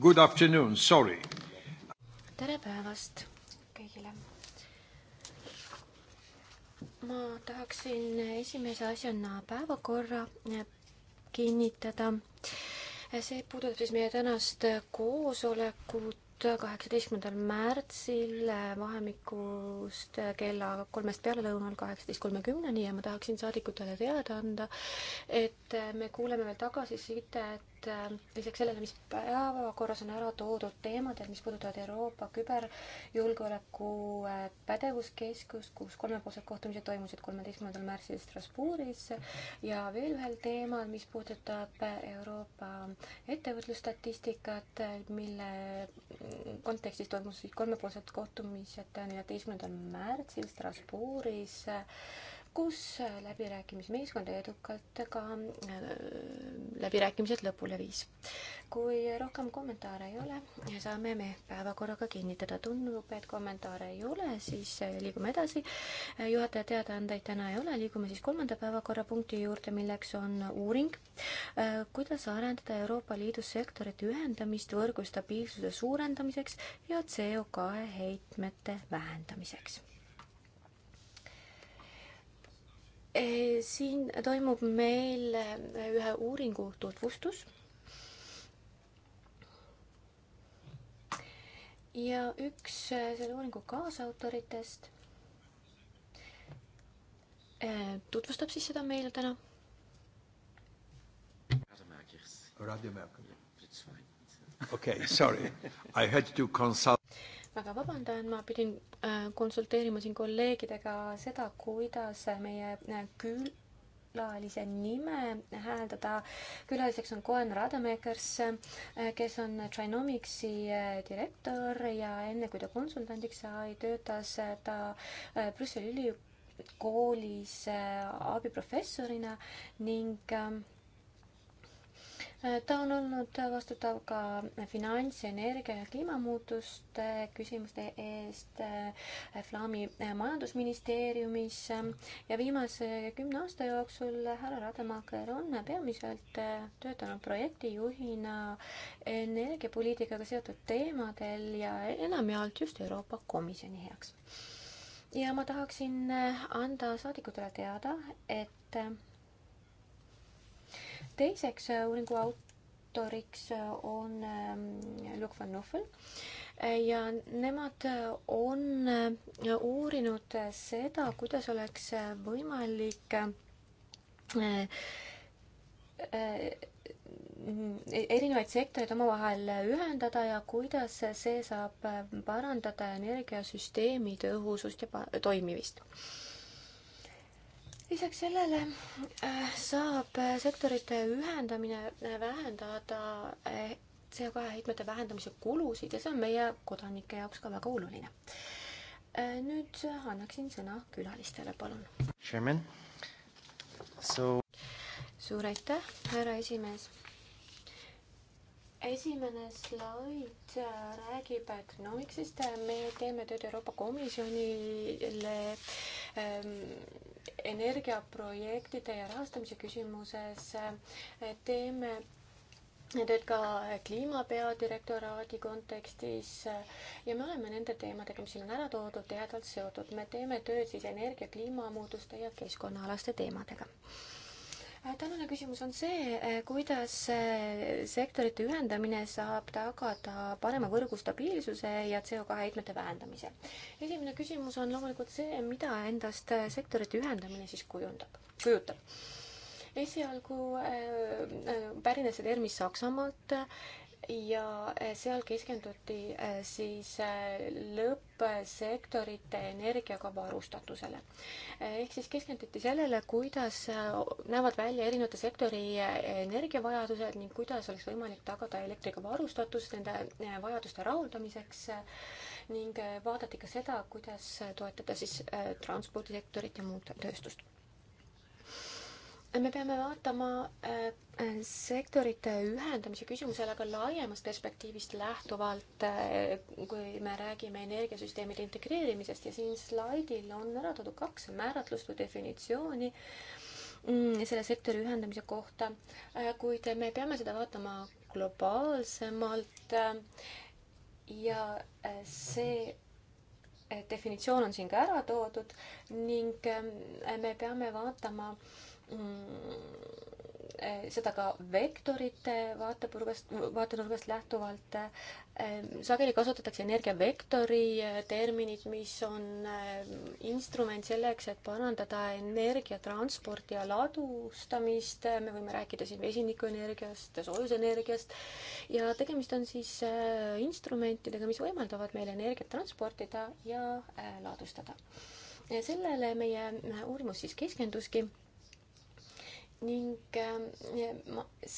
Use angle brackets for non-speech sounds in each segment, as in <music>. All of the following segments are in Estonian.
Good afternoon, sorry. tere päevast kõigile. ma tahaksin esimese asjana päevakorra kinnitada. see puudutab siis meie tänast koosolekut kaheksateistkümnendal märtsil vahemikust kella kolmest pealelõunal kaheksateist kolmekümneni ja ma tahaksin saadikutele teada anda, et me kuuleme veel tagasisidet et äh, lisaks sellele, mis päevakorras on ära toodud teemadel, mis puudutavad Euroopa küberjulgeoleku äh, pädevuskeskust, kus kolmepoolsed kohtumised toimusid kolmeteistkümnendal märtsil Strasbourgis ja veel ühel teemal, mis puudutab Euroopa ettevõtlusstatistikat, mille kontekstis toimusid kolmepoolsed kohtumised äh, neljateistkümnendal märtsil Strasbourgis kus läbirääkimismeeskond edukalt ka äh, läbirääkimised lõpule viis. kui rohkem kommentaare ei ole, saame me päevakorraga kinnitada. tundub, et kommentaare ei ole, siis äh, liigume edasi. Äh, juhataja teadaandeid täna ei ole, liigume siis kolmanda päevakorrapunkti juurde, milleks on uuring. kuidas arendada Euroopa Liidu sektorite ühendamist võrgu stabiilsuse suurendamiseks ja CO2 heitmete vähendamiseks Eh, siin toimub meil eh, ühe uuringu tutvustus. ja üks eh, selle uuringu kaasautoritest tutvustab siis seda meile täna. okei <laughs> okay,, sorry, I had to consult väga vabandan, ma pidin äh, konsulteerima siin kolleegidega seda, kuidas meie äh, külalise nime hääldada. külaliseks on Cohen Rademekers, äh, kes on Trinomicsi direktor ja enne, kui ta konsultandiks sai, töötas ta Brüsseli ülikoolis abiprofessorina ning ähm, Äh, ta on olnud vastutav ka finants, energia ja kliimamuutuste küsimuste eest äh, Flaami äh, majandusministeeriumis ja viimase kümne aasta jooksul härra Rademacher on peamiselt töötanud projektijuhina energiapoliitikaga seotud teemadel ja enamjaolt just Euroopa Komisjoni heaks. ja ma tahaksin anda saadikutele teada, et teiseks äh, uuringu autoriks äh, on ähm, Luc van Nuffel äh, ja nemad on uurinud seda, kuidas oleks võimalik erinevaid sektoreid omavahel ühendada ja kuidas see saab parandada energiasüsteemi tõhusust ja toimimist lisaks sellele äh, saab äh, sektorite ühendamine äh, vähendada CO2 heitmete vähendamise kulusid ja see on meie kodanike jaoks ka väga oluline. nüüd annaksin sõna külalistele, palun. Chairman, so. suur aitäh, härra esimees esimene slaid räägib Economicsist, me teeme tööd Euroopa Komisjonile ähm, energiaprojektide ja rahastamise küsimuses teeme tööd ka kliima peadirektoraadi kontekstis ja me oleme nende teemadega, mis siin on ära toodud, tihedalt seotud. me teeme tööd siis energia, kliimamuutuste ja keskkonnaalaste teemadega tänane küsimus on see, eh, kuidas eh, sektorite ühendamine saab tagada parema võrgu stabiilsuse ja CO2 heitmete vähendamise. esimene küsimus on loomulikult see, mida endast eh, sektorite ühendamine siis kujundab, kujutab esialgu äh, pärines see termin Saksamaalt ja eh, seal keskenduti eh, siis eh, lõppsektorite energiaga varustatusele. ehk siis keskenduti sellele, kuidas näevad välja erinevate sektori energiavajadused ning kuidas oleks võimalik tagada elektriga varustatus nende vajaduste rahuldamiseks ning vaadati ka seda, kuidas toetada siis transpordisektorit ja muud tööstust me peame vaatama äh, äh, sektorite ühendamise küsimusele ka laiemast perspektiivist lähtuvalt, äh, kui me räägime energiasüsteemide integreerimisest ja siin slaidil on ära toodud kaks määratlust või definitsiooni mm, selle sektori ühendamise kohta, kuid me peame seda vaatama globaalsemalt ja see definitsioon on siin ka ära toodud ning me peame vaatama äh, Mm, eh, seda ka vektorite vaatepurgast, vaatenurgast lähtuvalt. Eh, sageli kasutatakse energiavektori eh, terminit, mis on instrument selleks, et parandada energiatransporti ja ladustamist. me võime rääkida siin vesinikuenergiast, soojusenergiast ja tegemist on siis instrumentidega, mis võimaldavad meil energiat transportida ja ladustada. sellele meie uurimus siis keskenduski ning eh,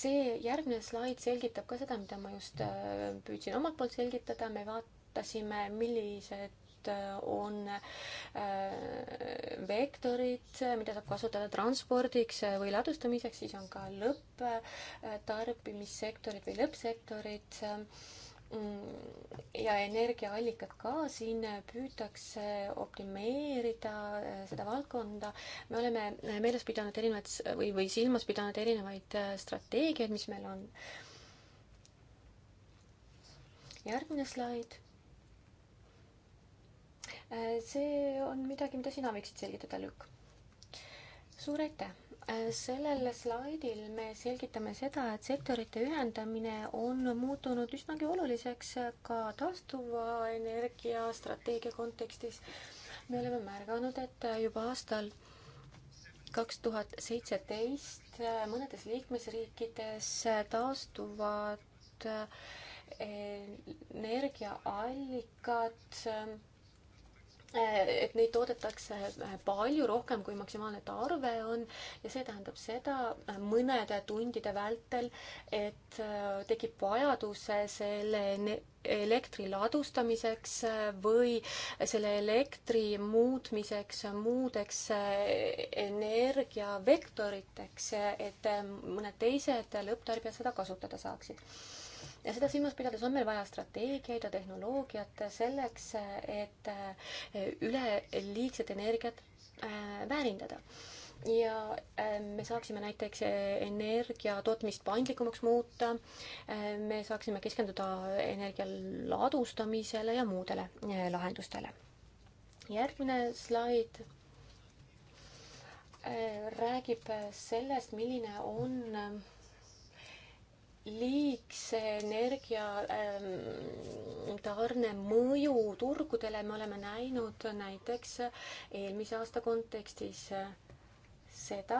see järgmine slaid selgitab ka seda, mida ma just eh, püüdsin omalt poolt selgitada, me vaatasime, millised eh, on vektorid, mida saab kasutada transpordiks või ladustamiseks, siis on ka lõpptarbimissektorid või lõppsektorid Mm, ja energiaallikad ka, siin püütakse optimeerida eh, seda valdkonda. me oleme meeles pidanud erinevaid või, või silmas pidanud erinevaid eh, strateegiaid, mis meil on. järgmine slaid. Eh, see on midagi, mida sina võiksid selgitada, Lükk. suur aitäh sellel slaidil me selgitame seda, et sektorite ühendamine on muutunud üsnagi oluliseks ka taastuva energia strateegia kontekstis. me oleme märganud, et juba aastal kaks tuhat seitseteist mõnedes liikmesriikides taastuvad energiaallikad et neid toodetakse palju rohkem, kui maksimaalne tarve on ja see tähendab seda äh, mõnede tundide vältel, et äh, tekib vajadus selle elektri ladustamiseks äh, või selle elektri muutmiseks muudeks energiavektoriteks, et mõned teised lõpptarbijad seda kasutada saaksid ja seda silmas pidades on meil vaja strateegiaid ja tehnoloogiat selleks, et eh, üleliigset energiat eh, väärindada ja eh, me saaksime näiteks energia tootmist paindlikumaks muuta, me saaksime keskenduda energia ladustamisele ja muudele lahendustele. järgmine slaid räägib sellest, milline on liigse energia ähm, tarne mõju turgudele me oleme näinud näiteks eelmise aasta kontekstis seda,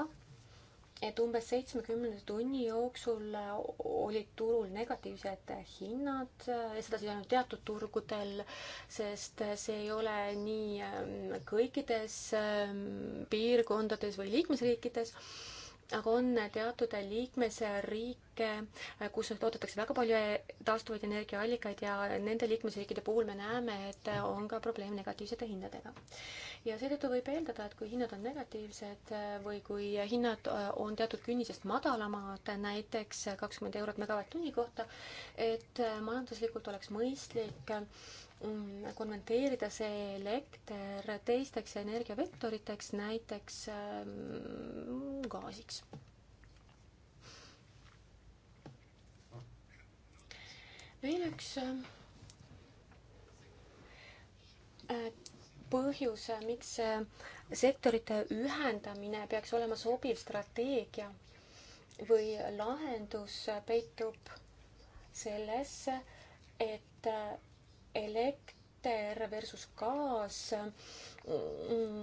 et umbes seitsmekümne tunni jooksul olid turul negatiivsed hinnad, seda siis ainult teatud turgudel, sest see ei ole nii ähm, kõikides ähm, piirkondades või liikmesriikides aga on teatud liikmesriike, kus toodetakse väga palju taastuvaid energiaallikaid ja nende liikmesriikide puhul me näeme, et on ka probleem negatiivsete hindadega. ja seetõttu võib eeldada, et kui hinnad on negatiivsed või kui hinnad on teatud künnisest madalamad, näiteks kakskümmend eurot megavatt-tunni kohta, et majanduslikult oleks mõistlik Mm, konverteerida see elekter teisteks energiavektoriteks, näiteks mm, gaasiks. veel üks äh, äh, põhjus, miks äh, sektorite ühendamine peaks olema sobiv strateegia või lahendus, peitub selles, et elekter versus gaas mm,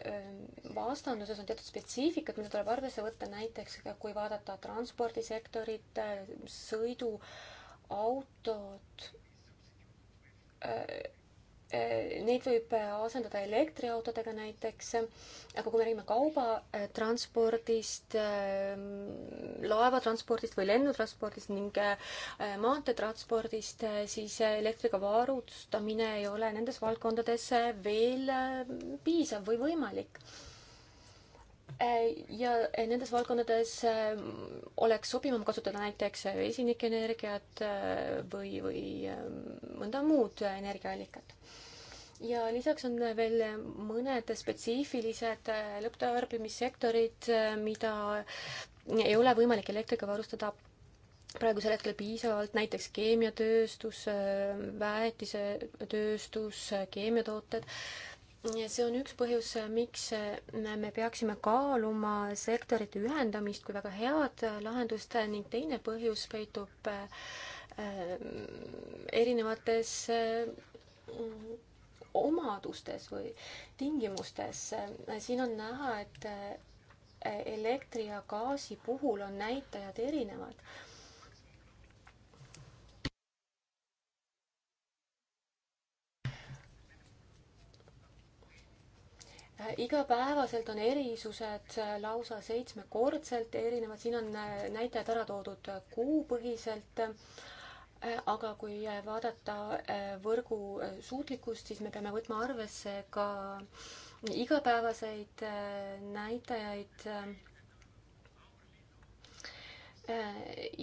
mm, vastanduses on teatud spetsiifikat, mida tuleb arvesse võtta, näiteks kui vaadata transpordisektorit, sõiduautod Äh, neid võib äh, asendada elektriautodega näiteks, äh, aga kui me räägime kaubatranspordist, laevatranspordist või lennutranspordist ning maanteetranspordist, siis elektriga varustamine ei ole nendes valdkondades veel piisav või võimalik Äh, ja äh, nendes valdkondades äh, oleks sobivam kasutada näiteks vesinikenergiat või, või mõnda muud energiaallikat. ja lisaks on veel mõned spetsiifilised lõpptarbimissektorid, mida ei ole võimalik elektriga varustada praegusel hetkel piisavalt, näiteks keemiatööstus, väetisetööstus, keemiatooted see on üks põhjus, miks äh, me peaksime kaaluma sektorite ühendamist kui väga head äh, lahendust äh, ning teine põhjus peitub erinevates omadustes või tingimustes. siin on näha, et elektri ja gaasi puhul on näitajad erinevad igapäevaselt on erisused äh, lausa seitsmekordselt erinevad, siin on äh, näitajad ära toodud äh, kuupõhiselt, aga kui vaadata võrgu suutlikkust, siis me peame võtma arvesse ka igapäevaseid näitajaid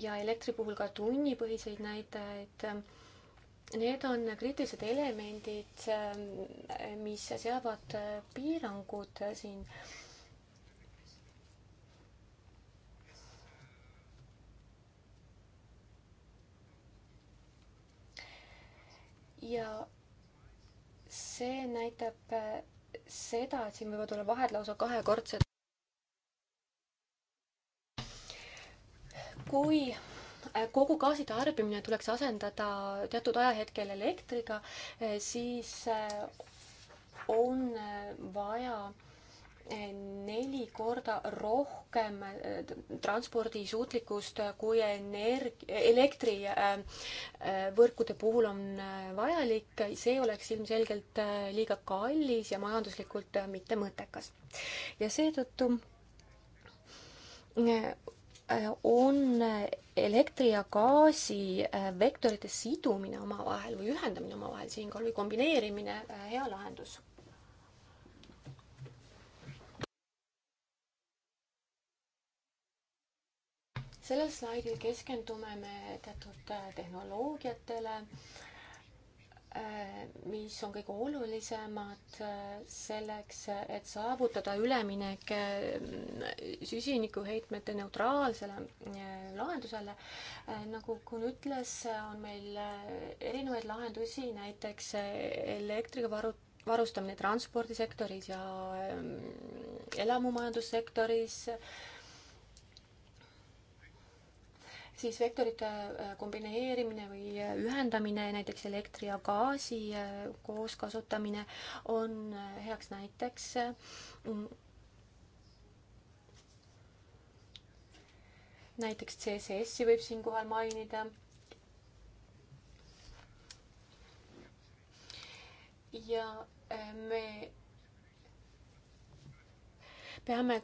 ja elektri puhul ka tunnipõhiseid näitajaid Need on kriitilised elemendid, ähm, mis seavad äh, piirangud äh, siin ja see näitab äh, seda, et siin võivad olla vahed lausa kahekordsed. kui Äh, kogu gaasi tarbimine tuleks asendada teatud ajahetkel elektriga, äh, siis äh, on vaja neli korda rohkem transpordisuutlikkust, kui energ-, elektrivõrkude puhul on vajalik, see oleks ilmselgelt liiga kallis ja majanduslikult mitte mõttekas. ja seetõttu Äh, on elektri ja gaasi äh, vektorite sidumine omavahel või ühendamine omavahel siinkohal või kombineerimine äh, hea lahendus. sellel slaidil keskendume me teatud tehnoloogiatele Äh, mis on kõige olulisemad äh, selleks, et saavutada üleminek äh, süsinikuheitmete neutraalsele lahendusele. nagu Kun ütles, on meil erinevaid lahendusi, näiteks elektriga varu-, varustamine transpordisektoris ja ähm, elamumajandussektoris äh, siis vektorite äh, kombineerimine või äh, ühendamine, näiteks elektri ja gaasi äh, kooskasutamine on heaks näiteks. Mm, näiteks CCS-i võib siinkohal mainida. ja me peame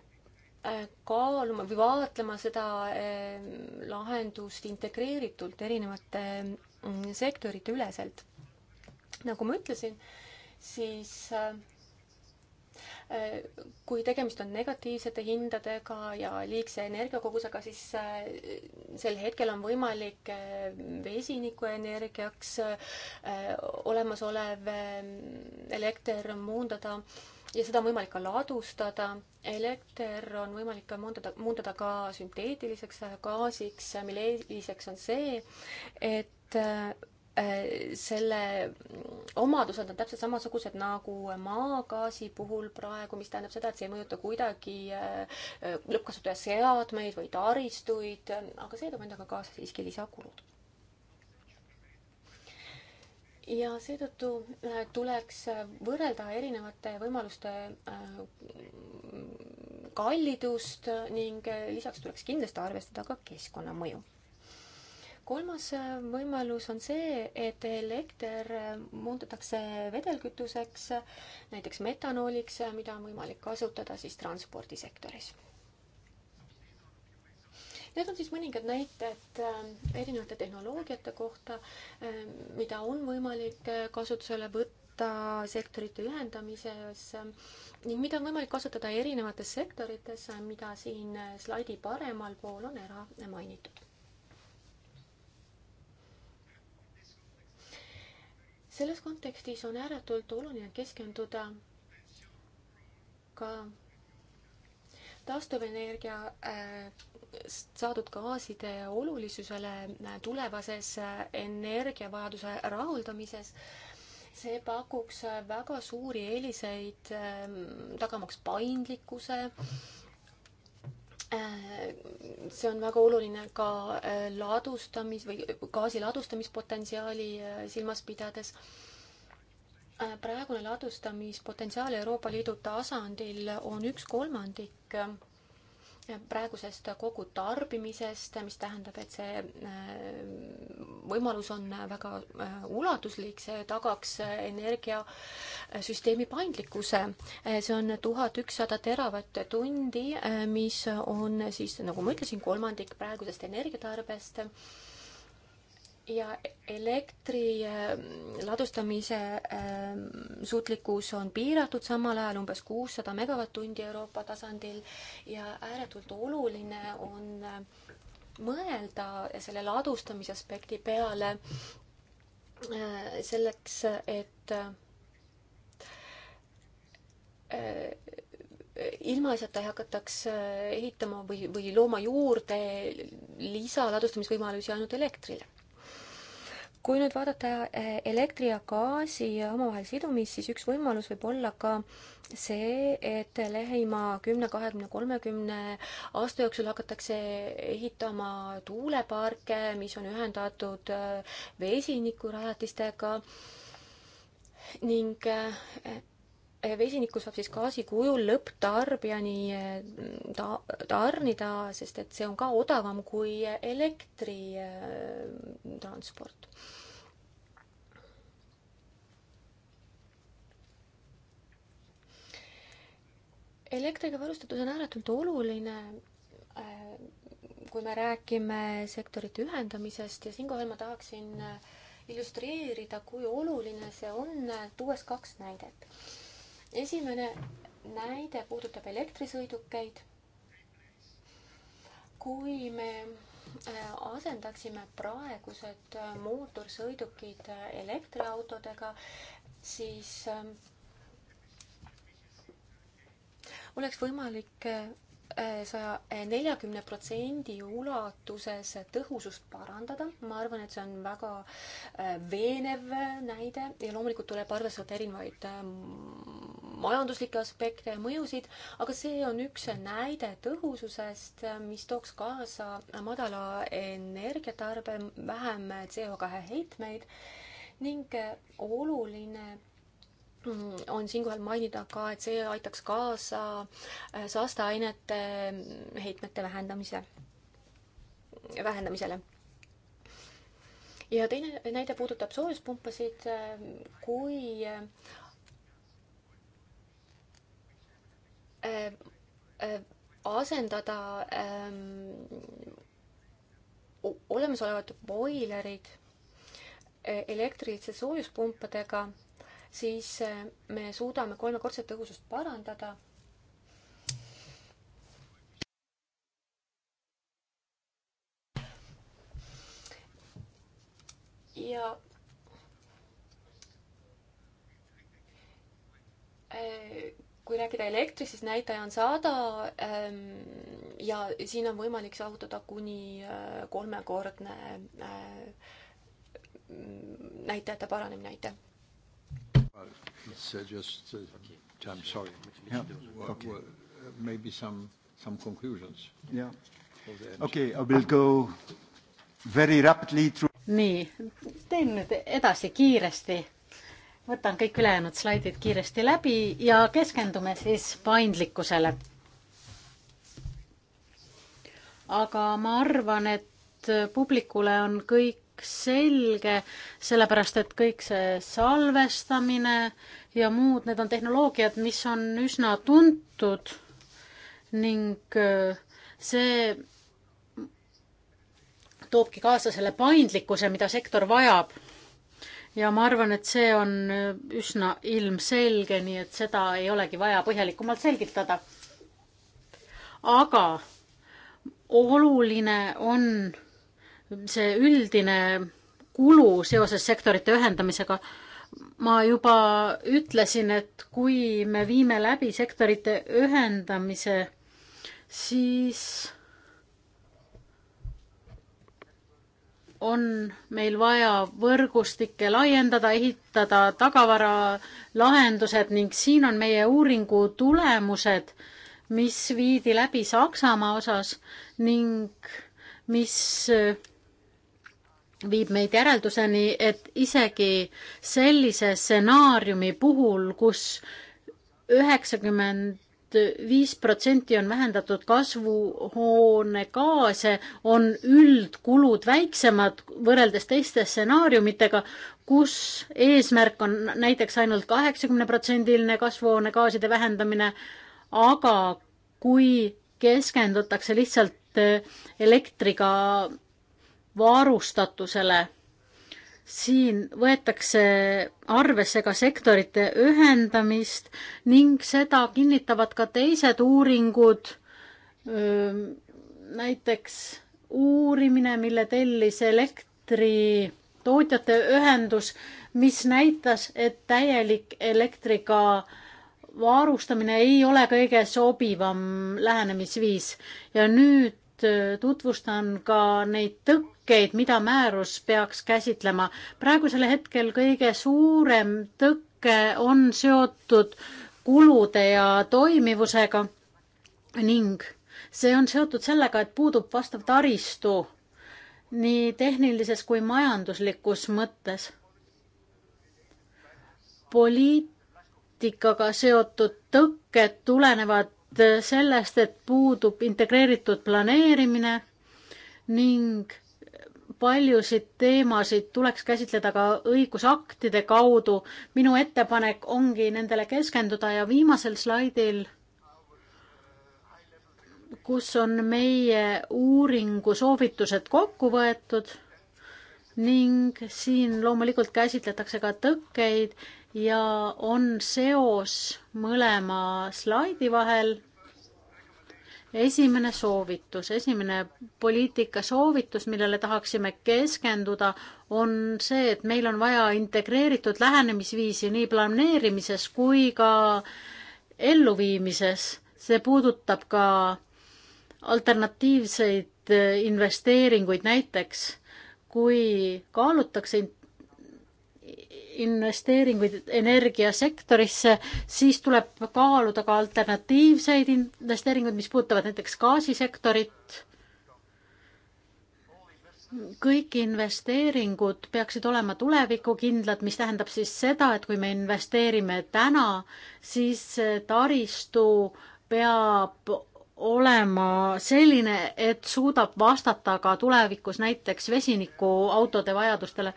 Äh, kaaluma või vaatlema seda äh, lahendust integreeritult erinevate mm, sektorite üleselt. nagu ma ütlesin, siis äh, kui tegemist on negatiivsete hindadega ja liigse energiakogusega, siis sel hetkel on võimalik vesinikuenergiaks olemasolev elekter muundada äh, ja seda on võimalik ka ladustada. elekter on võimalik ka muundada, muundada ka sünteetiliseks gaasiks, mille eeliseks on see, et äh, selle omadused on täpselt samasugused nagu maagaasi puhul praegu, mis tähendab seda, et see ei mõjuta kuidagi äh, lõppkasutaja seadmeid või taristuid, aga see toob endaga kaasa siiski lisakulud ja seetõttu äh, tuleks äh, võrrelda erinevate võimaluste äh, kallidust ning lisaks tuleks kindlasti arvestada ka keskkonnamõju. kolmas võimalus on see, et elekter muudetakse vedelkütuseks, näiteks metanooliks, mida on võimalik kasutada siis transpordisektoris Need on siis mõningad näited ähm, erinevate tehnoloogiate kohta, ähm, mida on võimalik äh, kasutusele võtta sektorite ühendamises ähm, ning mida on võimalik kasutada erinevates sektorites, äh, mida siin äh, slaidi paremal pool on ära mainitud. selles kontekstis on ääretult oluline keskenduda ka taastuvenergia äh, saadud gaaside olulisusele äh, tulevases äh, energiavajaduse rahuldamises see pakuks väga suuri eeliseid, tagamaks paindlikkuse. see on väga oluline ka ladustamis või gaasi ladustamispotentsiaali silmas pidades Äh, praegune ladustamispotentsiaal Euroopa Liidu tasandil on üks kolmandik äh, praegusest kogu tarbimisest, mis tähendab, et see äh, võimalus on väga ulatuslik, see tagaks energiasüsteemi paindlikkuse. see on tuhat ükssada teravatt-tundi, mis on siis, nagu ma ütlesin, kolmandik praegusest energiatarbest ja elektri ähm, ladustamise ähm, suutlikkus on piiratud, samal ajal umbes kuussada megavatt-tundi Euroopa tasandil ja ääretult oluline on äh, mõelda selle ladustamise aspekti peale äh, selleks, et äh, ilmaasjata ei hakataks ehitama või, või looma juurde lisaladustamisvõimalusi ainult elektrile kui nüüd vaadata eh, elektri ja gaasi omavahel sidumist, siis üks võimalus võib olla ka see, et lähima kümne, kahekümne, kolmekümne aasta jooksul hakatakse ehitama tuuleparke, mis on ühendatud eh, vesinikurajatistega ning eh, Eh, vesinikku saab siis gaasi kujul lõpptarbijani eh, ta-, tarnida, sest et see on ka odavam kui elektritransport eh, äh,. elektriga varustatus on ääretult oluline äh,, kui me räägime sektorite ühendamisest ja siinkohal ma tahaksin illustreerida, kui oluline see on, tuues kaks näidet esimene näide puudutab elektrisõidukeid. kui me äh, asendaksime praegused äh, mootorsõidukid äh, elektriautodega, siis ähm, oleks võimalik saja neljakümne protsendi ulatuses tõhusust parandada. ma arvan, et see on väga äh, veenev näide ja loomulikult tuleb arvesse võtta erinevaid äh, majanduslikke aspekte ja mõjusid, aga see on üks näide tõhususest, mis tooks kaasa madala energiatarbe, vähem CO2 heitmeid ning äh, oluline Mm, on siinkohal mainida ka, et see aitaks kaasa äh, saasteainete mm, heitmete vähendamise, vähendamisele. ja teine näide puudutab soojuspumpasid, äh, kui äh, asendada ähm, olemasolevad boilerid elektriliste soojuspumpadega siis eh, me suudame kolmekordset tõhusust parandada. ja eh, kui rääkida elektrist, siis näitaja on sada ehm, ja siin on võimalik saavutada kuni eh, kolmekordne näitajate paranemine, aitäh! Uh, it's uh, just uh, okay. time, sorry. Yeah. Okay. Uh, maybe some, some conclusions. Yeah. Okay, I will go very rapidly through. nii, teen nüüd edasi kiiresti. võtan kõik ülejäänud slaidid kiiresti läbi ja keskendume siis paindlikkusele. aga ma arvan, et publikule on kõik selge, sellepärast et kõik see salvestamine ja muud, need on tehnoloogiad, mis on üsna tuntud ning äh, see toobki kaasa selle paindlikkuse, mida sektor vajab. ja ma arvan, et see on äh, üsna ilmselge, nii et seda ei olegi vaja põhjalikumalt selgitada. aga oluline on see üldine kulu seoses sektorite ühendamisega, ma juba ütlesin, et kui me viime läbi sektorite ühendamise, siis on meil vaja võrgustikke laiendada, ehitada tagavaralahendused ning siin on meie uuringu tulemused, mis viidi läbi Saksamaa osas ning mis viib meid järelduseni, et isegi sellise stsenaariumi puhul kus, kus üheksakümmend viis protsenti on vähendatud kasvuhoonegaase, on üldkulud väiksemad võrreldes teiste stsenaariumitega, kus eesmärk on näiteks ainult kaheksakümne protsendiline kasvuhoonegaaside vähendamine, aga kui keskendutakse lihtsalt äh, elektriga varustatusele. siin võetakse arvesse ka sektorite ühendamist ning seda kinnitavad ka teised uuringud, näiteks uurimine, mille tellis elektritootjate ühendus, mis näitas, et täielik elektriga varustamine ei ole kõige sobivam lähenemisviis ja nüüd Äh, tutvustan ka neid tõkkeid, mida määrus peaks käsitlema. praegusel hetkel kõige suurem tõke on seotud kulude ja toimivusega ning see on seotud sellega, et puudub vastav taristu nii tehnilises kui majanduslikus mõttes. poliitikaga seotud tõkked tulenevad sellest, et puudub integreeritud planeerimine ning paljusid teemasid tuleks käsitleda ka õigusaktide kaudu. minu ettepanek ongi nendele keskenduda ja viimasel slaidil, kus on meie uuringu soovitused kokku võetud ning siin loomulikult käsitletakse ka tõkkeid ja on seos mõlema slaidi vahel. esimene soovitus, esimene poliitika soovitus, millele tahaksime keskenduda, on see, et meil on vaja integreeritud lähenemisviisi nii planeerimises kui ka elluviimises. see puudutab ka alternatiivseid investeeringuid näiteks, kui kaalutakse investeeringuid energiasektorisse, siis tuleb kaaluda ka alternatiivseid investeeringuid, mis puudutavad näiteks gaasisektorit. kõik investeeringud peaksid olema tulevikukindlad, mis tähendab siis seda, et kui me investeerime täna, siis taristu peab olema selline, et suudab vastata ka tulevikus näiteks vesinikuautode vajadustele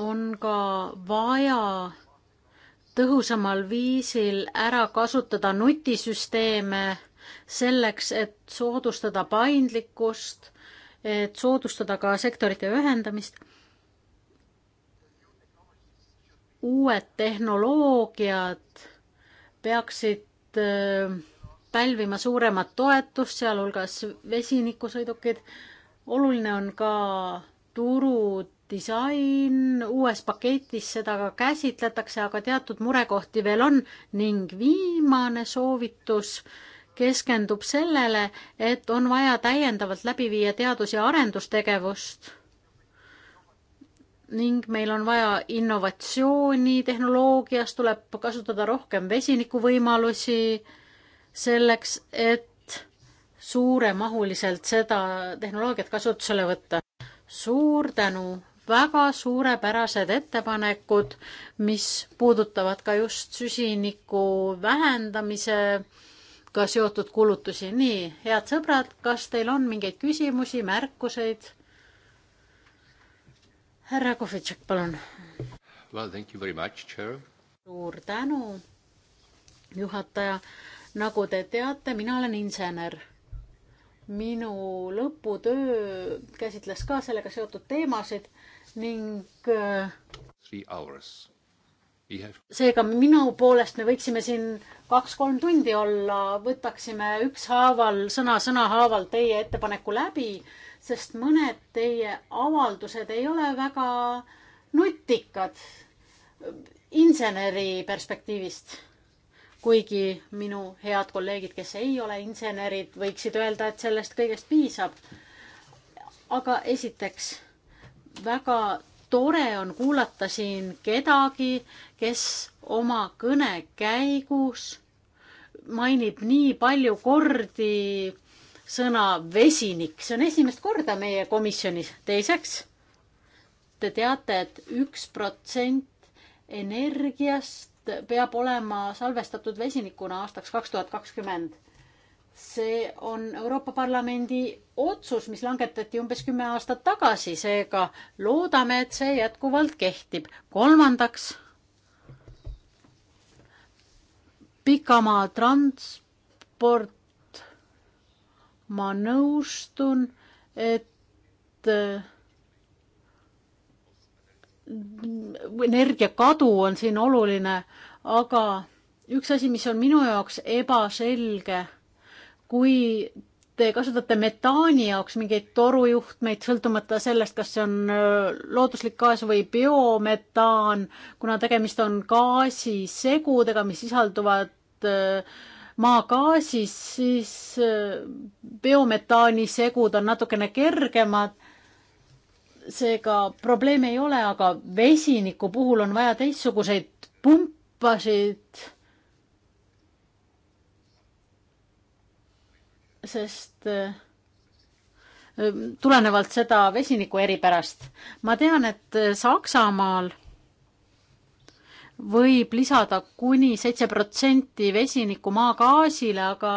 on ka vaja tõhusamal viisil ära kasutada nutisüsteeme selleks, et soodustada paindlikkust, et soodustada ka sektorite ühendamist. uued tehnoloogiad peaksid äh, pälvima suuremat toetust, sealhulgas vesinikusõidukid. oluline on ka turud disain, uues paketis seda ka käsitletakse, aga teatud murekohti veel on ning viimane soovitus keskendub sellele, et on vaja täiendavalt läbi viia teadus- ja arendustegevust ning meil on vaja innovatsiooni, tehnoloogias tuleb kasutada rohkem vesinikuvõimalusi selleks, et suuremahuliselt seda tehnoloogiat kasutusele võtta. suur tänu väga suurepärased ettepanekud, mis puudutavad ka just süsiniku vähendamisega seotud kulutusi. nii, head sõbrad, kas teil on mingeid küsimusi, märkuseid? härra Kohvitšek, palun. Well, thank you very much, chair. suur tänu, juhataja. nagu te teate, mina olen insener minu lõputöö käsitles ka sellega seotud teemasid ning äh, seega minu poolest me võiksime siin kaks-kolm tundi olla, võtaksime ükshaaval, sõna sõnahaaval teie ettepaneku läbi, sest mõned teie avaldused ei ole väga nutikad inseneri perspektiivist. kuigi minu head kolleegid, kes ei ole insenerid, võiksid öelda, et sellest kõigest piisab. aga esiteks väga tore on kuulata siin kedagi, kes oma kõne käigus mainib nii palju kordi sõna vesinik, see on esimest korda meie komisjonis. teiseks, te teate et, et üks protsent energiast peab olema salvestatud vesinikuna aastaks kaks tuhat kakskümmend see on Euroopa Parlamendi otsus, mis langetati umbes kümme aastat tagasi, seega loodame, et see jätkuvalt kehtib. kolmandaks, pikamaa transport. ma nõustun, et äh, energiakadu on siin oluline, aga üks asi, mis on minu jaoks ebaselge kui te kasutate metaani jaoks mingeid torujuhtmeid, sõltumata sellest, kas see on looduslik gaas või biometaan, kuna tegemist on gaasisegudega, mis sisalduvad maagaasis, siis biometaani segud on natukene kergemad. seega probleemi ei ole, aga vesiniku puhul on vaja teistsuguseid pumpasid sest äh, äh, tulenevalt seda vesiniku eripärast. ma tean, et äh, Saksamaal võib lisada kuni seitse protsenti vesinikku maagaasile, aga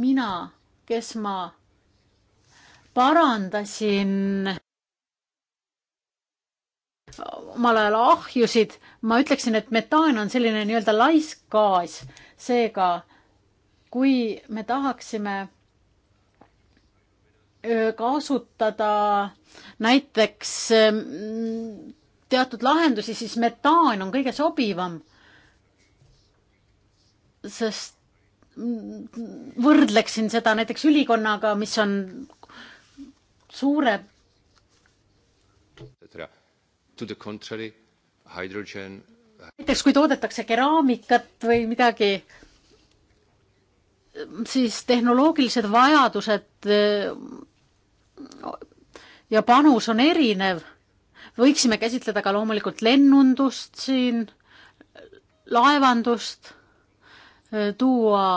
mina, kes ma parandasin omal ajal ahjusid, ma ütleksin, et metaan on selline nii-öelda laiskgaas, seega kui me tahaksime kasutada näiteks teatud lahendusi, siis metaan on kõige sobivam. sest võrdleksin seda näiteks ülikonnaga, mis on suure. näiteks kui toodetakse keraamikat või midagi siis tehnoloogilised vajadused eh, ja panus on erinev. võiksime käsitleda ka loomulikult lennundust siin, laevandust, eh, tuua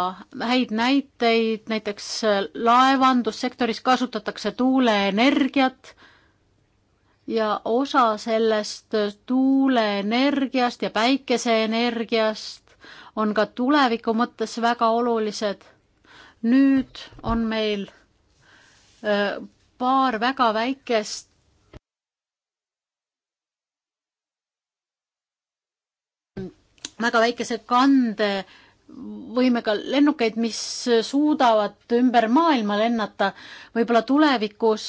häid näiteid, näiteks eh, laevandussektoris kasutatakse tuuleenergiat ja osa sellest tuuleenergiast ja päikeseenergiast on ka tuleviku mõttes väga olulised. nüüd on meil paar väga väikest väga väikese kande võimega lennukeid, mis suudavad ümber maailma lennata, võib-olla tulevikus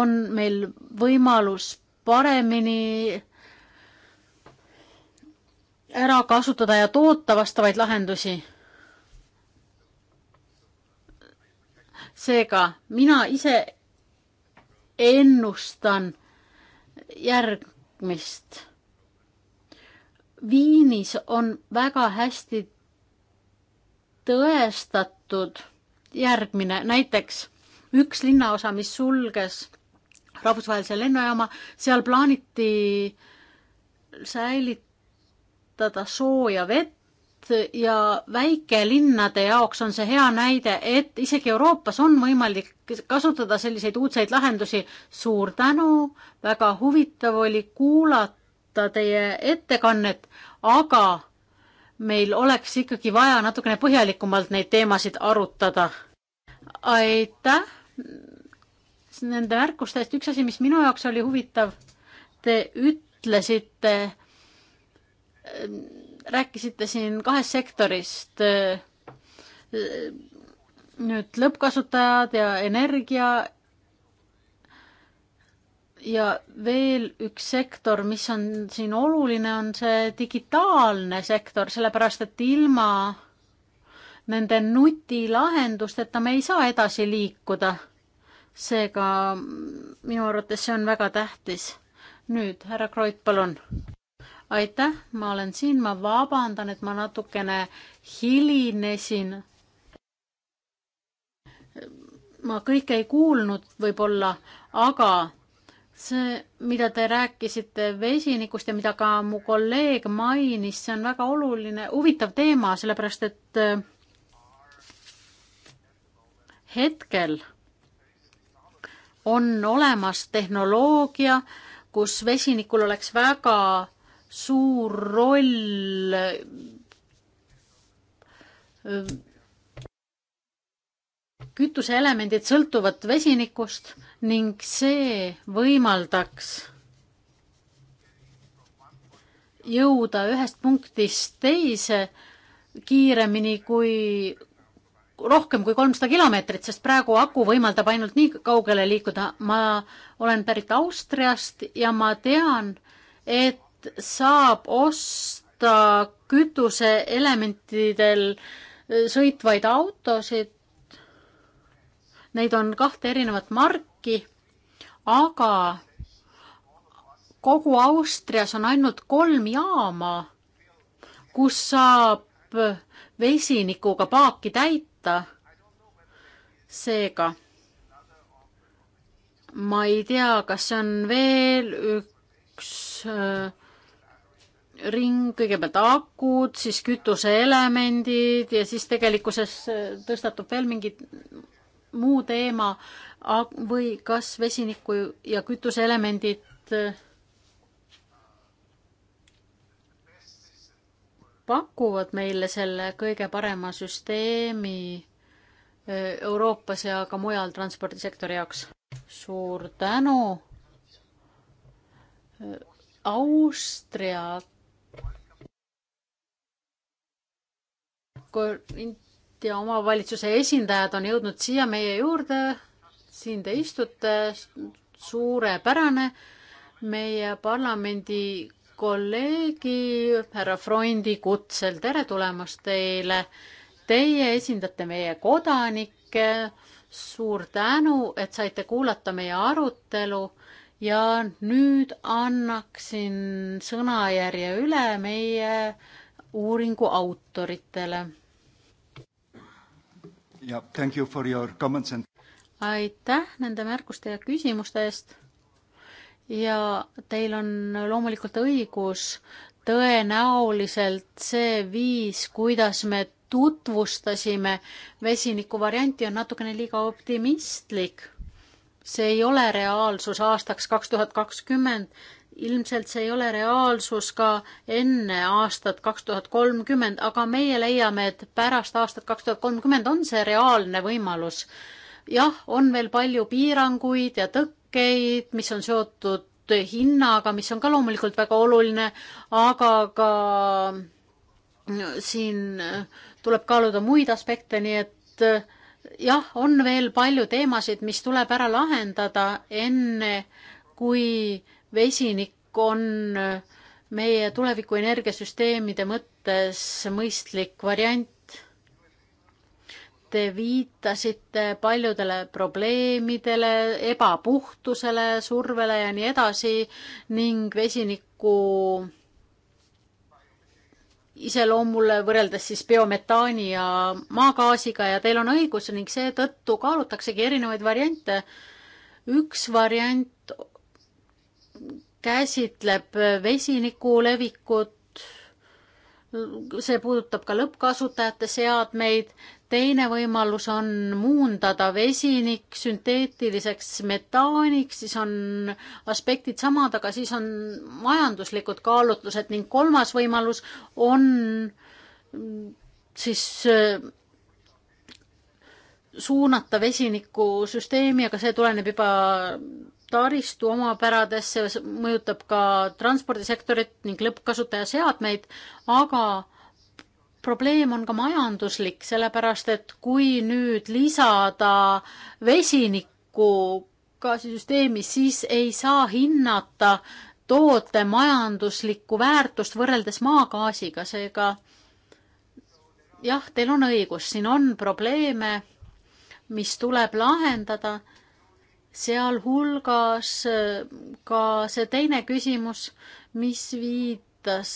on meil võimalus paremini ära kasutada ja toota vastavaid lahendusi. seega mina ise ennustan järgmist. Viinis on väga hästi tõestatud järgmine, näiteks üks linnaosa, mis sulges rahvusvahelise lennujaama, seal plaaniti säilit-, kasutada sooja vett ja väikelinnade jaoks on see hea näide, et isegi Euroopas on võimalik kasutada selliseid uudseid lahendusi. suur tänu, väga huvitav oli kuulata teie ettekannet, aga meil oleks ikkagi vaja natukene põhjalikumalt neid teemasid arutada. aitäh nende märkuste eest. üks asi, mis minu jaoks oli huvitav, te ütlesite, Äh, rääkisite siin kahest sektorist. Äh, nüüd lõppkasutajad ja energia. ja veel üks sektor, mis on siin oluline, on see digitaalne sektor, sellepärast et ilma nende nutilahendusteta me ei saa edasi liikuda. seega minu arvates see on väga tähtis. nüüd härra Kroit, palun aitäh, ma olen siin, ma vabandan, et ma natukene hilinesin. ma kõike ei kuulnud võib-olla, aga see, mida te rääkisite vesinikust ja mida ka mu kolleeg mainis, see on väga oluline, huvitav teema, sellepärast et äh, hetkel on olemas tehnoloogia, kus vesinikul oleks väga suur roll kütuseelemendid sõltuvad vesinikust ning see võimaldaks jõuda ühest punktist teise kiiremini kui rohkem kui kolmsada kilomeetrit, sest praegu aku võimaldab ainult nii kaugele liikuda. ma olen pärit Austriast ja ma tean, et saab osta kütuseelementidel äh, sõitvaid autosid. Neid on kahte erinevat marki, aga kogu Austrias on ainult kolm jaama, kus saab vesinikuga paaki täita. seega ma ei tea, kas see on veel üks äh, ring, kõigepealt akud, siis kütuseelemendid ja siis tegelikkuses äh, tõstatub veel mingi muu teema või kas vesiniku ja kütuseelemendid äh, pakuvad meile selle kõige parema süsteemi äh, Euroopas ja ka mujal transpordisektori jaoks. suur tänu. Austria Korintia omavalitsuse esindajad on jõudnud siia meie juurde, siin te istute, suurepärane. meie parlamendi kolleegi härra Freundi kutsel, tere tulemast teile. Teie esindate meie kodanikke, suur tänu, et saite kuulata meie arutelu ja nüüd annaksin sõnajärje üle meie uuringu autoritele ja thank you for your comments and aitäh nende märkuste ja küsimuste eest. ja teil on loomulikult õigus, tõenäoliselt see viis, kuidas me tutvustasime vesiniku varianti, on natukene liiga optimistlik. see ei ole reaalsus aastaks kaks tuhat kakskümmend, ilmselt see ei ole reaalsus ka enne aastat kaks tuhat kolmkümmend, aga meie leiame, et pärast aastat kaks tuhat kolmkümmend on see reaalne võimalus. jah, on veel palju piiranguid ja tõkkeid, mis on seotud hinnaga, mis on ka loomulikult väga oluline, aga ka siin äh, tuleb kaaluda muid aspekte, nii et äh, jah, on veel palju teemasid, mis tuleb ära lahendada enne, kui äh, vesinik on äh, meie tuleviku energiasüsteemide mõttes mõistlik variant. Te viitasite paljudele probleemidele, ebapuhtusele, survele ja nii edasi ning vesiniku iseloomule võrreldes siis biometaani ja maagaasiga ja teil on õigus ning seetõttu kaalutaksegi erinevaid variante. üks variant käsitleb vesiniku levikut, see puudutab ka lõppkasutajate seadmeid, teine võimalus on muundada vesinik sünteetiliseks metaaniks, siis on aspektid samad, aga siis on majanduslikud kaalutlused ning kolmas võimalus on siis äh, suunata vesiniku süsteemi, aga see tuleneb juba taristu omapäradesse, mõjutab ka transpordisektorit ning lõppkasutaja seadmeid, aga probleem on ka majanduslik, sellepärast et kui nüüd lisada vesinikku gaasisüsteemi, siis ei saa hinnata toote majanduslikku väärtust võrreldes maagaasiga, seega jah, teil on õigus, siin on probleeme, mis tuleb lahendada sealhulgas äh, ka see teine küsimus, mis viitas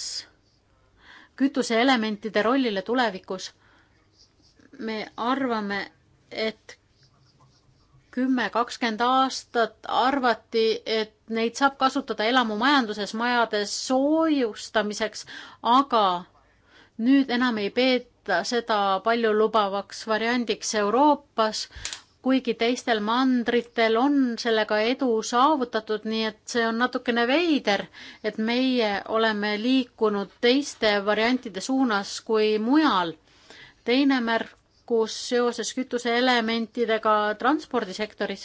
kütuseelementide rollile tulevikus. me arvame, et kümme, kakskümmend aastat arvati, et neid saab kasutada elamumajanduses, majade soojustamiseks, aga nüüd enam ei peeta seda paljulubavaks variandiks Euroopas, kuigi teistel mandritel on sellega edu saavutatud, nii et see on natukene veider, et meie oleme liikunud teiste variantide suunas kui mujal. teine märkus seoses kütuseelementidega transpordisektoris.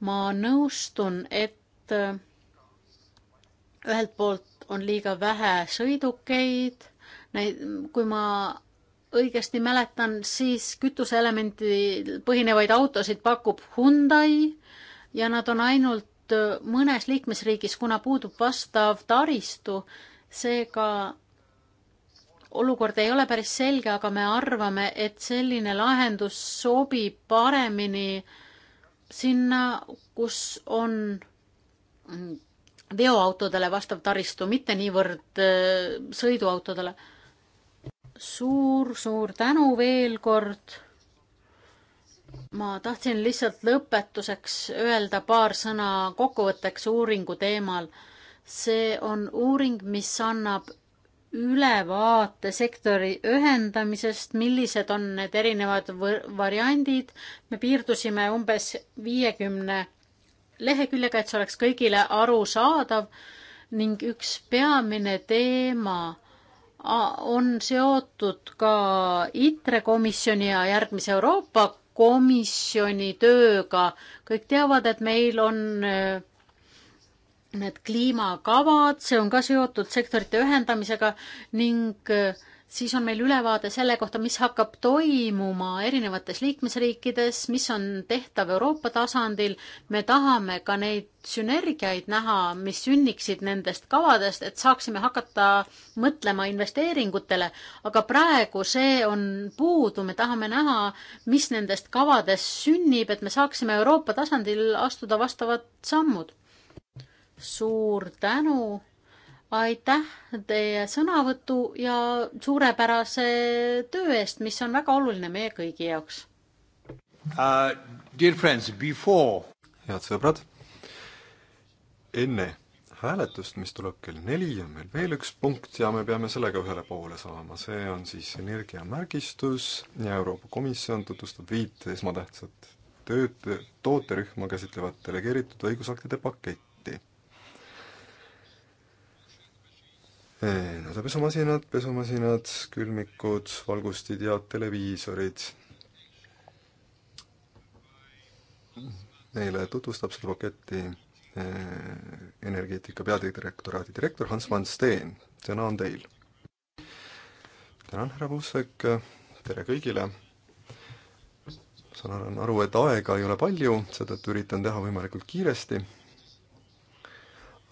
ma nõustun, et ühelt poolt on liiga vähe sõidukeid, kui ma õigesti mäletan, siis kütuseelemendi põhinevaid autosid pakub Hyundai ja nad on ainult mõnes liikmesriigis, kuna puudub vastav taristu, seega olukord ei ole päris selge, aga me arvame, et selline lahendus sobib paremini sinna, kus on veoautodele vastav taristu, mitte niivõrd äh, sõiduautodele suur-suur tänu veel kord. ma tahtsin lihtsalt lõpetuseks öelda paar sõna kokkuvõtteks uuringu teemal. see on uuring, mis annab ülevaate sektori ühendamisest, millised on need erinevad variandid. me piirdusime umbes viiekümne leheküljega, et see oleks kõigile arusaadav ning üks peamine teema on seotud ka ITRE komisjoni ja järgmise Euroopa komisjoni tööga. kõik teavad, et meil on äh, need kliimakavad, see on ka seotud sektorite ühendamisega ning äh, siis on meil ülevaade selle kohta, mis hakkab toimuma erinevates liikmesriikides, mis on tehtav Euroopa tasandil. me tahame ka neid sünergiaid näha, mis sünniksid nendest kavadest, et saaksime hakata mõtlema investeeringutele, aga praegu see on puudu, me tahame näha, mis nendest kavadest sünnib, et me saaksime Euroopa tasandil astuda vastavad sammud. suur tänu aitäh teie sõnavõtu ja suurepärase töö eest, mis on väga oluline meie kõigi jaoks uh,. Dear friends, before head sõbrad, enne hääletust, mis tuleb kell neli, on meil veel üks punkt ja me peame sellega ühele poole saama, see on siis energiamärgistus ja Euroopa Komisjon tutvustab viit esmatähtsat tööd tooterühma käsitlevat delegeeritud õigusaktide paketti nii-öelda pesumasinad, pesumasinad, külmikud, valgustid ja televiisorid. Neile tutvustab seda paketti eh, energeetika peadirektoraadi direktor Hans van Steen, sõna on teil. tänan, härra Puusek, tere kõigile! saan aru, et aega ei ole palju, seetõttu üritan teha võimalikult kiiresti,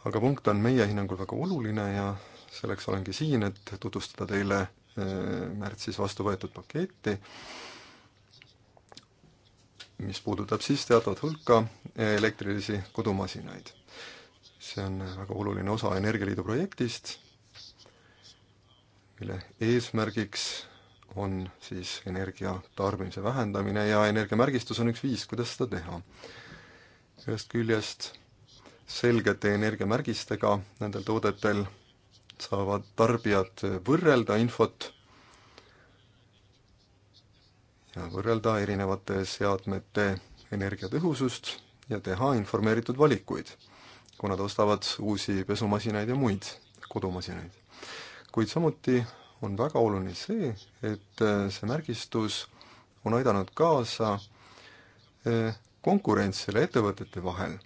aga punkt on meie hinnangul väga oluline ja selleks olengi siin, et tutvustada teile äh, märtsis vastu võetud paketti, mis puudutab siis teatavat hulka äh, elektrilisi kodumasinaid. see on väga oluline osa Energialiidu projektist, mille eesmärgiks on siis energia tarbimise vähendamine ja energiamärgistus on üks viis, kuidas seda teha. ühest küljest selgete energiamärgistega nendel toodetel saavad tarbijad võrrelda infot ja võrrelda erinevate seadmete energiatõhusust ja teha informeeritud valikuid, kui nad ostavad uusi pesumasinaid ja muid kodumasinaid. kuid samuti on väga oluline see, et eh, see märgistus on aidanud kaasa eh, konkurentsile ettevõtete vahel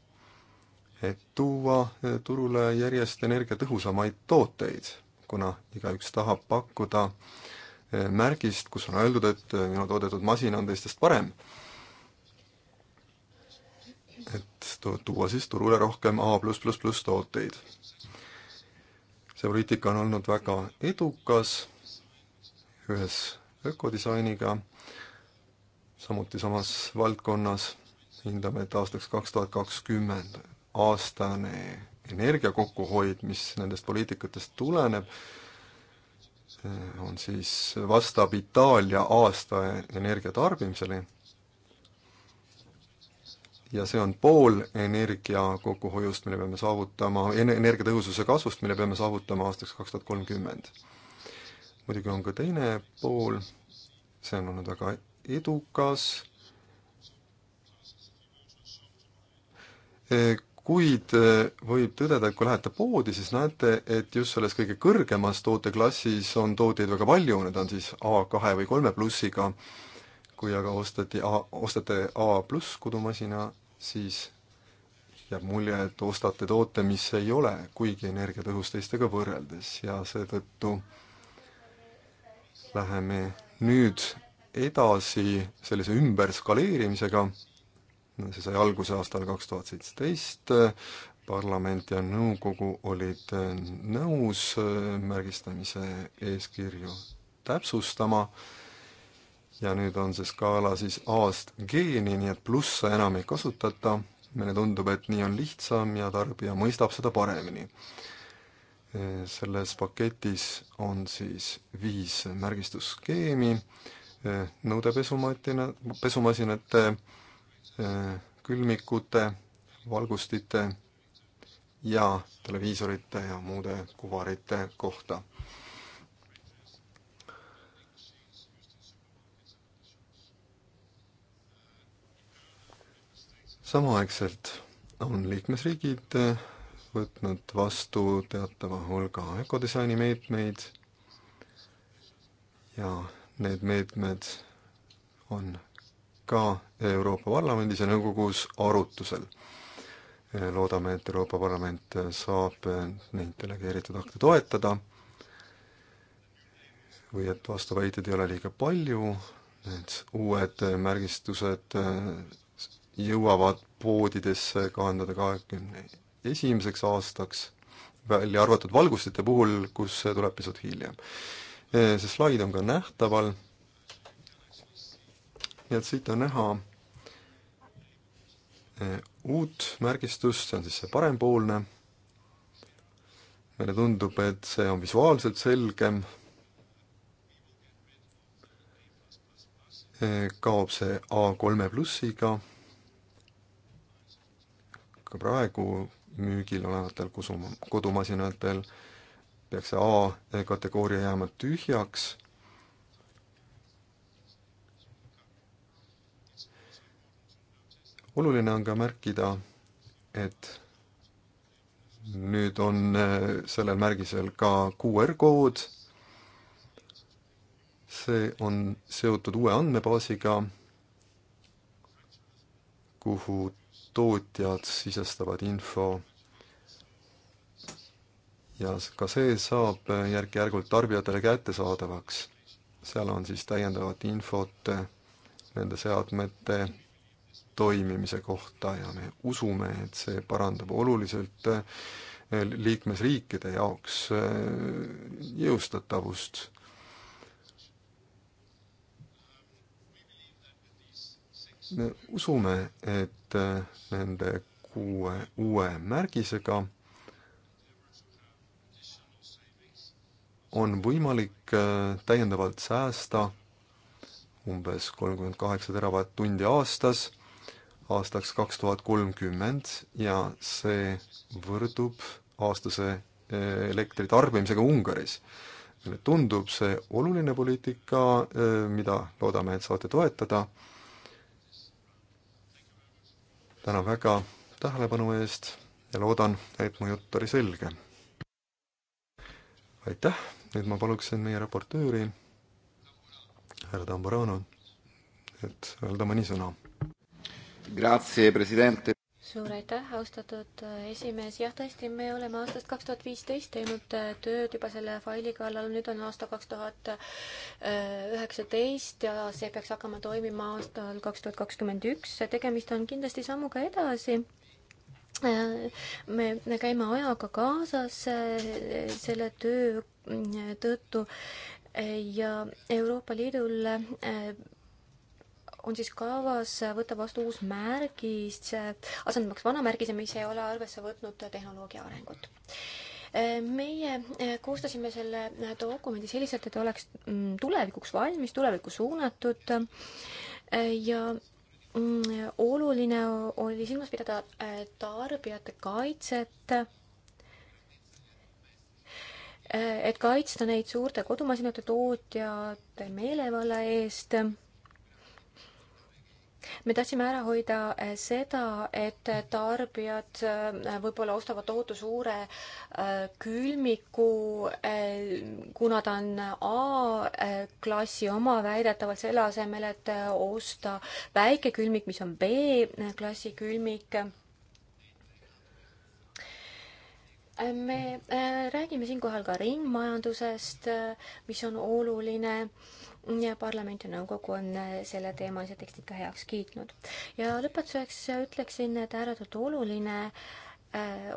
et tuua e, turule järjest energiatõhusamaid tooteid, kuna igaüks tahab pakkuda e, märgist, kus on öeldud, et e, minu toodetud masin on teistest parem. et tuua siis turule rohkem A pluss pluss pluss tooteid. see poliitika on olnud väga edukas ühes ökodisainiga, samuti samas valdkonnas hindame, et aastaks kaks tuhat kakskümmend aastane energia kokkuhoid, mis nendest poliitikatest tuleneb, on siis, vastab Itaalia aasta energia tarbimisele ja see on pool energia kokkuhoiust, mille peame saavutama, energiatõhususe kasvust, mille peame saavutama aastaks kaks tuhat kolmkümmend. muidugi on ka teine pool, see on olnud väga edukas, kuid eh, võib tõdeda, et kui lähete poodi, siis näete, et just selles kõige kõrgemas tooteklassis on tooteid väga palju, need on siis A2 või kolme plussiga, kui aga ostati A, ostate A pluss kodumasina, siis jääb mulje, et ostate toote, mis ei ole kuigi energiatõhus teistega võrreldes ja seetõttu läheme nüüd edasi sellise ümberskaleerimisega see sai alguse aastal kaks tuhat seitseteist, parlament ja nõukogu olid äh, nõus äh, märgistamise eeskirju täpsustama ja nüüd on see skaala siis A-st G-ni, nii et plusse enam ei kasutata, meile tundub, et nii on lihtsam ja tarbija mõistab seda paremini. Äh, selles paketis on siis viis märgistusskeemi, nõudepesumatina, pesumasinate Äh, külmikute, valgustite ja televiisorite ja muude kuvarite kohta. samaaegselt on liikmesriigid äh, võtnud vastu teatava hulga ökodisaini meetmeid ja need meetmed on ka Euroopa Parlamendis ja nõukogus arutusel. loodame, et Euroopa Parlament saab neid delegeeritud akte toetada või et vastuväiteid ei ole liiga palju, need uued märgistused jõuavad poodidesse kahe tuhande kahekümne esimeseks aastaks, välja arvatud valgustite puhul, kus see tuleb pisut hiljem. see slaid on ka nähtaval nii et siit on näha e, uut märgistust, see on siis see parempoolne, meile tundub, et see on visuaalselt selgem, e, kaob see A3-e plussiga, ka praegu müügil olevatel kusum-, kodumasinatel peaks see A-kategooria jääma tühjaks oluline on ka märkida, et nüüd on äh, sellel märgisel ka QR-kood, see on seotud uue andmebaasiga, kuhu tootjad sisestavad info ja ka see saab järk-järgult tarbijatele kättesaadavaks. seal on siis täiendavat infot nende seadmete toimimise kohta ja me usume, et see parandab oluliselt eh, liikmesriikide jaoks eh, jõustatavust. me usume, et eh, nende kuue uue märgisega on võimalik täiendavalt säästa umbes kolmkümmend kaheksa teravatt-tundi aastas aastaks kaks tuhat kolmkümmend ja see võrdub aastase eh, elektritarbimisega Ungaris. meile tundub see oluline poliitika, eh, mida loodame, et saate toetada. tänan väga tähelepanu eest ja loodan, et mu jutt oli selge. aitäh, nüüd ma paluksin meie raportööri, härra Tamburano, et öelda mõni sõna suur aitäh, austatud äh, esimees, jah, tõesti, me oleme aastast kaks tuhat viisteist teinud äh, tööd juba selle faili kallal, nüüd on aasta kaks tuhat äh, üheksateist ja see peaks hakkama toimima aastal kaks tuhat kakskümmend üks, tegemist on kindlasti sammuga edasi me käime ajaga kaasas selle töö tõttu ja Euroopa Liidul on siis kavas võtta vastu uus märgis, asendamaks vana märgise, mis ei ole arvesse võtnud tehnoloogia arengut. meie koostasime selle dokumendi selliselt, et oleks tulevikuks valmis, tulevikku suunatud ja oluline oli silmas pidada tarbijate kaitset et kaitsta neid suurte kodumasinate tootjate meelevalla eest me tahtsime ära hoida eh, seda, et tarbijad eh, võib-olla ostavad tohutu suure eh, külmiku, kuna ta on A-klassi oma väidetavalt, selle asemel, et osta väike külmik, mis on B-klassi külmik me äh, räägime siinkohal ka ringmajandusest, äh, mis on oluline ja parlament ja nõukogu on äh, selleteemalised tekstid ka heaks kiitnud. ja lõpetuseks ütleksin, et ääretult oluline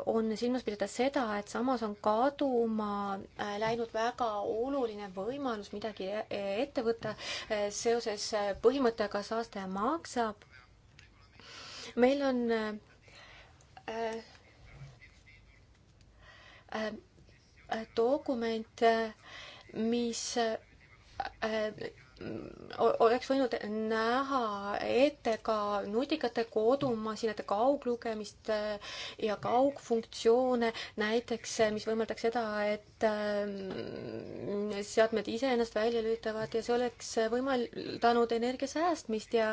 on silmas pidada seda, et samas on kaduma läinud väga oluline võimalus midagi ette võtta seoses põhimõttega saastaja maksab. meil on Äh, äh, dokument, äh, mis oleks võinud näha ette ka nutikate kodumasinate kauglugemist ja kaugfunktsioone, näiteks mis võimaldaks seda, et seadmed ise ennast välja lülitavad ja see oleks võimaldanud energia säästmist ja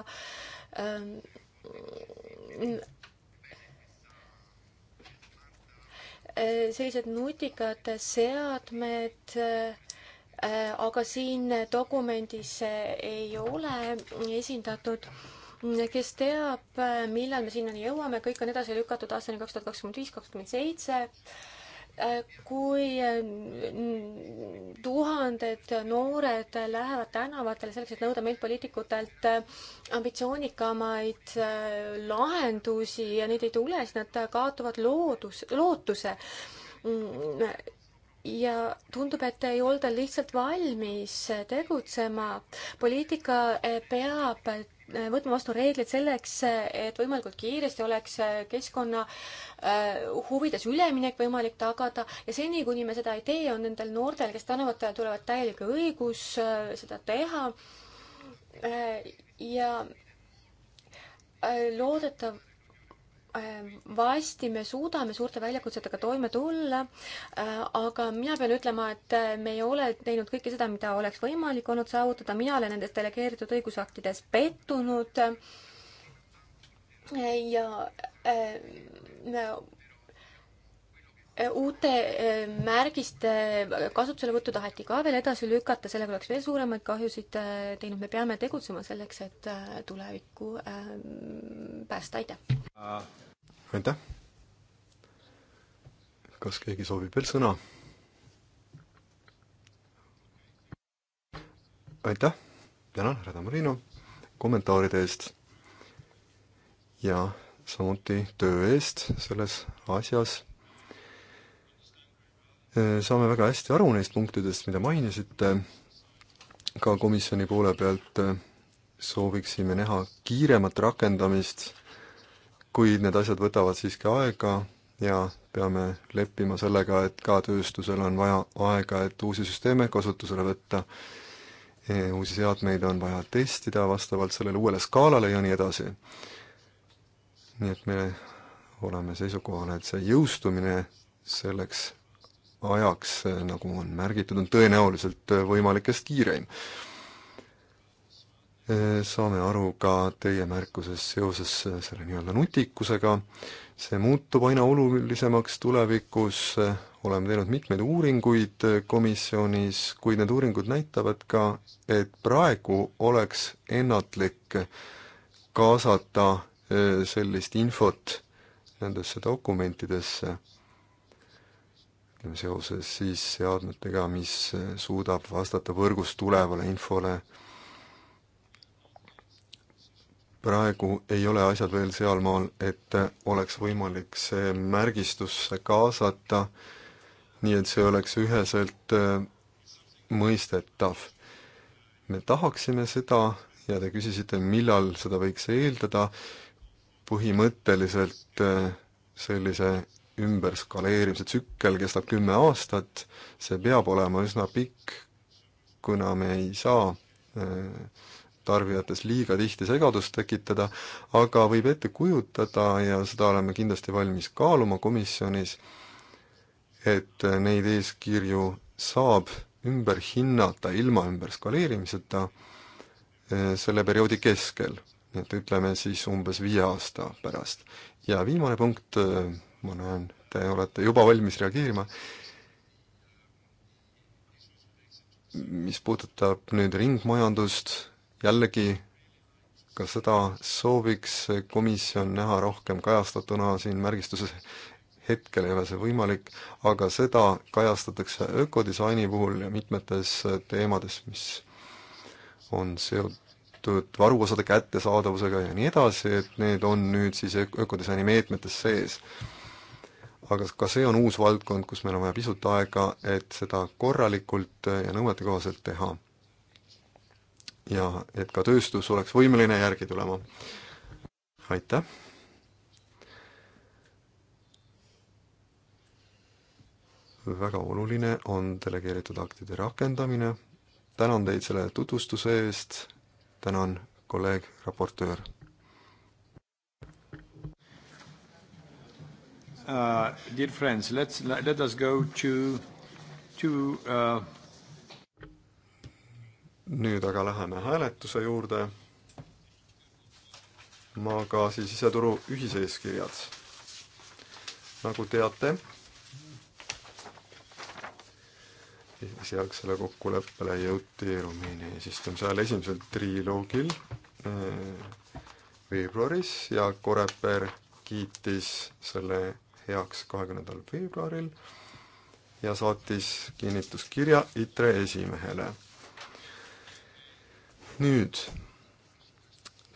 sellised nutikad seadmed, äh, aga siin dokumendis ei ole esindatud kes teab, millal me sinnani jõuame, kõik on edasi lükatud aastani kaks tuhat kakskümmend viis, kakskümmend seitse Äh, kui äh, tuhanded noored lähevad tänavatele selleks, et nõuda meilt poliitikutelt äh, ambitsioonikamaid lahendusi ja neid ei tule, siis nad kaotavad loodus, lootuse. Mm, ja tundub, et ei olda lihtsalt valmis tegutsema. poliitika peab Äh, võtma vastu reeglid selleks, et võimalikult kiiresti oleks äh, keskkonna äh, huvides üleminek võimalik tagada ja seni, kuni me seda ei tee, on nendel noortel, kes tänavatele tulevad, täielik õigus seda teha. ja loodetav Ehm, vasti me suudame suurte väljakutsetega toime tulla, ehm, aga mina pean ütlema, et eh, me ei ole teinud kõike seda, mida oleks võimalik olnud saavutada, mina olen nendes delegeeritud õigusaktides pettunud ja ehm, me Äh, uute äh, märgiste kasutuselevõttu taheti ka veel edasi lükata, sellega oleks veel suuremaid kahjusid äh, teinud, me peame tegutsema selleks, et tulevikku päästa, aitäh! aitäh! kas keegi soovib veel sõna? aitäh, tänan, härra Tamarino, kommentaaride eest ja samuti töö eest selles asjas Äh, saame väga hästi aru neist punktidest, mida mainisite, ka komisjoni poole pealt äh, sooviksime näha kiiremat rakendamist, kuid need asjad võtavad siiski aega ja peame leppima sellega, et ka tööstusel on vaja aega, et uusi süsteeme kasutusele võtta, äh, uusi seadmeid on vaja testida vastavalt sellele uuele skaalale ja nii edasi. nii et me oleme seisukohal, et see jõustumine selleks ajaks, eh, nagu on märgitud, on tõenäoliselt eh, võimalikest kiireim. Eh, saame aru ka teie märkusest seoses selle nii-öelda nutikusega, see muutub aina olulisemaks tulevikus, oleme teinud mitmeid uuringuid komisjonis, kuid need uuringud näitavad ka, et praegu oleks ennatlik kaasata sellist infot nendesse dokumentidesse seoses siis seadmetega, mis suudab vastata võrgust tulevale infole. praegu ei ole asjad veel sealmaal, et oleks võimalik see märgistusse kaasata, nii et see oleks üheselt äh, mõistetav. me tahaksime seda ja te küsisite, millal seda võiks eeldada, põhimõtteliselt äh, sellise ümberskaleerimise tsükkel kestab kümme aastat, see peab olema üsna pikk, kuna me ei saa äh, tarbijates liiga tihti segadust tekitada, aga võib ette kujutada ja seda oleme kindlasti valmis kaaluma komisjonis, et äh, neid eeskirju saab ümber hinnata ilma ümberskaleerimiseta äh, selle perioodi keskel, nii et ütleme siis umbes viie aasta pärast. ja viimane punkt ma näen, te olete juba valmis reageerima. mis puudutab nüüd ringmajandust, jällegi ka seda sooviks komisjon näha rohkem kajastatuna siin märgistuses, hetkel ei ole see võimalik, aga seda kajastatakse ökodisaini puhul ja mitmetes teemades, mis on seotud varuosade kättesaadavusega ja nii edasi, et need on nüüd siis ökodisaini meetmetes sees aga ka see on uus valdkond, kus meil on vaja pisut aega, et seda korralikult ja nõuetekohaselt teha. ja et ka tööstus oleks võimeline järgi tulema. aitäh! väga oluline on delegeeritud aktide rakendamine, tänan teid selle tutvustuse eest, tänan kolleeg raportöör! Uh, dear friends, let's, let us go to, to uh... nüüd aga läheme hääletuse juurde. maagaasi siseturu ühiseeskirjad. nagu teate, esialgsele kokkuleppele jõuti Rumeenia eesistumise ajal esimesel triloogil eh, veebruaris ja Koreper kiitis selle heaks kahekümnendal veebruaril ja saatis kinnituskirja ITRE esimehele. nüüd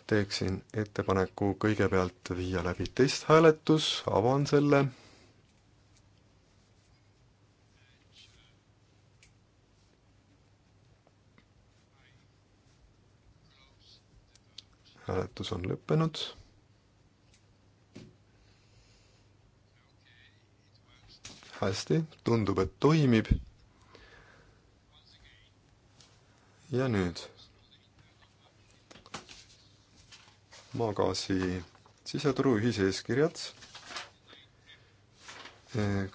teeksin ettepaneku kõigepealt viia läbi testhääletus, avan selle hääletus on lõppenud hästi, tundub, et toimib. ja nüüd maagaasi siseturu ühiseeskirjad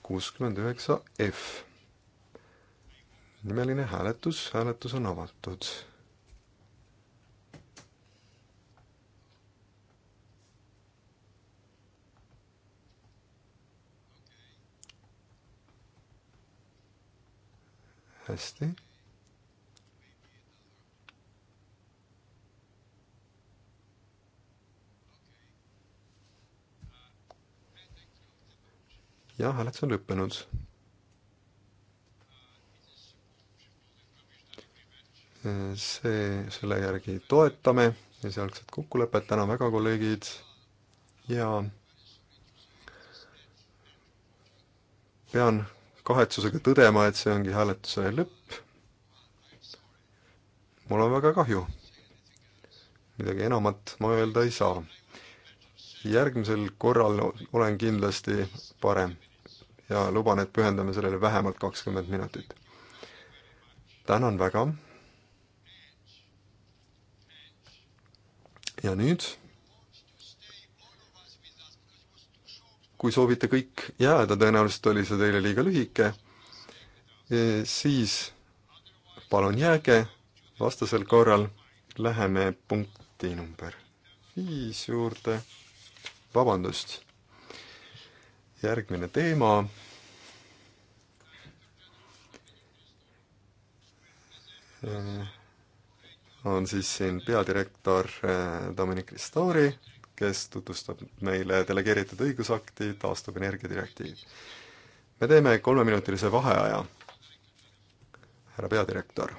kuuskümmend üheksa F. nimeline hääletus, hääletus on avatud hästi. ja hääletus on lõppenud. see, selle järgi toetame esialgset kokkulepet, tänan väga, kolleegid ja pean kahetsusega tõdema, et see ongi hääletuse lõpp. mul on väga kahju. midagi enamat ma öelda ei saa. järgmisel korral olen kindlasti parem ja luban, et pühendame sellele vähemalt kakskümmend minutit. tänan väga. ja nüüd kui soovite kõik jääda, tõenäoliselt oli see teile liiga lühike, e, siis palun jääge, vastasel korral läheme punkti number viis juurde. vabandust. järgmine teema. E, on siis siin peadirektor e, Dominic Ristori kes tutvustab meile delegeeritud õigusakti, taastuvenergia direktiiv. me teeme kolmeminutilise vaheaja. härra peadirektor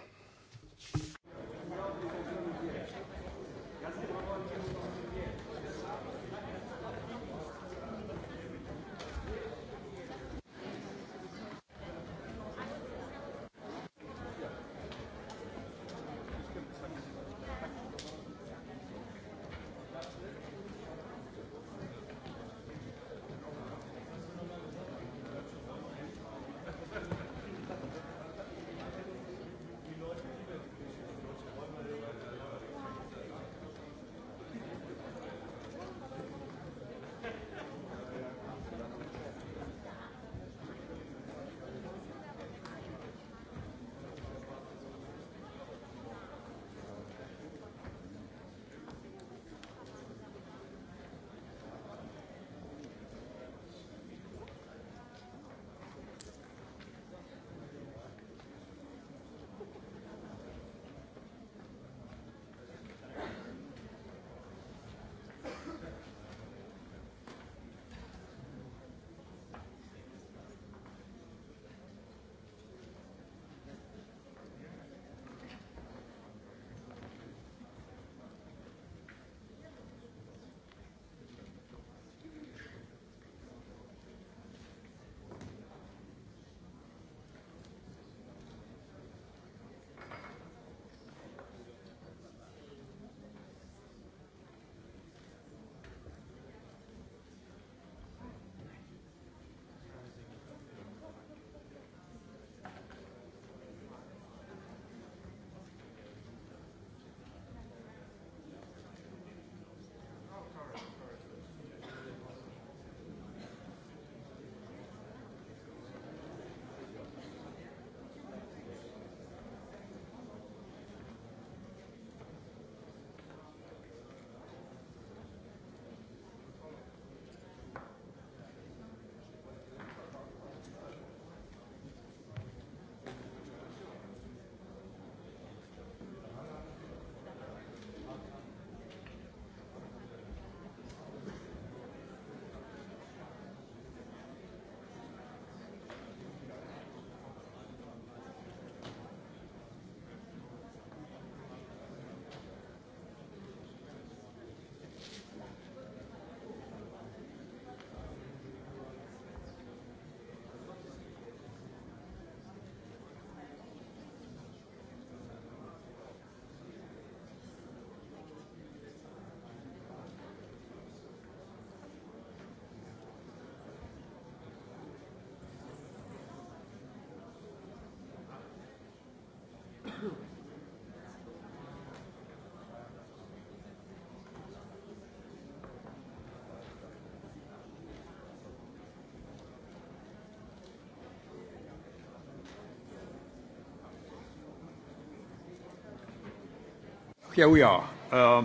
here we are uh....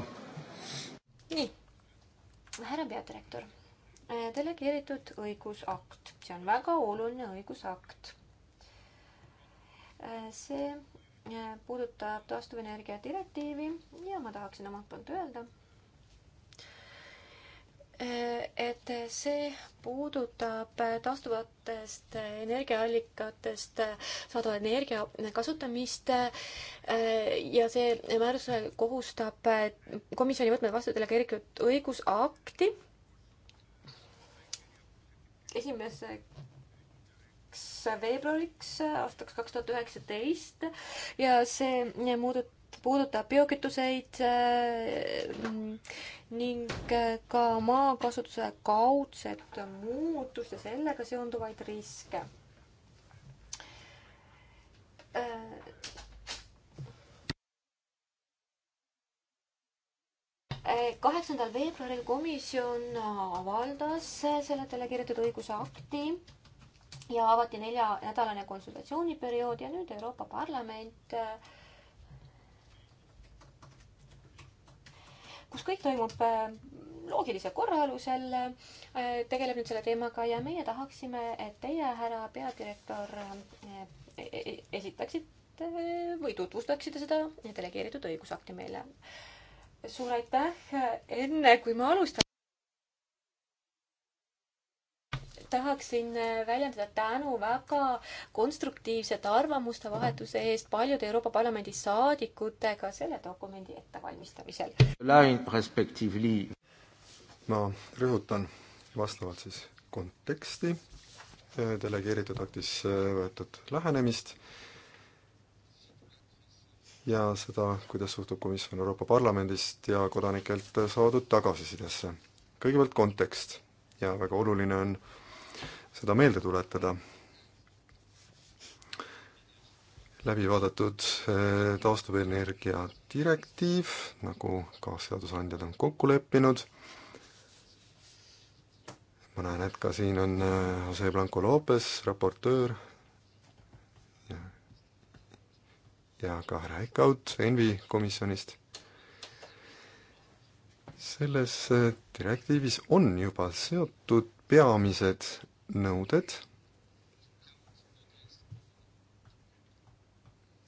nii, härra peadirektor, äh, delegeeritud õigusakt, see on väga oluline õigusakt. Äh, see äh, puudutab taastuvenergia direktiivi ja ma tahaksin omalt poolt öelda et see puudutab taastuvatest energiaallikatest saadava energia kasutamist äh, ja see määrus kohustab äh, komisjoni võtma vastu delegeeritud õigusakti. esimeseks veebruariks aastaks kaks tuhat üheksateist ja see muudat-, puudutab biokütuseid äh, ning äh, ka maakasutuse kaudset muutust ja sellega seonduvaid riske. Äh, kaheksandal veebruaril komisjon avaldas selle delegeeritud õigusakti ja avati neljanädalane konsultatsiooniperiood ja nüüd Euroopa Parlament äh, kus kõik toimub äh, loogilise korra alusel, äh, tegeleb nüüd selle teemaga ja meie tahaksime, et teie, härra peadirektor, äh, e, e, e, esitaksite või tutvustaksite seda delegeeritud õigusakti meile. suur aitäh, enne kui ma alustan. tahaksin äh, väljendada tänu väga konstruktiivsete arvamuste vahetuse eest paljude Euroopa Parlamendi saadikutega selle dokumendi ettevalmistamisel. ma rõhutan vastavalt siis konteksti äh, delegeeritud aktis äh, võetud lähenemist ja seda, kuidas suhtub komisjon Euroopa Parlamendist ja kodanikelt saadud tagasisidesse. kõigepealt kontekst ja väga oluline on seda meelde tuletada. läbi vaadatud eh, taastuvenergia direktiiv, nagu ka seadusandjad on kokku leppinud, ma näen, et ka siin on eh, Jose Blanco Lopez, raportöör, ja ka härra Ekaut Envi komisjonist. selles eh, direktiivis on juba seotud peamised nõuded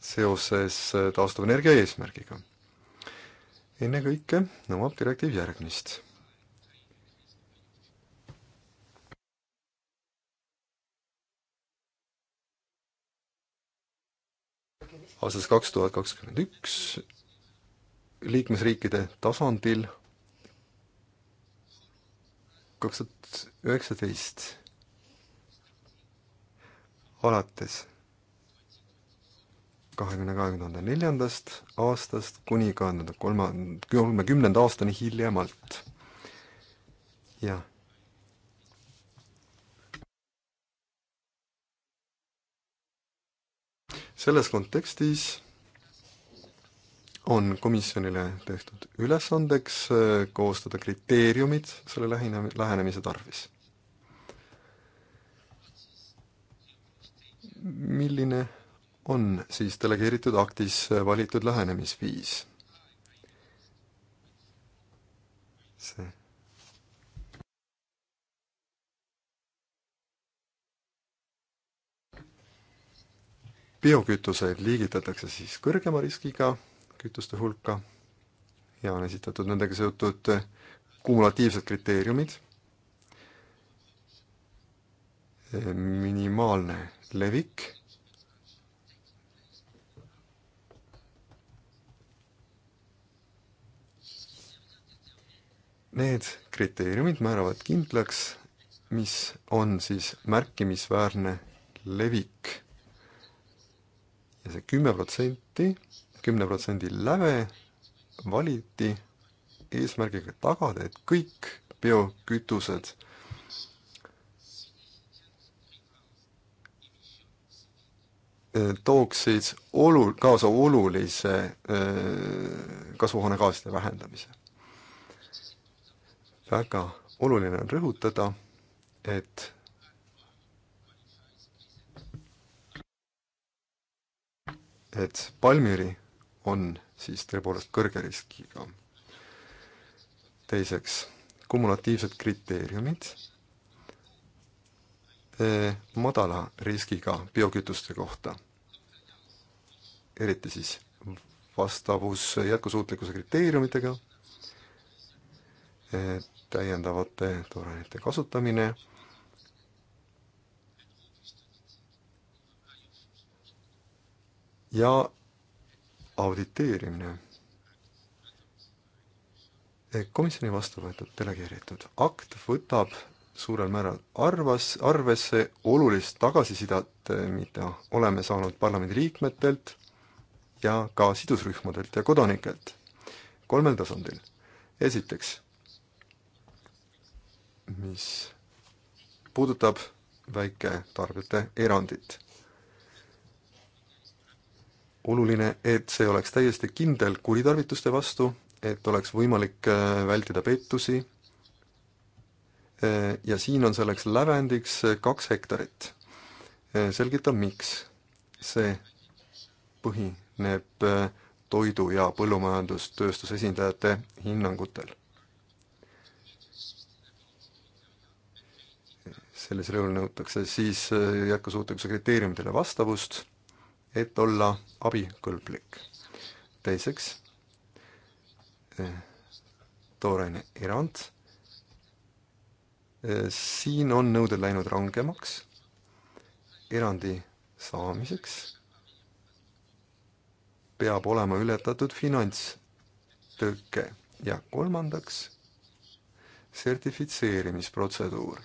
seoses taastuvenergia eesmärgiga. ennekõike nõuab direktiiv järgmist aastast kaks tuhat kakskümmend üks liikmesriikide tasandil kaks tuhat üheksateist alates kahekümne, kahekümne tuhande neljandast aastast kuni kahe tuhande kolma, kolmekümnenda aastani hiljemalt. jah selles kontekstis on komisjonile tehtud ülesandeks äh, koostada kriteeriumid selle lähene-, lähenemise tarvis. milline on siis delegeeritud aktis valitud lähenemisviis? see. biokütuseid liigitatakse siis kõrgema riskiga kütuste hulka ja on esitatud nendega seotud kumulatiivsed kriteeriumid minimaalne levik need kriteeriumid määravad kindlaks, mis on siis märkimisväärne levik. ja see kümme protsenti, kümne protsendi läve valiti eesmärgiga tagada, et kõik biokütused Äh, tooksid olu-, kaasa olulise äh, kasvuhoonegaaside vähendamise. väga oluline on rõhutada, et et Palmiri on siis tõepoolest kõrge riskiga. teiseks, kumulatiivsed kriteeriumid Eh, madala riskiga biokütuste kohta, eriti siis vastavus jätkusuutlikkuse kriteeriumitega, eh, täiendavate toorainete kasutamine, ja auditeerimine. Eh, komisjoni vastu võetud delegeeritud akt võtab suurel määral arvas, arvesse olulist tagasisidet, eh, mida oleme saanud parlamendiliikmetelt ja ka sidusrühmadelt ja kodanikelt kolmel tasandil. esiteks, mis puudutab väiketarbijate erandit. oluline, et see oleks täiesti kindel kuritarvituste vastu, et oleks võimalik eh, vältida pettusi Äh, ja siin on selleks lävendiks äh, kaks hektarit. Äh, selgitan, miks. see põhineb toidu- ja põllumajandustööstuse esindajate hinnangutel. selles reol nõutakse siis jätkusuutlikkuse kriteeriumidele vastavust, et olla abikõlblik. teiseks, tooraine erand Äh, siin on nõuded läinud rangemaks erandi saamiseks peab olema ületatud finantstõke ja kolmandaks sertifitseerimisprotseduur.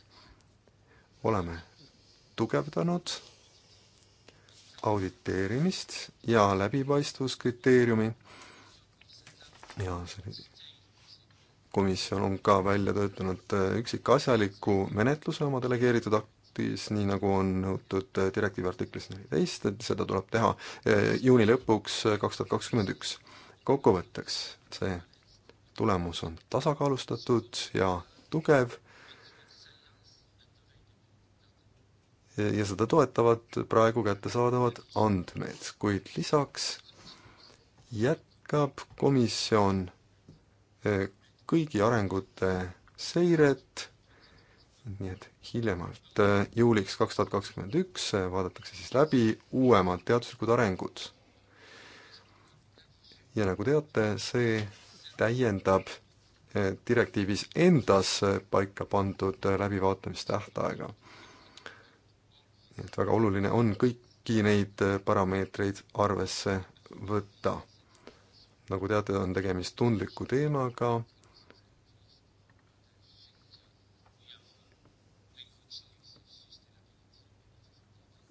oleme tugevdanud auditeerimist ja läbipaistvuskriteeriumi ja see komisjon on ka välja töötanud äh, üksikasjaliku menetluse oma delegeeritud aktis, nii nagu on nõutud äh, direktiivi artiklis neliteist, et seda tuleb teha äh, juuni lõpuks kaks tuhat kakskümmend üks. kokkuvõtteks, see tulemus on tasakaalustatud ja tugev ja seda toetavad praegu kättesaadavad andmed, kuid lisaks jätkab komisjon kõigi arengute seiret, nii et hiljemalt äh, juuliks kaks tuhat kakskümmend üks äh, vaadatakse siis läbi uuemad teaduslikud arengud. ja nagu teate, see täiendab äh, direktiivis endas paika pandud läbivaatamistähtaega. nii et väga oluline on kõiki neid parameetreid arvesse võtta. nagu teate, on tegemist tundliku teemaga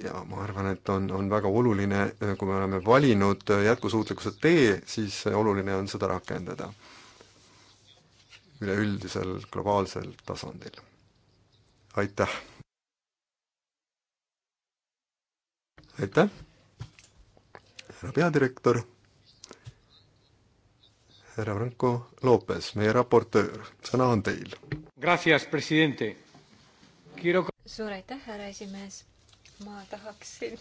ja ma arvan, et on, on väga oluline, kui me oleme valinud jätkusuutlikkuse tee, siis oluline on seda rakendada üleüldisel globaalsel tasandil. aitäh! aitäh, härra peadirektor, härra Franco Lopez, meie raportöör, sõna on teil. suur aitäh, härra esimees ma tahaksin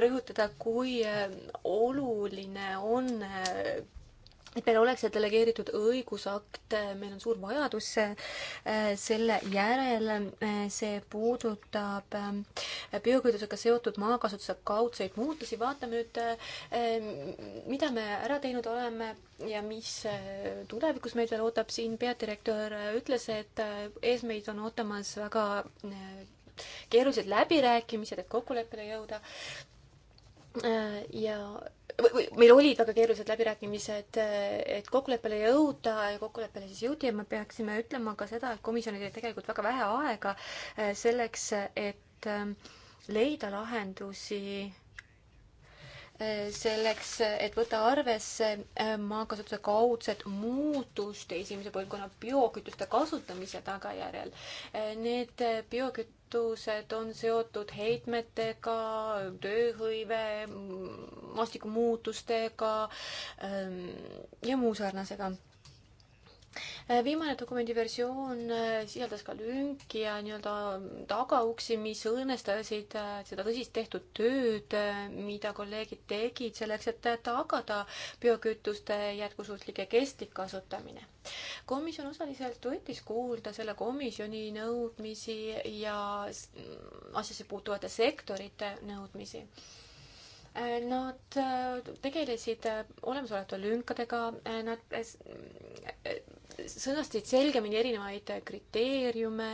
rõhutada, kui äh, oluline on, äh, et meil oleks see delegeeritud õigusakt, äh, meil on suur vajadus selle järele, see puudutab biokütusega seotud maakasutuse kaudseid muutusi, vaatame nüüd, mida me ära teinud oleme ja mis tulevikus meid veel ootab, siin peadirektor ütles, et ees meid on ootamas väga keerulised läbirääkimised, et kokkuleppele jõuda. Äh, ja või, või meil olid väga keerulised läbirääkimised, äh, et kokkuleppele jõuda ja kokkuleppele siis jõuti ja me peaksime ütlema ka seda, et komisjonil oli tegelikult väga vähe aega äh, selleks, et leida lahendusi selleks, et võtta arvesse äh, maakasutuse kaudset muutust esimese põlvkonna biokütuste kasutamise tagajärjel. Äh, need äh, biokütused on seotud heitmetega, tööhõive, maastikumuutustega ähm, ja muu sarnasega viimane dokumendi versioon äh, sisaldas ka lünki ja nii-öelda tagauksi, mis õõnestasid äh, seda tõsist tehtud tööd, äh, mida kolleegid tegid selleks, et tagada biokütuste jätkusuutlik ja kestlik kasutamine. komisjon osaliselt võttis kuulda selle komisjoni nõudmisi ja asjasse puutuvate sektorite nõudmisi Nad tegelesid olemasolevate lünkadega, nad sõnastasid selgemini erinevaid kriteeriume,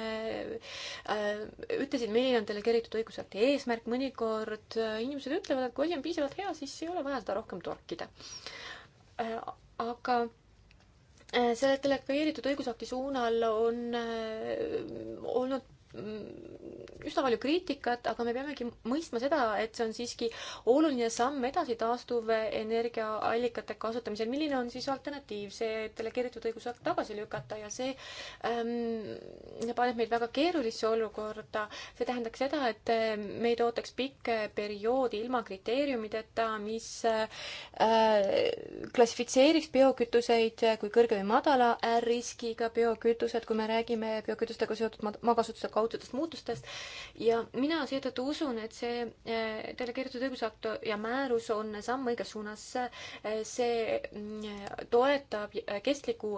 äh, ütlesid, milline on delegeeritud õigusakti eesmärk, mõnikord äh, inimesed ütlevad, et kui asi on piisavalt hea, siis ei ole vaja seda rohkem torkida. Äh, aga selle delegeeritud õigusakti suunal on olnud Mm, üsna palju kriitikat, aga me peamegi mõistma seda, et see on siiski oluline samm edasi taastuvenergiaallikate kasutamisel. milline on siis alternatiiv, see delegeeritud õigusakt tagasi lükata ja see ähm, paneb meid väga keerulisse olukorda. see tähendaks seda, et äh, meid ootaks pikk äh, periood ilma kriteeriumideta, mis äh, klassifitseeriks biokütuseid kui kõrge või madala äh, riskiga biokütused, kui me räägime biokütustega seotud maakasutuse kaudu kaudsetest muutustest ja mina seetõttu usun, et see eh, delegeeritud õigusakt ja määrus on samm õiges suunas. Eh, see mm, toetab eh, kestlikku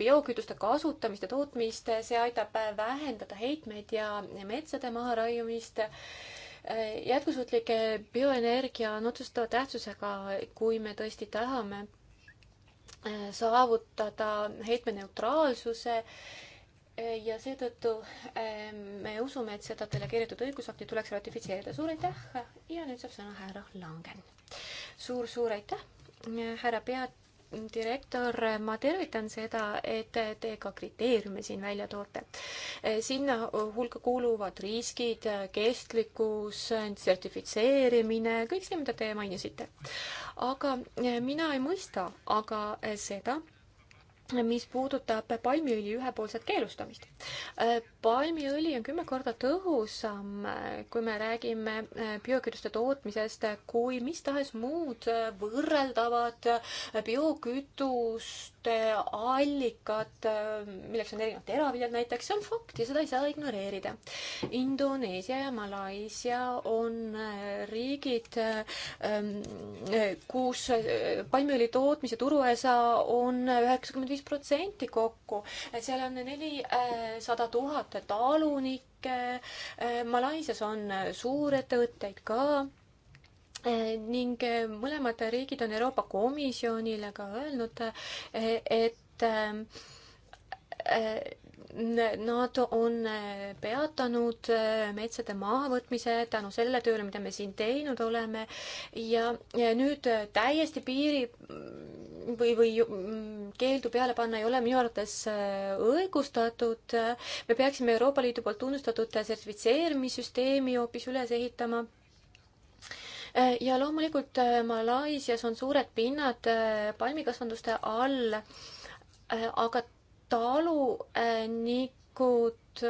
biokütuste kasutamist ja tootmist, see aitab vähendada heitmeid ja metsade maharaiumist jätkusuutlik bioenergia on otsustava tähtsusega, kui me tõesti tahame saavutada heitmeneutraalsuse ja seetõttu ähm, me usume, et seda delegeeritud õigusakti tuleks ratifitseerida. suur aitäh ja nüüd saab sõna härra Langen suur,. suur-suur aitäh, härra peadirektor, ma tervitan seda, et te ka kriteeriume siin välja toote. sinna hulka kuuluvad riskid, kestlikkus, sertifitseerimine, kõik see, mida te mainisite. aga mina ei mõista aga seda mis puudutab palmiõli ühepoolset keelustamist. Äh, palmiõli on kümme korda tõhusam, äh, kui me räägime äh, biokütuste tootmisest, kui mis tahes muud võrreldavad biokütust allikad, milleks on erinevad teraviljad näiteks, see on fakt ja seda ei saa ignoreerida. Indoneesia ja Malaisia on äh, riigid, ähm, äh, kus äh, palmiõli tootmise turuosa on üheksakümmend viis protsenti kokku, seal on nelisada tuhat talunikku, Malaisias on suurettevõtteid ka ning eh, mõlemad riigid on Euroopa Komisjonile ka öelnud, eh, et eh, nad on peatanud metsade mahavõtmise tänu sellele tööle, mida me siin teinud oleme ja, ja nüüd täiesti piiri mm, või, või mm, keeldu peale panna ei ole minu arvates õigustatud. me peaksime Euroopa Liidu poolt tunnustatud sertifitseerimissüsteemi hoopis üles ehitama ja loomulikult äh, Malaisias on suured pinnad äh, palmikasvanduste all, äh, aga talunikud,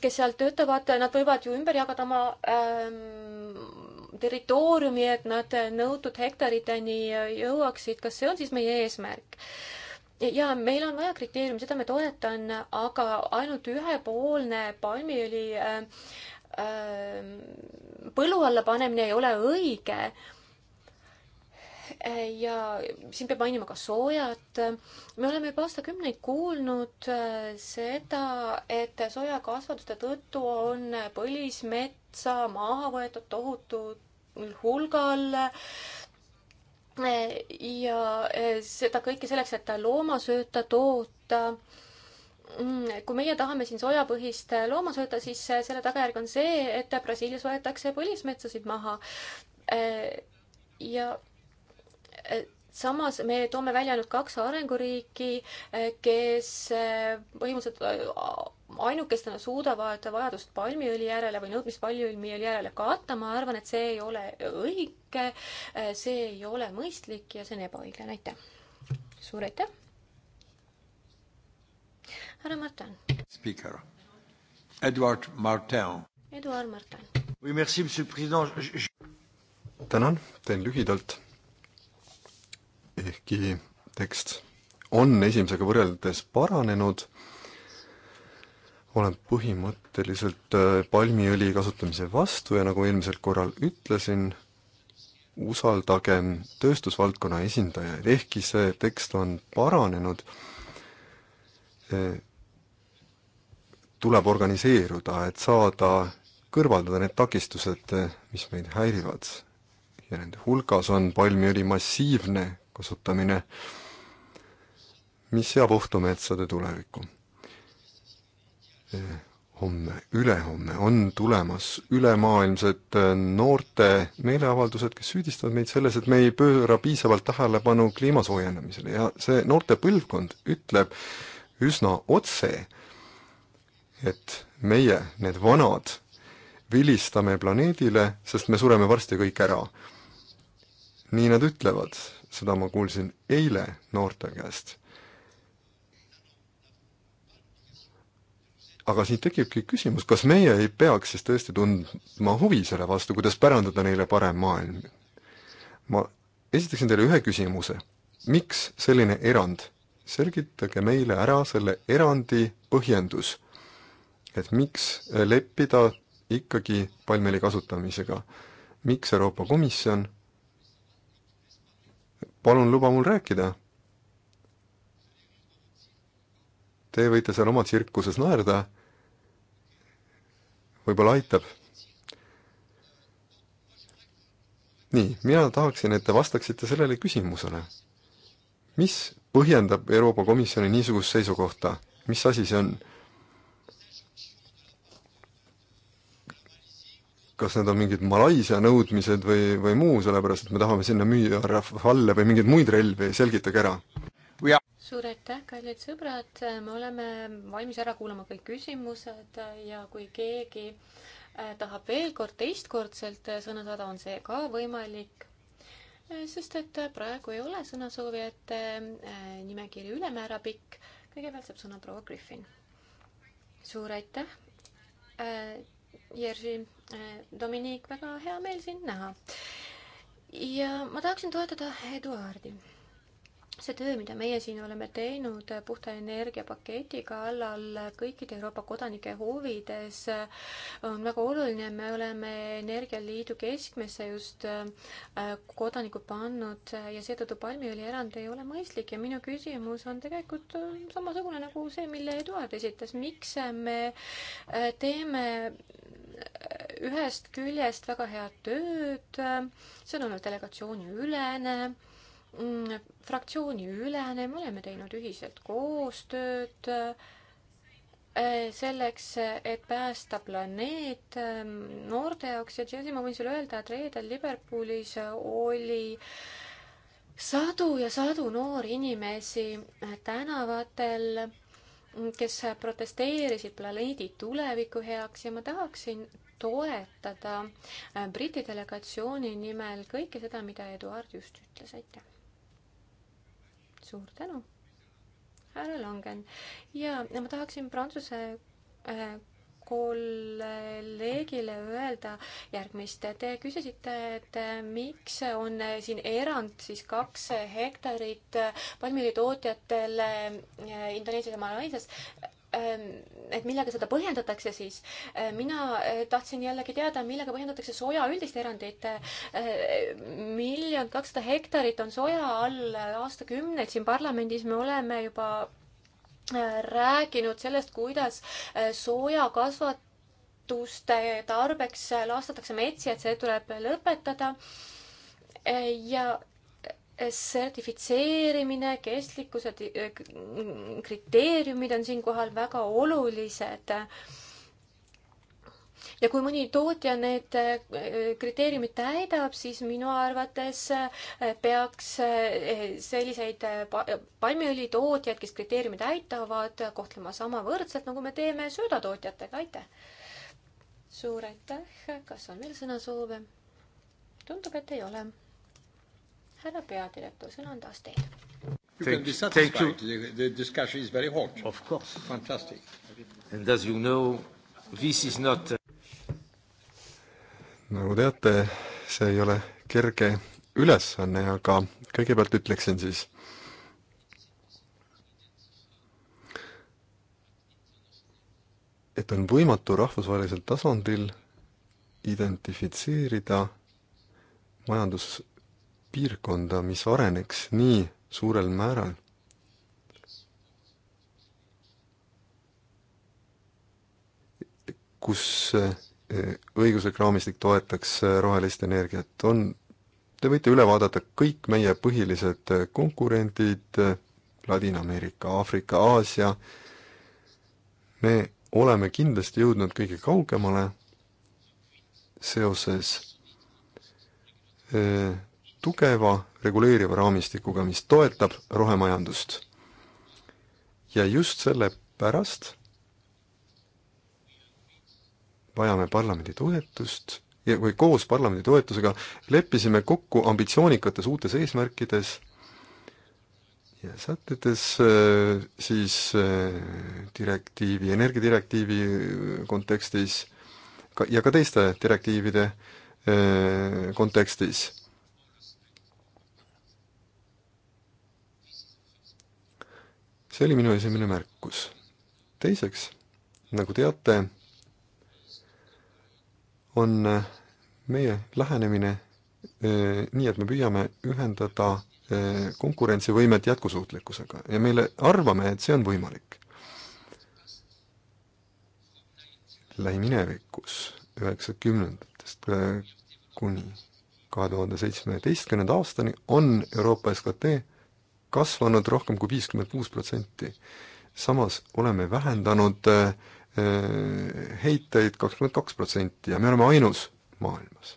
kes seal töötavad, nad võivad ju ümber jagada oma ähm, territooriumi, et nad nõutud hektariteni jõuaksid, kas see on siis meie eesmärk? ja meil on vaja kriteeriumi, seda ma toetan, aga ainult ühepoolne palmiõli põlu alla panemine ei ole õige. ja siin peab mainima ka soojat. me oleme juba aastakümneid kuulnud seda, et soojakasvatuste tõttu on põlismetsa maha võetud tohutul hulgal ja seda kõike selleks, et loomasööta toota Mm, kui meie tahame siin soojapõhist äh, loomasööta, siis äh, selle tagajärg on see, et äh, Brasiilias võetakse põlismetsasid maha. ja samas me toome välja ainult kaks arenguriiki, kes põhimõtteliselt ainukestena suudavad vajadust palmiõli järele või nõudmist palmiõli järele katta, ma arvan, et see ei ole õige, see ei ole mõistlik ja see on ebaõiglane, aitäh! suur aitäh! härra Martin. Speaker Edward Martin. Edward Martin. Oui, merci, monsieur president. tänan, teen lühidalt. ehkki tekst on esimesega võrreldes paranenud, olen põhimõtteliselt äh, palmiõli kasutamise vastu ja nagu eelmisel korral ütlesin, usaldagem tööstusvaldkonna esindajaid, ehkki see tekst on paranenud eh,, tuleb organiseeruda, et saada kõrvaldada need takistused, mis meid häirivad. ja nende hulgas on palmiõli massiivne kasutamine, mis seab ohtu metsade tulevikku. homme, ülehomme on tulemas ülemaailmsed noorte meeleavaldused, kes süüdistavad meid selles, et me ei pööra piisavalt tähelepanu kliima soojenemisele ja see noorte põlvkond ütleb üsna otse, et meie, need vanad, vilistame planeedile, sest me sureme varsti kõik ära. nii nad ütlevad, seda ma kuulsin eile noorte käest. aga siin tekibki küsimus, kas meie ei peaks siis tõesti tundma huvi selle vastu, kuidas pärandada neile parem maailm? ma esitaksin teile ühe küsimuse. miks selline erand? selgitage meile ära selle erandi põhjendus et miks leppida ikkagi palmiõli kasutamisega. miks Euroopa Komisjon, palun luba mul rääkida. Te võite seal oma tsirkuses naerda, võib-olla aitab. nii, mina tahaksin, et te vastaksite sellele küsimusele. mis põhjendab Euroopa Komisjoni niisugust seisukohta, mis asi see on? kas need on mingid Malaisia nõudmised või, või muu, sellepärast et me tahame sinna müüa Rafalle või mingeid muid relvi, selgitage ära. suur aitäh, kallid sõbrad, me oleme valmis ära kuulama kõik küsimused ja kui keegi äh, tahab veel kord teistkordselt äh, sõna saada, on see ka võimalik, äh, sest et praegu ei ole sõnasoovijate nimekiri ülemäära pikk. kõigepealt saab sõna proua Griffin. suur aitäh Jerzy, eh, Dominik, väga hea meel sind näha. ja ma tahaksin toetada Eduardi see töö, mida meie siin oleme teinud puhta energiapaketi kallal kõikide Euroopa kodanike huvides, on väga oluline, me oleme Energialiidu keskmesse just äh, kodanikud pannud ja seetõttu palmiõli erand ei ole mõistlik ja minu küsimus on tegelikult äh, samasugune nagu see, mille Eduard esitas, miks me äh, teeme ühest küljest väga head tööd, see on olnud delegatsiooni ülene Mm, fraktsiooni ülene, me oleme teinud ühiselt koostööd äh, selleks, et päästa planeet ähm, noorte jaoks ja Jesse, ma võin sulle öelda, et reedel Liverpoolis oli sadu ja sadu noori inimesi äh, tänavatel, kes protesteerisid planeedi tuleviku heaks ja ma tahaksin toetada äh, Briti delegatsiooni nimel kõike seda, mida Eduard just ütles, aitäh! suur tänu, härra Langen. ja ma tahaksin Prantsuse äh, kolleegile öelda järgmist. Te küsisite, et äh, miks on äh, siin erand siis kaks hektarit äh, palmiõlitootjatele Indoneesias ja Malaisias. Ehm, et millega seda põhjendatakse siis. Ehm, mina eh, tahtsin jällegi teada, millega põhjendatakse soja üldist erandit. Ehm, miljon kakssada hektarit on soja all aastakümneid siin parlamendis, me oleme juba eh, rääkinud sellest, kuidas eh, soja kasvatuste tarbeks laastatakse metsi, et see tuleb lõpetada ja sertifitseerimine, kestlikkuse eh, kriteeriumid on siinkohal väga olulised. ja kui mõni tootja need eh, kriteeriumid täidab, siis minu arvates eh, peaks selliseid palmiõlitootjaid, kes kriteeriumi täitavad, kohtlema samavõrdselt, nagu me teeme söödatootjatega. aitäh! suur aitäh, kas on veel sõnasoove? tundub, et ei ole härra peadirektor, sõna on taas teil. You can be satisfied, the, the discussion is very hot. Of course. Fantastic. And as you know, this is not nagu teate, see ei ole kerge ülesanne, aga kõigepealt ütleksin siis, et on võimatu rahvusvahelisel tasandil identifitseerida majandus, piirkonda, mis areneks nii suurel määral, kus eh, õiguslik raamistik toetaks eh, rohelist energiat, on, te võite üle vaadata kõik meie põhilised eh, konkurendid, Ladina-Ameerika, Aafrika, Aasia, me oleme kindlasti jõudnud kõige kaugemale seoses tugeva reguleeriva raamistikuga, mis toetab rohemajandust. ja just sellepärast vajame parlamendi toetust ja kui koos parlamendi toetusega leppisime kokku ambitsioonikates uutes eesmärkides ja sätetes äh, siis äh, direktiivi, energiadirektiivi äh, kontekstis ka, ja ka teiste direktiivide kontekstis see oli minu esimene märkus. teiseks, nagu teate, on meie lähenemine nii, et me püüame ühendada konkurentsivõimet jätkusuutlikkusega ja meile arvame, et see on võimalik. lähiminevikus, üheksakümnendatest kuni kahe tuhande seitsmeteistkümnenda aastani on Euroopa SKT kasvanud rohkem kui viiskümmend kuus protsenti. samas oleme vähendanud äh, äh, heiteid kakskümmend kaks protsenti ja me oleme ainus maailmas.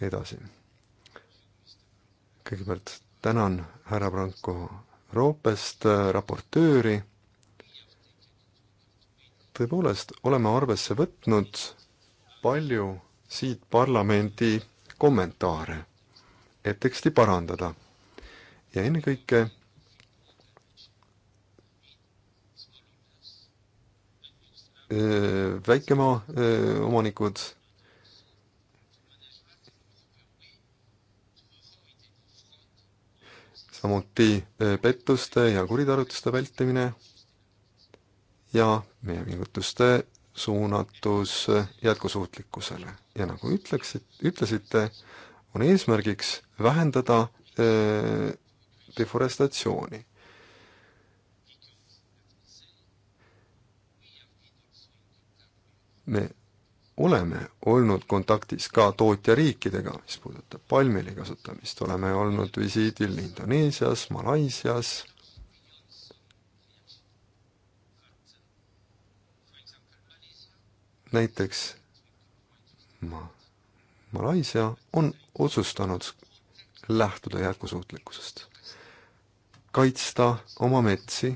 edasi. kõigepealt tänan härra Branko Roopest, äh, raportööri, tõepoolest oleme arvesse võtnud palju siit parlamendi kommentaare et teksti parandada. ja ennekõike väikemaa omanikud samuti pettuste ja kuritarvituste vältimine ja meie pingutuste suunatus jätkusuutlikkusele. ja nagu ütleksid, ütlesite, on eesmärgiks vähendada äh, deforestatsiooni. me oleme olnud kontaktis ka tootjariikidega, mis puudutab palmiõli kasutamist, oleme olnud visiidil Indoneesias, Malaisias, näiteks ma Malaisia on otsustanud lähtuda jätkusuutlikkusest, kaitsta oma metsi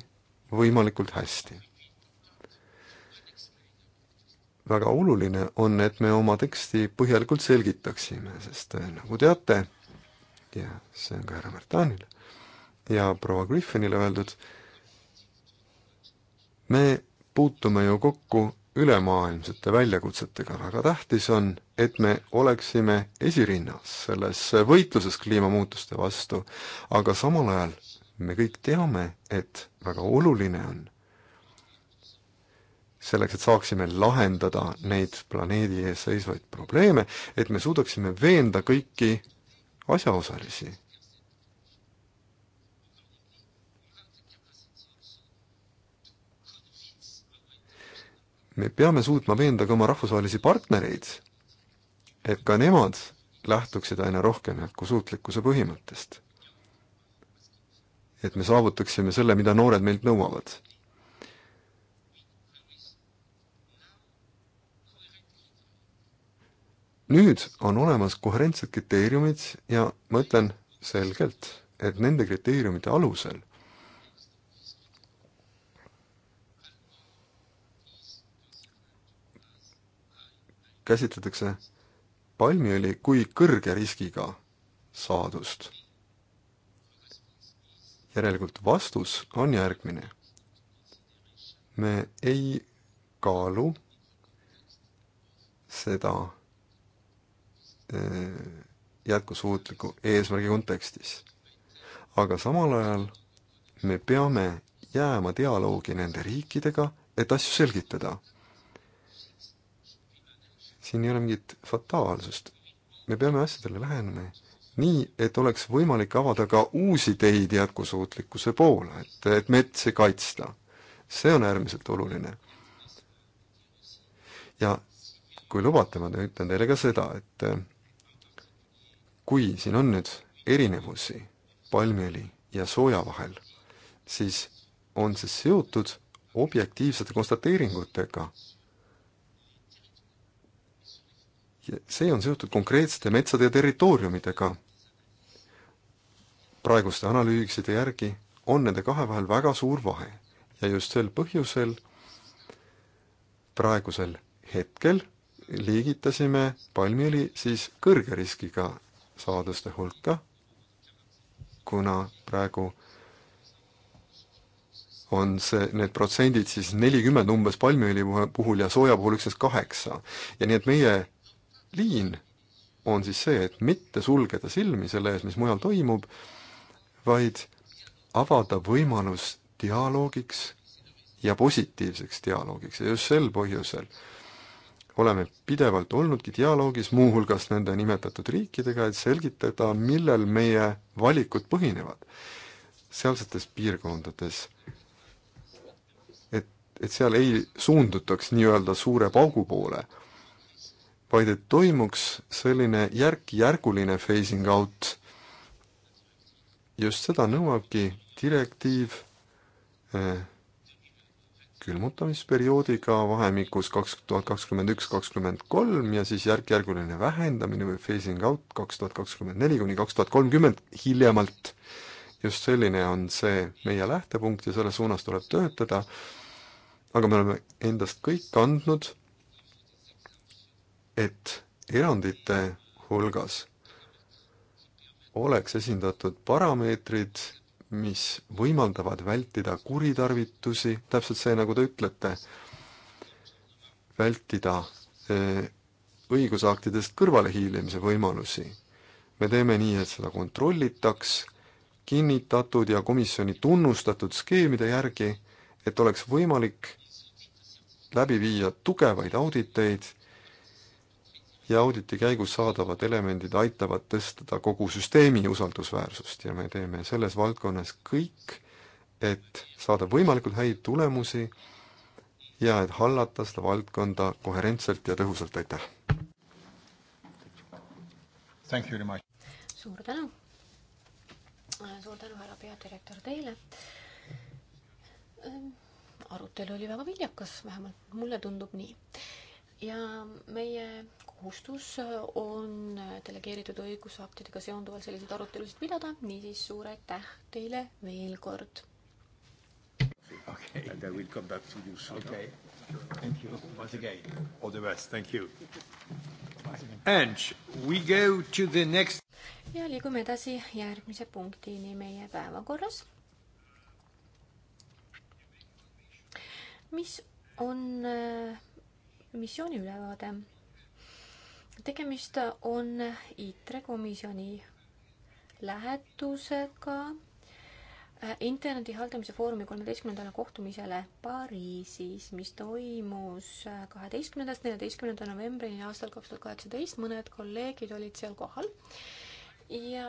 võimalikult hästi. väga oluline on, et me oma teksti põhjalikult selgitaksime, sest eh, nagu teate, ja see on ka härra Märtanile ja proua Griffinile öeldud, me puutume ju kokku ülemaailmsete väljakutsetega, väga tähtis on, et me oleksime esirinnas selles võitluses kliimamuutuste vastu, aga samal ajal me kõik teame, et väga oluline on selleks, et saaksime lahendada neid planeedi ees seisvaid probleeme, et me suudaksime veenda kõiki asjaosalisi me peame suutma veenda ka oma rahvusvahelisi partnereid, et ka nemad lähtuksid aina rohkem jätkusuutlikkuse põhimõttest. et me saavutaksime selle, mida noored meilt nõuavad. nüüd on olemas koherentsed kriteeriumid ja ma ütlen selgelt, et nende kriteeriumite alusel käsitletakse palmiõli kui kõrge riskiga saadust. järelikult vastus on järgmine. me ei kaalu seda eh, jätkusuutliku eesmärgi kontekstis. aga samal ajal me peame jääma dialoogi nende riikidega, et asju selgitada siin ei ole mingit fataalsust. me peame asjadele lähenema nii, et oleks võimalik avada ka uusi teid jätkusuutlikkuse poole, et, et metsi kaitsta. see on äärmiselt oluline. ja kui lubate, ma ütlen teile ka seda, et eh, kui siin on nüüd erinevusi palmiõli ja sooja vahel, siis on see seotud objektiivsete konstateeringutega ja see on seotud konkreetsete metsade ja territooriumidega. praeguste analüüside järgi on nende kahe vahel väga suur vahe ja just sel põhjusel praegusel hetkel liigitasime palmiõli siis kõrge riskiga saaduste hulka, kuna praegu on see, need protsendid siis nelikümmend umbes palmiõli puhul ja sooja puhul üksnes kaheksa. ja nii et meie liin on siis see, et mitte sulgeda silmi selle ees, mis mujal toimub, vaid avada võimalus dialoogiks ja positiivseks dialoogiks ja just sel põhjusel oleme pidevalt olnudki dialoogis muuhulgas nende nimetatud riikidega, et selgitada, millel meie valikud põhinevad sealsetes piirkondades. et, et seal ei suundutaks nii-öelda suure paugu poole vaid et toimuks selline järk-järguline phasing out. just seda nõuabki direktiiv eh, külmutamisperioodiga vahemikus kaks tuhat kakskümmend üks, kakskümmend kolm ja siis järk-järguline vähendamine või phasing out kaks tuhat kakskümmend neli kuni kaks tuhat kolmkümmend hiljemalt. just selline on see meie lähtepunkt ja selle suunas tuleb töötada, aga me oleme endast kõik andnud et erandite hulgas oleks esindatud parameetrid, mis võimaldavad vältida kuritarvitusi, täpselt see, nagu te ütlete, vältida eh, õigusaktidest kõrvalehiilimise võimalusi. me teeme nii, et seda kontrollitaks kinnitatud ja komisjoni tunnustatud skeemide järgi, et oleks võimalik läbi viia tugevaid auditeid ja auditi käigus saadavad elemendid aitavad tõstada kogu süsteemi usaldusväärsust ja me teeme selles valdkonnas kõik, et saada võimalikult häid tulemusi ja et hallata seda valdkonda koherentselt ja tõhusalt, aitäh! suur tänu! suur tänu, härra peadirektor, teile! arutelu oli väga viljakas, vähemalt mulle tundub nii ja meie kohustus on delegeeritud õigusaktidega seonduvalt selliseid arutelusid pidada, niisiis suur aitäh teile veel kord. Okay. And I will come back to you soon. Okay. Thank you once again. All the best. Thank you. And we go to the next. ja liigume edasi järgmise punktini meie päevakorras. mis on äh, missiooni ülevaade. tegemist on ITRE komisjoni lähetusega äh, interneti haldamise foorumi kolmeteistkümnendale kohtumisele Pariisis, mis toimus äh, kaheteistkümnendast neljateistkümnenda novembrini aastal kaks tuhat kaheksateist, mõned kolleegid olid seal kohal ja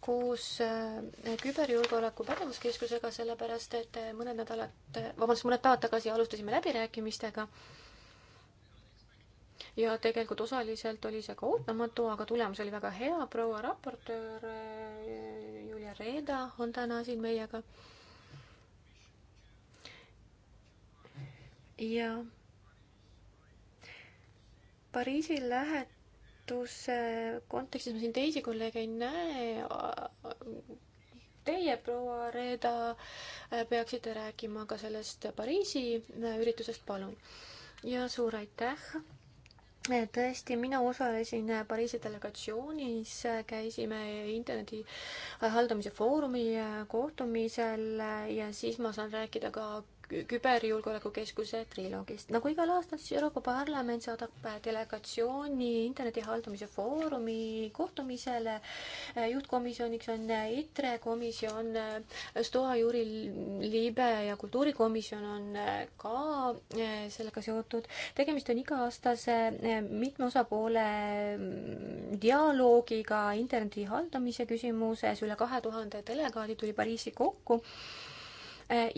koos äh, küberjulgeoleku pädevuskeskusega, sellepärast et äh, mõned nädalad, äh, vabandust, mõned päevad tagasi alustasime läbirääkimistega. ja tegelikult osaliselt oli see ka ootamatu, aga tulemus oli väga hea. proua raportöör Julia Reeda on täna siin meiega. ja Pariisi lähet-, hääletuse kontekstis ma siin teisi kolleege ei näe. Teie, proua Reeda, peaksite rääkima ka sellest Pariisi üritusest, palun. ja suur aitäh tõesti, mina osalesin Pariisi delegatsioonis, käisime interneti haldamise foorumi kohtumisel ja siis ma saan rääkida ka küberjulgeolekukeskuse triloogist. nagu igal aastal, siis Euroopa Parlament saadab äh, delegatsiooni interneti haldamise foorumi kohtumisele. Äh, juhtkomisjoniks on äh, ITRE komisjon, STOA juuri liibe ja kultuurikomisjon on ka sellega seotud. tegemist on iga-aastase mitme osapoole mm, dialoogiga interneti haldamise küsimuses. üle kahe tuhande delegaadi tuli Pariisi kokku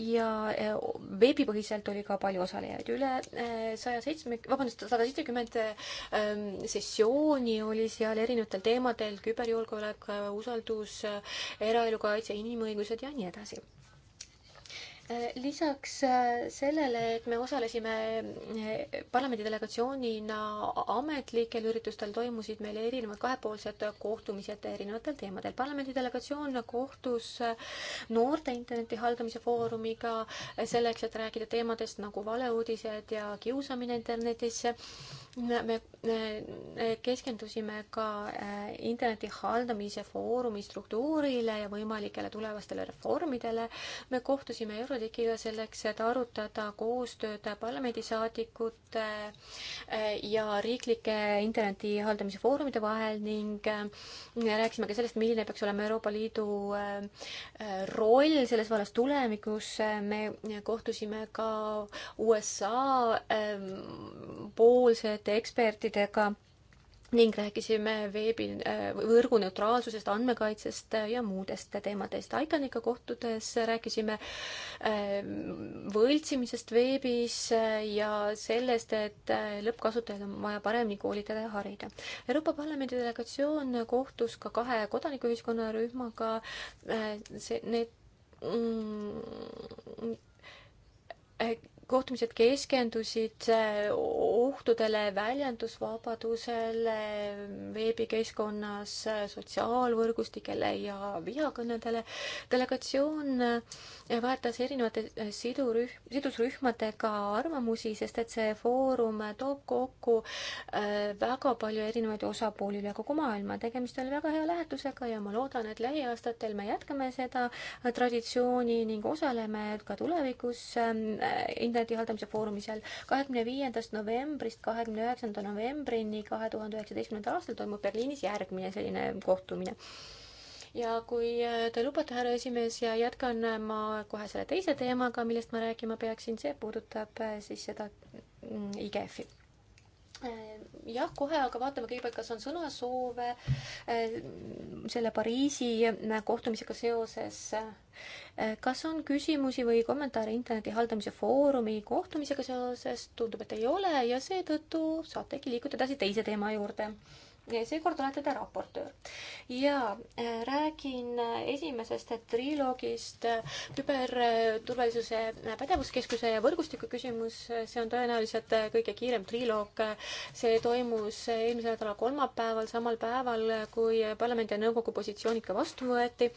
ja eh, veebipõhiselt oli ka palju osalejaid, üle eh, saja seitsme, vabandust, sada seitsekümmend ehm, sessiooni oli seal erinevatel teemadel, küberjulgeolek, eh, usaldus, eraelu kaitse, inimõigused ja nii edasi lisaks äh, sellele, et me osalesime äh, parlamendi delegatsioonina ametlikel üritustel, toimusid meil erinevad kahepoolsed kohtumised erinevatel teemadel. parlamendi delegatsioon kohtus äh, noorte interneti haldamise foorumiga selleks, et rääkida teemadest nagu valeuudised ja kiusamine internetis. me keskendusime ka interneti haldamise foorumi struktuurile ja võimalikele tulevastele reformidele. me kohtusime Euro Tuulikiga selleks, et arutada koostööd parlamendisaadikute eh, ja riiklike interneti haldamise foorumide vahel ning eh, rääkisime ka sellest, milline peaks olema Euroopa Liidu eh, roll selles vallas tulevikus. me kohtusime ka USA poolsete ekspertidega ning rääkisime veebi, äh, võrgu neutraalsusest, andmekaitsest ja muudest teemadest. Iconiga kohtudes rääkisime ähm, võltsimisest veebis ja sellest, et äh, lõppkasutajad on vaja paremini koolitada ja harida. Euroopa Parlamendi delegatsioon kohtus ka kahe kodanikuühiskonna rühmaga, äh, see, need mm, kohtumised keskendusid eh, ohtudele väljendusvabadusele veebikeskkonnas, eh, sotsiaalvõrgustikele ja vihakõnedele. delegatsioon eh, väärtas erinevate sidurühm, sidusrühmadega arvamusi, sest et see foorum toob kokku väga palju erinevaid osapooli üle kogu maailma. tegemist oli väga hea lähetusega ja ma loodan, et lähiaastatel me jätkame seda traditsiooni ning osaleme ka tulevikus ründajate haldamise foorumisel. kahekümne viiendast novembrist kahekümne üheksanda novembrini kahe tuhande üheksateistkümnendal aastal toimub Berliinis järgmine selline kohtumine. ja kui äh, te lubate, härra esimees, ja jätkan äh, ma kohe selle teise teemaga, millest ma rääkima peaksin, see puudutab äh, siis seda mm, IGF-i Eh, jah, kohe, aga vaatame kõigepealt, kas on sõnasoove eh, selle Pariisi eh, kohtumisega seoses. kas on küsimusi või kommentaare interneti haldamise foorumi kohtumisega seoses? tundub, et ei ole ja seetõttu saategi liikuda edasi teise teema juurde seekord olete te raportöör. ja äh, räägin äh, esimesest triloogist äh, küberturvalisuse pädevuskeskuse ja võrgustiku küsimus. see on tõenäoliselt kõige kiirem triloog. see toimus eelmise nädala kolmapäeval, samal päeval, kui parlamendi ja nõukogu positsioonid ka vastu võeti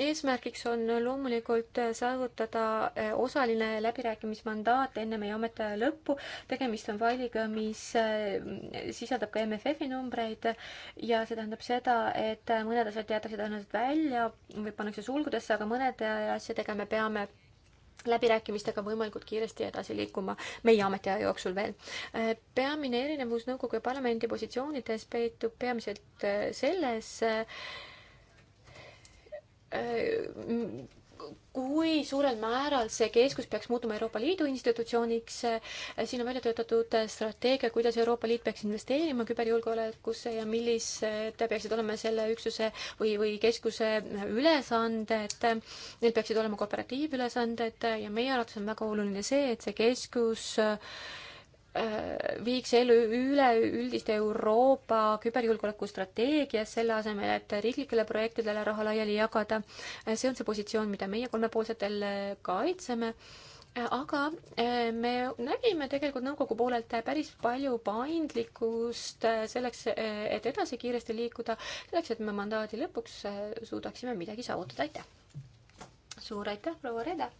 eesmärgiks on loomulikult saavutada eh, osaline läbirääkimismandaat enne meie ametiaja lõppu. tegemist on failiga, mis eh, sisaldab ka MFF-i numbreid ja see tähendab seda, et mõned asjad jäetakse tõenäoliselt välja või pannakse sulgudesse, aga mõnede asjadega me peame läbirääkimistega võimalikult kiiresti edasi liikuma meie ametiaja jooksul veel. Eh, peamine erinevus nõukogu ja parlamendi positsioonides peitub peamiselt selles, kui suurel määral see keskus peaks muutuma Euroopa Liidu institutsiooniks, eh, siin on välja töötatud strateegia, kuidas Euroopa Liit peaks investeerima küberjulgeolekusse ja millised peaksid olema selle üksuse või, või keskuse ülesanded. Neil peaksid olema kooperatiivülesanded ja meie arvates on väga oluline see, et see keskus äh, Äh, viiks elu üle üldist Euroopa küberjulgeoleku strateegias, selle asemel, et riiklikele projektidele raha laiali jagada. Äh, see on see positsioon, mida meie kolmepoolsetel äh, kaitseme aga me nägime tegelikult nõukogu poolelt päris palju paindlikkust selleks, et edasi kiiresti liikuda, selleks, et me mandaadi lõpuks suudaksime midagi saavutada, aitäh! suur aitäh, proua Reda!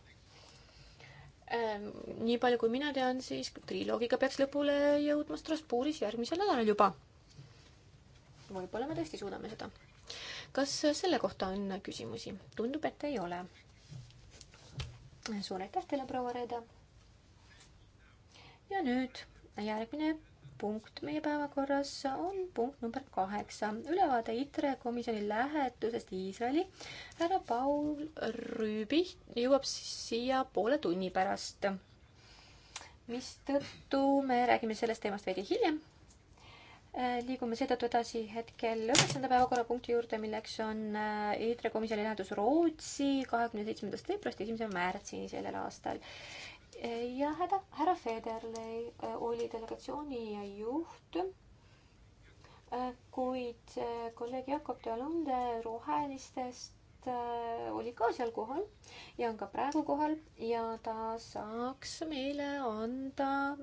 Ehm, nii palju kui mina tean, siis triloogiga peaks lõpule jõudma Strasbourgis järgmisel nädalal juba. võib-olla me tõesti suudame seda. kas selle kohta on küsimusi? tundub, et ei ole. suur aitäh teile, proua Reeda. ja nüüd järgmine punkt meie päevakorras on punkt number kaheksa, ülevaade ITRE komisjoni lähetusest Iisraeli. härra Paul Rüübi jõuab siia poole tunni pärast, mistõttu me räägime sellest teemast veidi hiljem äh, liigume seetõttu edasi hetkel üheksanda päevakorrapunkti juurde, milleks on äh, ITRE komisjoni lähedus Rootsi kahekümne seitsmendast veebruarist esimese märtsini sellel aastal ja härra, härra Federley äh, oli delegatsiooni juht, äh, kuid äh, kolleeg Jakob Dealunde Rohelistest oli ka seal kohal ja on ka praegu kohal ja ta saaks meile anda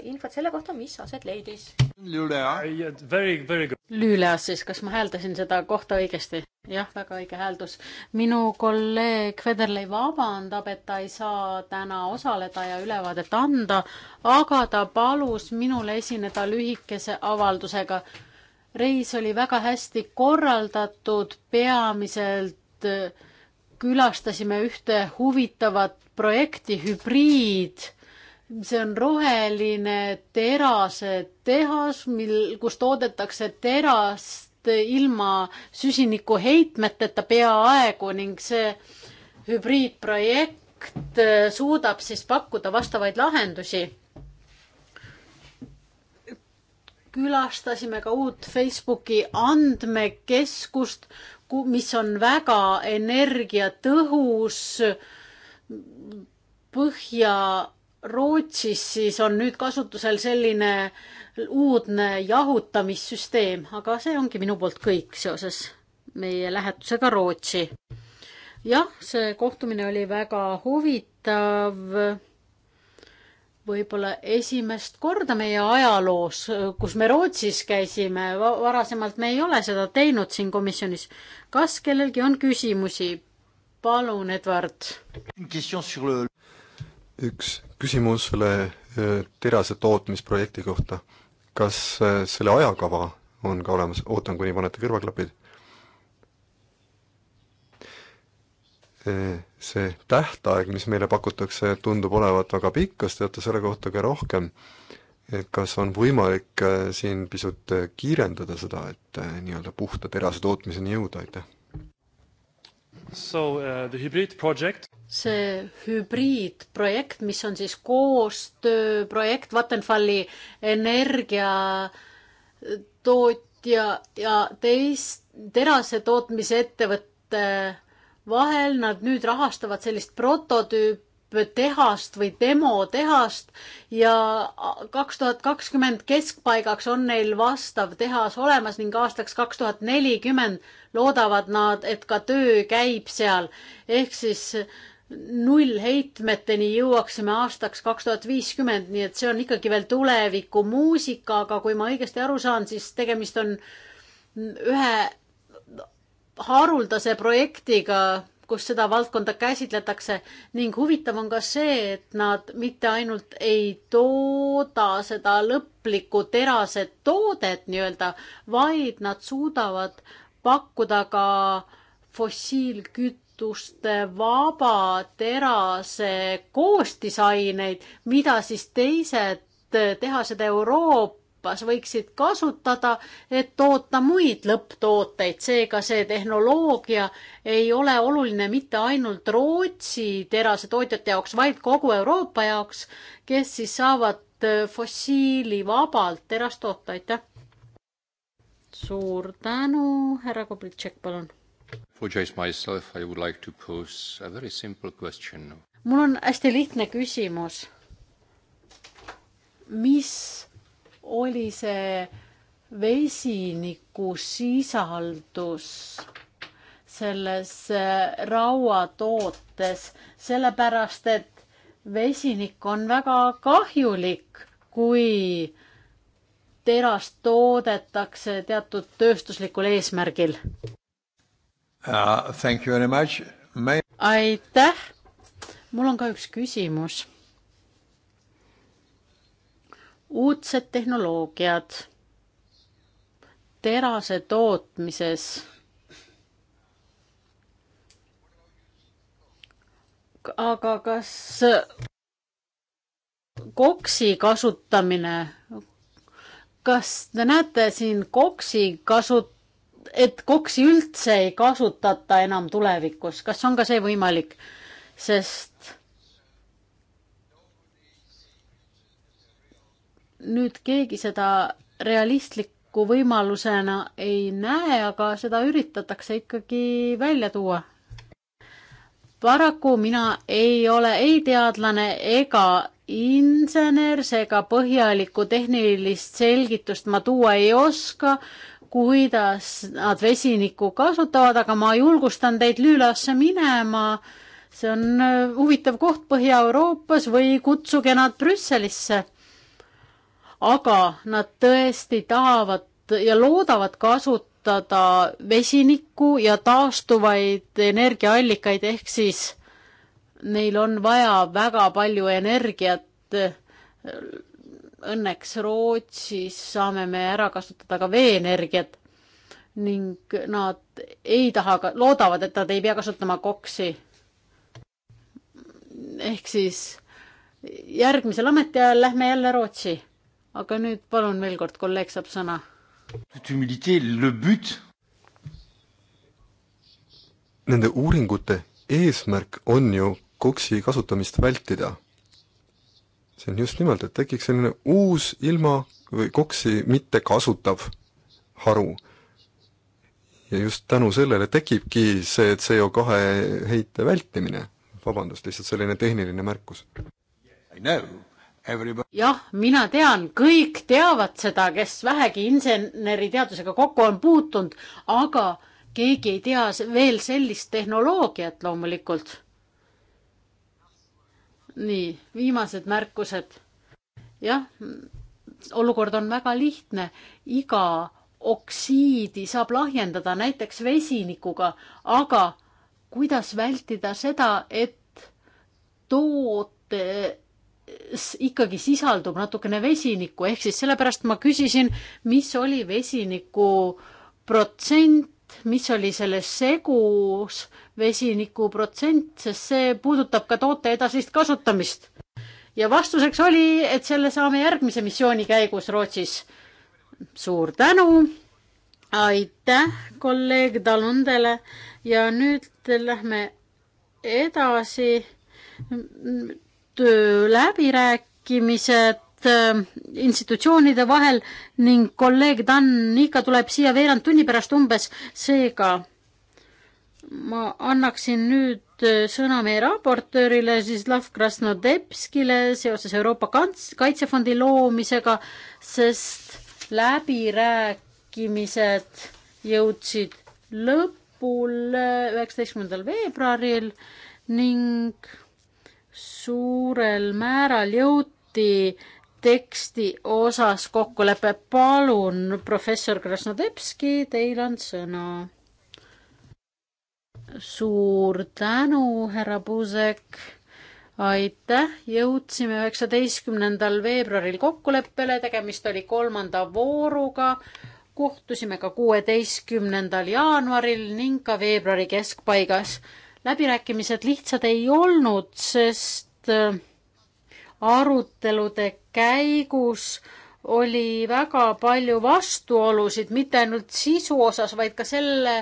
infot selle kohta, mis aset leidis. Lüleas siis, kas ma hääldasin seda kohta õigesti? jah, väga õige hääldus. minu kolleeg Federley vabandab, et ta ei saa täna osaleda ja ülevaadet anda, aga ta palus minul esineda lühikese avaldusega. reis oli väga hästi korraldatud, peamiselt äh, külastasime ühte huvitavat projekti Hübriid. see on roheline terasetehas, mil, kus toodetakse terast ilma süsinikuheitmeteta peaaegu ning see hübriidprojekt äh, suudab siis pakkuda vastavaid lahendusi. külastasime ka uut Facebooki andmekeskust, mis on väga energiatõhus Põhja Rootsis siis on nüüd kasutusel selline uudne jahutamissüsteem, aga see ongi minu poolt kõik seoses meie lähetusega Rootsi. jah, see kohtumine oli väga huvitav. võib-olla esimest korda meie ajaloos, kus me Rootsis käisime, varasemalt me ei ole seda teinud siin komisjonis. kas kellelgi on küsimusi? palun, Edward üks küsimus selle äh, terase tootmisprojekti kohta. kas äh, selle ajakava on ka olemas, ootan, kuni panete kõrvaklapid. Äh, see tähtaeg, mis meile pakutakse, tundub olevat väga pikk, kas teate selle kohta ka rohkem? et kas on võimalik siin pisut kiirendada seda, et nii-öelda puhta terase tootmiseni jõuda, aitäh? Uh, see hübriidprojekt, mis on siis koostööprojekt Vattenfalli energiatootja ja teist, terase tootmise ettevõtte vahel, nad nüüd rahastavad sellist prototüüp tehast või demotehast ja kaks tuhat kakskümmend keskpaigaks on neil vastav tehas olemas ning aastaks kaks tuhat nelikümmend loodavad nad, et ka töö käib seal. ehk siis nullheitmeteni jõuaksime aastaks kaks tuhat viiskümmend, nii et see on ikkagi veel tuleviku muusika, aga kui ma õigesti aru saan, siis tegemist on ühe haruldase projektiga kus seda valdkonda käsitletakse ning huvitav on ka see, et nad mitte ainult ei tooda seda lõplikku teraset toodet nii-öelda, vaid nad suudavad pakkuda ka fossiilkütuste vaba terase koostisaineid, mida siis teised tehased Euroopas Euroopas võiksid kasutada, et toota muid lõpptooteid, seega see tehnoloogia ei ole oluline mitte ainult Rootsi terasetootjate jaoks, vaid kogu Euroopa jaoks, kes siis saavad äh, fossiilivabalt terast toota, aitäh! suur tänu, härra Koblitšek, palun! Like mul on hästi lihtne küsimus. mis oli see vesiniku sisaldus selles äh, rauatootes, sellepärast et vesinik on väga kahjulik, kui terast toodetakse teatud tööstuslikul eesmärgil uh,. May... aitäh. mul on ka üks küsimus uudsed tehnoloogiad terase tootmises. aga kas koksi kasutamine, kas te näete siin koksi kasut-, et koksi üldse ei kasutata enam tulevikus, kas on ka see võimalik? sest nüüd keegi seda realistliku võimalusena ei näe, aga seda üritatakse ikkagi välja tuua. paraku mina ei ole ei teadlane ega insener, seega põhjalikku tehnilist selgitust ma tuua ei oska, kuidas nad vesinikku kasutavad, aga ma julgustan teid Lüülasse minema. see on äh, huvitav koht Põhja-Euroopas või kutsuge nad Brüsselisse aga nad tõesti tahavad ja loodavad kasutada vesinikku ja taastuvaid energiaallikaid, ehk siis neil on vaja väga palju energiat. Õnneks Rootsis saame me ära kasutada ka veeenergiat ning nad ei taha, loodavad, et nad ei pea kasutama koksi. ehk siis järgmisel ametiajal lähme jälle Rootsi aga nüüd palun veel kord, kolleeg saab sõna. Nende uuringute eesmärk on ju koksi kasutamist vältida. see on just nimelt, et tekiks selline uus ilma või koksi mitte kasutav haru. ja just tänu sellele tekibki see CO2 heite vältimine. vabandust, lihtsalt selline tehniline märkus. I know jah, mina tean, kõik teavad seda, kes vähegi inseneriteadusega kokku on puutunud, aga keegi ei tea veel sellist tehnoloogiat loomulikult. nii, viimased märkused. jah, olukord on väga lihtne, iga oksiidi saab lahjendada näiteks vesinikuga, aga kuidas vältida seda, et toote ikkagi sisaldub natukene vesinikku, ehk siis sellepärast ma küsisin, mis oli vesiniku protsent, mis oli selles segus vesiniku protsent, sest see puudutab ka toote edasist kasutamist. ja vastuseks oli, et selle saame järgmise missiooni käigus Rootsis. suur tänu, aitäh kolleeg Talundele ja nüüd lähme edasi läbirääkimised äh, institutsioonide vahel ning kolleeg Dan Nika tuleb siia veerand tunni pärast umbes, seega ma annaksin nüüd äh, sõna meie raportöörile, siis Lav Krasnodebskile seoses Euroopa Kaitsefondi loomisega, sest läbirääkimised jõudsid lõpule üheksateistkümnendal veebruaril ning suurel määral jõuti teksti osas kokkulepe. palun, professor Krasnodebski, teil on sõna. suur tänu, härra Puusek. aitäh, jõudsime üheksateistkümnendal veebruaril kokkuleppele, tegemist oli kolmanda vooruga. kohtusime ka kuueteistkümnendal jaanuaril ning ka veebruari keskpaigas läbirääkimised lihtsad ei olnud, sest äh, arutelude käigus oli väga palju vastuolusid, mitte ainult sisu osas, vaid ka selle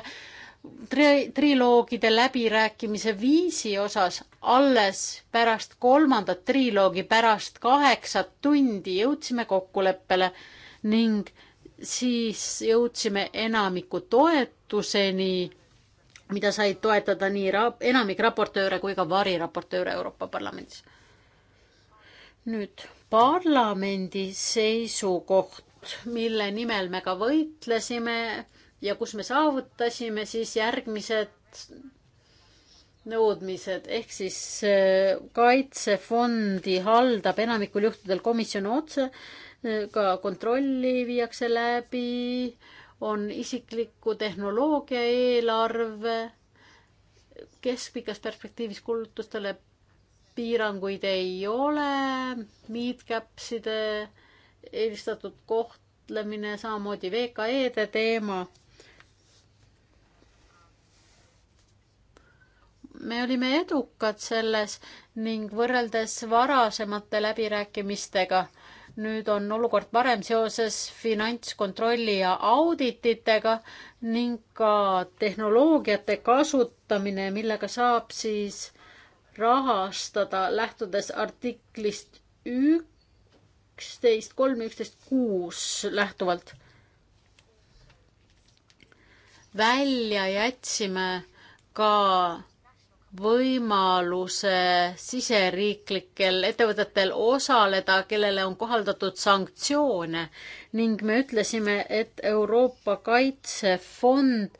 tri-, triloogide läbirääkimise viisi osas. alles pärast kolmandat triloogi, pärast kaheksat tundi jõudsime kokkuleppele ning siis jõudsime enamiku toetuseni mida said toetada nii ra-, enamik raportööre kui ka variraportööre Euroopa Parlamendis. nüüd parlamendi seisukoht, mille nimel me ka võitlesime ja kus me saavutasime siis järgmised nõudmised, ehk siis äh, kaitsefondi haldab enamikul juhtudel komisjon otse, äh, ka kontrolli viiakse läbi äh, on isikliku tehnoloogia eelarve, keskpikas perspektiivis kulutustele piiranguid ei ole, midcapside eelistatud kohtlemine, samamoodi VKE-de teema. me olime edukad selles ning võrreldes varasemate läbirääkimistega nüüd on olukord parem seoses finantskontrolli ja audititega ning ka tehnoloogiate kasutamine, millega saab siis rahastada, lähtudes artiklist üksteist kolm, üksteist kuus lähtuvalt. välja jätsime ka võimaluse siseriiklikel ettevõtetel osaleda, kellele on kohaldatud sanktsioone ning me ütlesime, et Euroopa Kaitsefond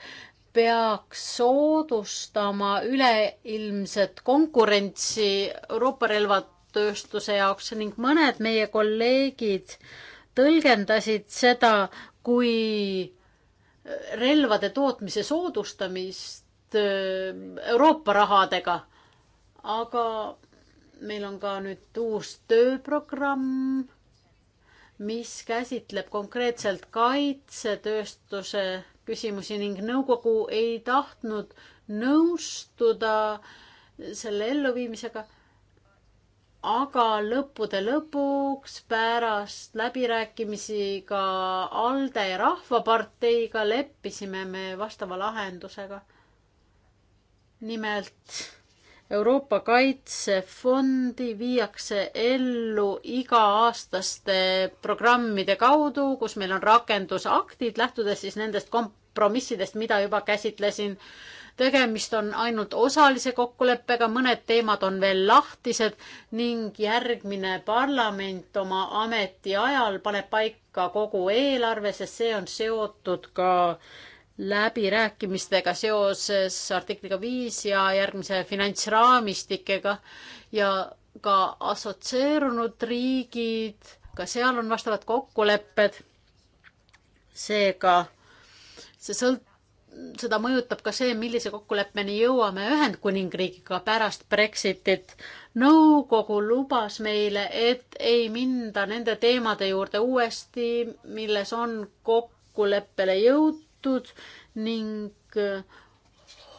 peaks soodustama üleilmset konkurentsi Euroopa relvatööstuse jaoks ning mõned meie kolleegid tõlgendasid seda kui relvade tootmise soodustamist Äh, Euroopa rahadega. aga meil on ka nüüd uus tööprogramm, mis käsitleb konkreetselt kaitsetööstuse küsimusi ning nõukogu ei tahtnud nõustuda selle elluviimisega. aga lõppude lõpuks pärast läbirääkimisi ka ALDE ja Rahvaparteiga leppisime me vastava lahendusega nimelt Euroopa Kaitsefondi viiakse ellu iga-aastaste programmide kaudu, kus meil on rakendusaktid, lähtudes siis nendest kompromissidest, mida juba käsitlesin. tegemist on ainult osalise kokkuleppega, mõned teemad on veel lahtised ning järgmine parlament oma ametiajal paneb paika kogu eelarve, sest see on seotud ka äh, läbirääkimistega seoses artikliga viis ja järgmise finantsraamistikega ja ka assotsieerunud riigid, ka seal on vastavad kokkulepped. seega see sõlt-, seda mõjutab ka see, millise kokkuleppeni jõuame Ühendkuningriigiga pärast Brexitit. nõukogu lubas meile, et ei minda nende teemade juurde uuesti, milles on kokkuleppele jõutud tehtud ning äh,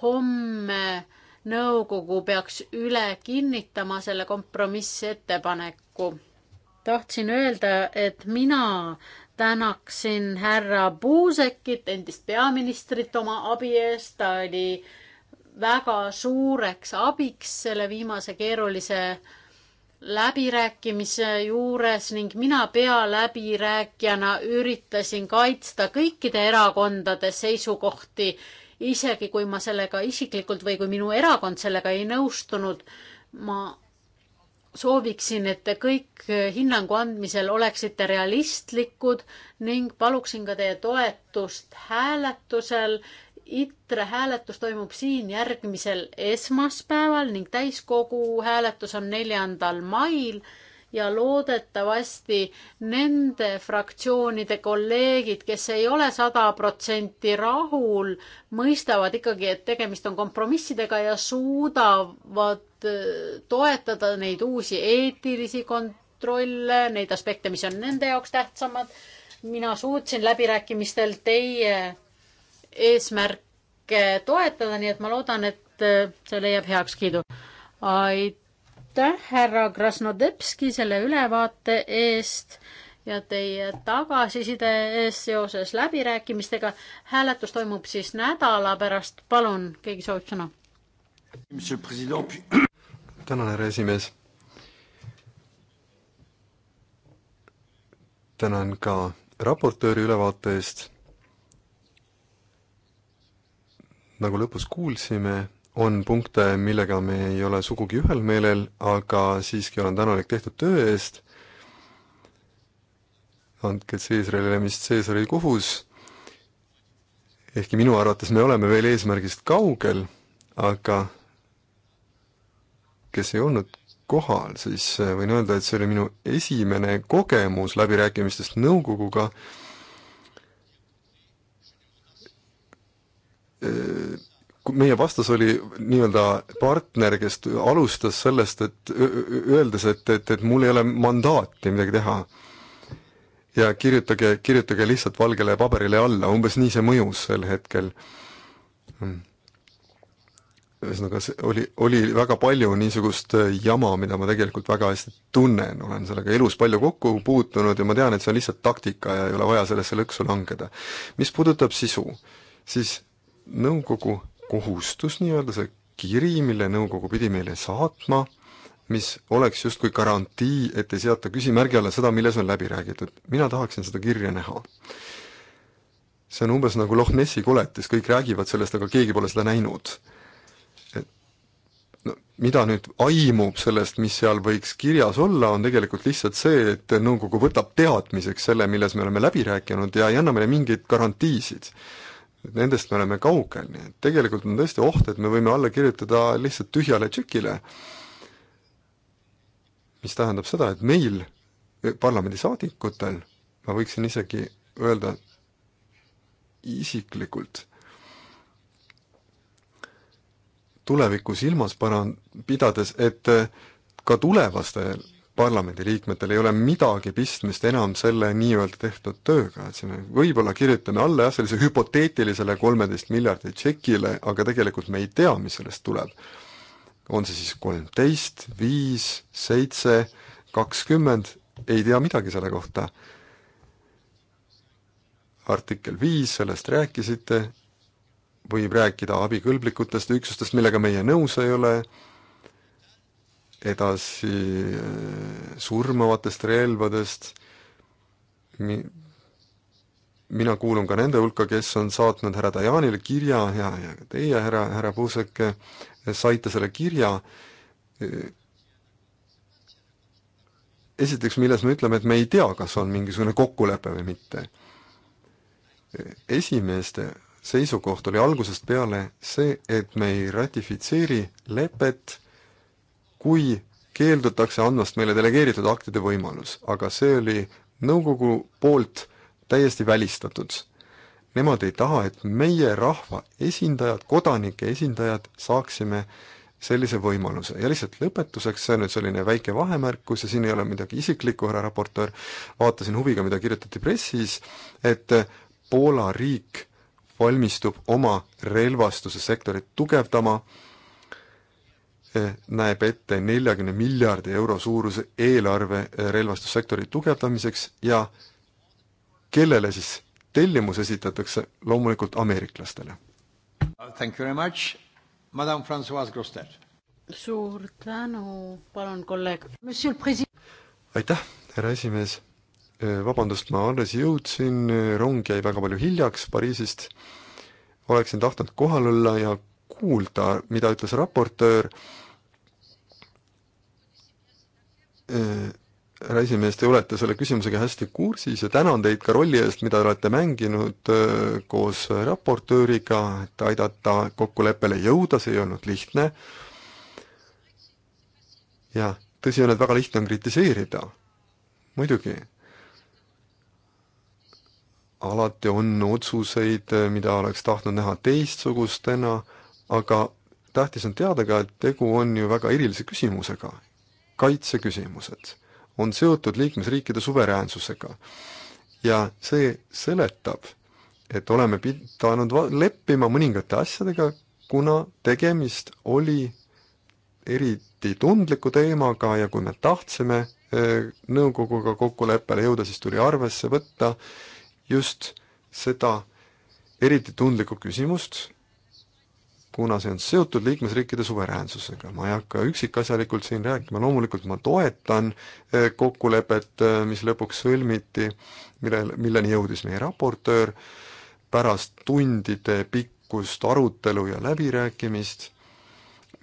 homme nõukogu peaks üle kinnitama selle kompromissettepaneku. tahtsin öelda, et mina tänaksin härra Puusekit, endist peaministrit oma abi eest, ta oli väga suureks abiks selle viimase keerulise läbirääkimise juures ning mina pealäbirääkijana üritasin kaitsta kõikide erakondade seisukohti, isegi kui ma sellega isiklikult või kui minu erakond sellega ei nõustunud. ma sooviksin, et te kõik hinnangu andmisel oleksite realistlikud ning paluksin ka teie toetust hääletusel, ITRE hääletus toimub siin järgmisel esmaspäeval ning täiskogu hääletus on neljandal mail ja loodetavasti nende fraktsioonide kolleegid, kes ei ole sada protsenti rahul, mõistavad ikkagi, et tegemist on kompromissidega ja suudavad äh, toetada neid uusi eetilisi kontrolle, neid aspekte, mis on nende jaoks tähtsamad. mina suutsin läbirääkimistel teie eesmärke toetada, nii et ma loodan, et äh, see leiab heakskiidu. aitäh, härra Krasnodebski, selle ülevaate eest ja teie tagasiside eest seoses läbirääkimistega. hääletus toimub siis nädala pärast. palun, keegi soovib sõna? tänan, härra esimees. tänan ka raportööri ülevaate eest nagu lõpus kuulsime, on punkte, millega me ei ole sugugi ühel meelel, aga siiski olen tänulik tehtud töö eest. andke Caesarile, mis Caesaril kohus. ehkki minu arvates me oleme veel eesmärgist kaugel, aga kes ei olnud kohal, siis võin öelda, et see oli minu esimene kogemus läbirääkimistest nõukoguga meie vastas oli nii-öelda partner, kes alustas sellest, et öeldes, et, et, et mul ei ole mandaati midagi teha. ja kirjutage, kirjutage lihtsalt valgele paberile alla, umbes nii see mõjus sel hetkel. Mm. ühesõnaga, see oli, oli väga palju niisugust äh, jama, mida ma tegelikult väga hästi tunnen, olen sellega elus palju kokku puutunud ja ma tean, et see on lihtsalt taktika ja ei ole vaja sellesse lõksu langeda. mis puudutab sisu, siis nõukogu kohustus nii-öelda, see kiri, mille nõukogu pidi meile saatma, mis oleks justkui garantii, et ei seata küsimärgi alla seda, milles on läbi räägitud. mina tahaksin seda kirja näha. see on umbes nagu Loch Nessi koletis, kõik räägivad sellest, aga keegi pole seda näinud. et no mida nüüd aimub sellest, mis seal võiks kirjas olla, on tegelikult lihtsalt see, et nõukogu võtab teadmiseks selle, milles me oleme läbi rääkinud ja ei anna meile mingeid garantiisid nendest me oleme kaugel, nii et tegelikult on tõesti oht, et me võime alla kirjutada lihtsalt tühjale tšekile, mis tähendab seda, et meil, eh, parlamendisaadikutel, ma võiksin isegi öelda isiklikult, tulevikku silmas paran-, pidades, et eh, ka tulevastel parlamendiliikmetel ei ole midagi pistmist enam selle nii-öelda tehtud tööga, et siin võib-olla kirjutame alla jah, sellise hüpoteetilisele kolmeteist miljardi tšekile, aga tegelikult me ei tea, mis sellest tuleb. on see siis kolmteist, viis, seitse, kakskümmend, ei tea midagi selle kohta. artikkel viis, sellest rääkisite, võib rääkida abikõlblikutest üksustest, millega meie nõus ei ole, edasi äh, surmavatest relvadest, mi-, mina kuulun ka nende hulka, kes on saatnud härra Dajanile kirja ja, ja ka teie, härra, härra Puusek, äh, saite selle kirja, äh, esiteks, milles me ütleme, et me ei tea, kas on mingisugune kokkulepe või mitte. esimeeste seisukoht oli algusest peale see, et me ei ratifitseeri lepet, kui keeldutakse andmast meile delegeeritud aktide võimalus, aga see oli nõukogu poolt täiesti välistatud. Nemad ei taha, et meie rahva esindajad, kodanike esindajad saaksime sellise võimaluse ja lihtsalt lõpetuseks, see on nüüd selline väike vahemärkus ja siin ei ole midagi isiklikku, härra raportöör, vaatasin huviga, mida kirjutati pressis, et Poola riik valmistub oma relvastuse sektorit tugevdama äh, Eh, näeb ette neljakümne miljardi euro suuruse eelarve eh, relvastussektori tugevdamiseks ja kellele siis tellimus esitatakse, loomulikult ameeriklastele. suur tänu, palun kolleeg. aitäh, härra esimees. Eh, vabandust, ma alles jõudsin, rong jäi väga palju hiljaks Pariisist. oleksin tahtnud kohal olla ja kuulda, mida ütles raportöör, äh, härra esimees, te olete selle küsimusega hästi kursis ja tänan teid ka rolli eest, mida te olete mänginud äh, koos raportööriga, et aidata kokkuleppele jõuda, see ei olnud lihtne. jah, tõsi on, et väga lihtne on kritiseerida, muidugi. alati on otsuseid, äh, mida oleks tahtnud näha teistsugustena aga tähtis on teada ka, et tegu on ju väga erilise küsimusega. kaitseküsimused on seotud liikmesriikide suveräänsusega ja see seletab, et oleme pidanud leppima mõningate asjadega, kuna tegemist oli eriti tundliku teemaga ja kui me tahtsime eh, nõukoguga kokkuleppele jõuda, siis tuli arvesse võtta just seda eriti tundlikku küsimust kuna see on seotud liikmesriikide suveräänsusega. ma ei hakka üksikasjalikult siin rääkima, loomulikult ma toetan eh, kokkulepet, eh, mis lõpuks sõlmiti, millel, milleni jõudis meie raportöör, pärast tundide pikkust arutelu ja läbirääkimist,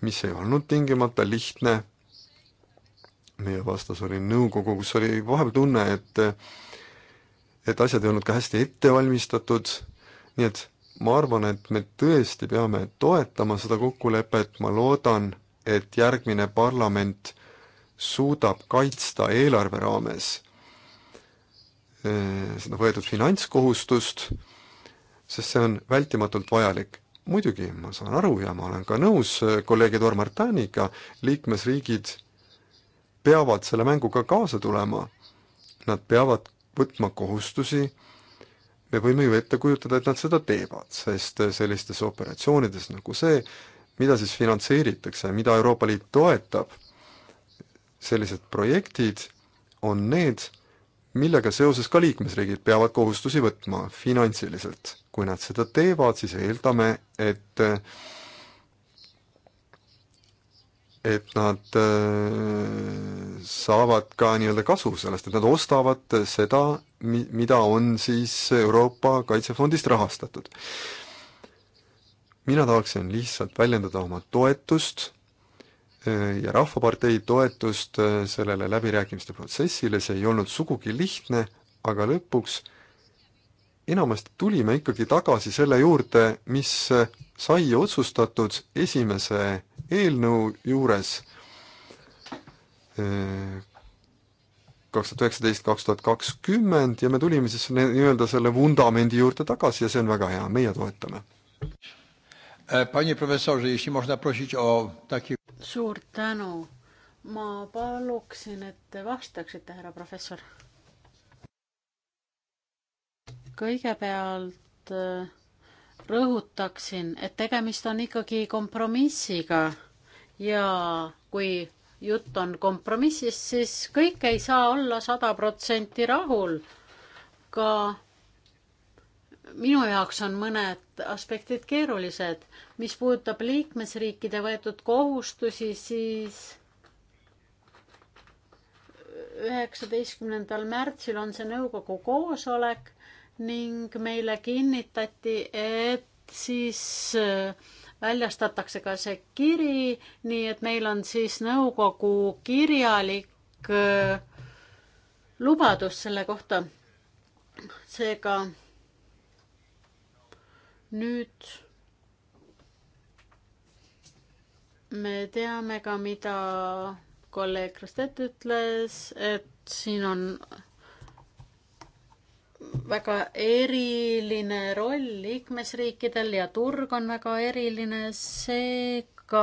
mis ei olnud tingimata lihtne, meie vastas oli nõukogu, kus oli vahepeal tunne, et et asjad ei olnud ka hästi ette valmistatud, nii et ma arvan, et me tõesti peame toetama seda kokkulepet, ma loodan, et järgmine parlament suudab kaitsta eelarve raames eh, seda võetud finantskohustust, sest see on vältimatult vajalik. muidugi, ma saan aru ja ma olen ka nõus eh, kolleeg Eduard Martaniga, liikmesriigid peavad selle mänguga kaasa tulema, nad peavad võtma kohustusi, me võime ju ette kujutada, et nad seda teevad, sest sellistes operatsioonides nagu see, mida siis finantseeritakse, mida Euroopa Liit toetab, sellised projektid on need, millega seoses ka liikmesriigid peavad kohustusi võtma finantsiliselt. kui nad seda teevad, siis eeldame, et et nad äh, saavad ka nii-öelda kasu sellest, et nad ostavad seda, mi-, mida on siis Euroopa Kaitsefondist rahastatud. mina tahaksin lihtsalt väljendada oma toetust eh, ja Rahvapartei toetust eh, sellele läbirääkimiste protsessile, see ei olnud sugugi lihtne, aga lõpuks enamasti tulime ikkagi tagasi selle juurde, mis sai otsustatud esimese eelnõu juures eh, kaks tuhat üheksateist, kaks tuhat kakskümmend ja me tulime siis nii-öelda selle vundamendi juurde tagasi ja see on väga hea, meie toetame. E, taki... suur tänu, ma paluksin, et te vastaksite, härra professor. kõigepealt e, rõhutaksin, et tegemist on ikkagi kompromissiga ja kui jutt on kompromissist, siis kõik ei saa olla sada protsenti rahul. ka minu jaoks on mõned aspektid keerulised. mis puudutab liikmesriikide võetud kohustusi, siis üheksateistkümnendal märtsil on see nõukogu koosolek ning meile kinnitati, et siis äh, väljastatakse ka see kiri, nii et meil on siis nõukogu kirjalik äh, lubadus selle kohta. seega nüüd me teame ka, mida kolleeg Krustet ütles, et siin on väga eriline roll liikmesriikidel ja turg on väga eriline, seega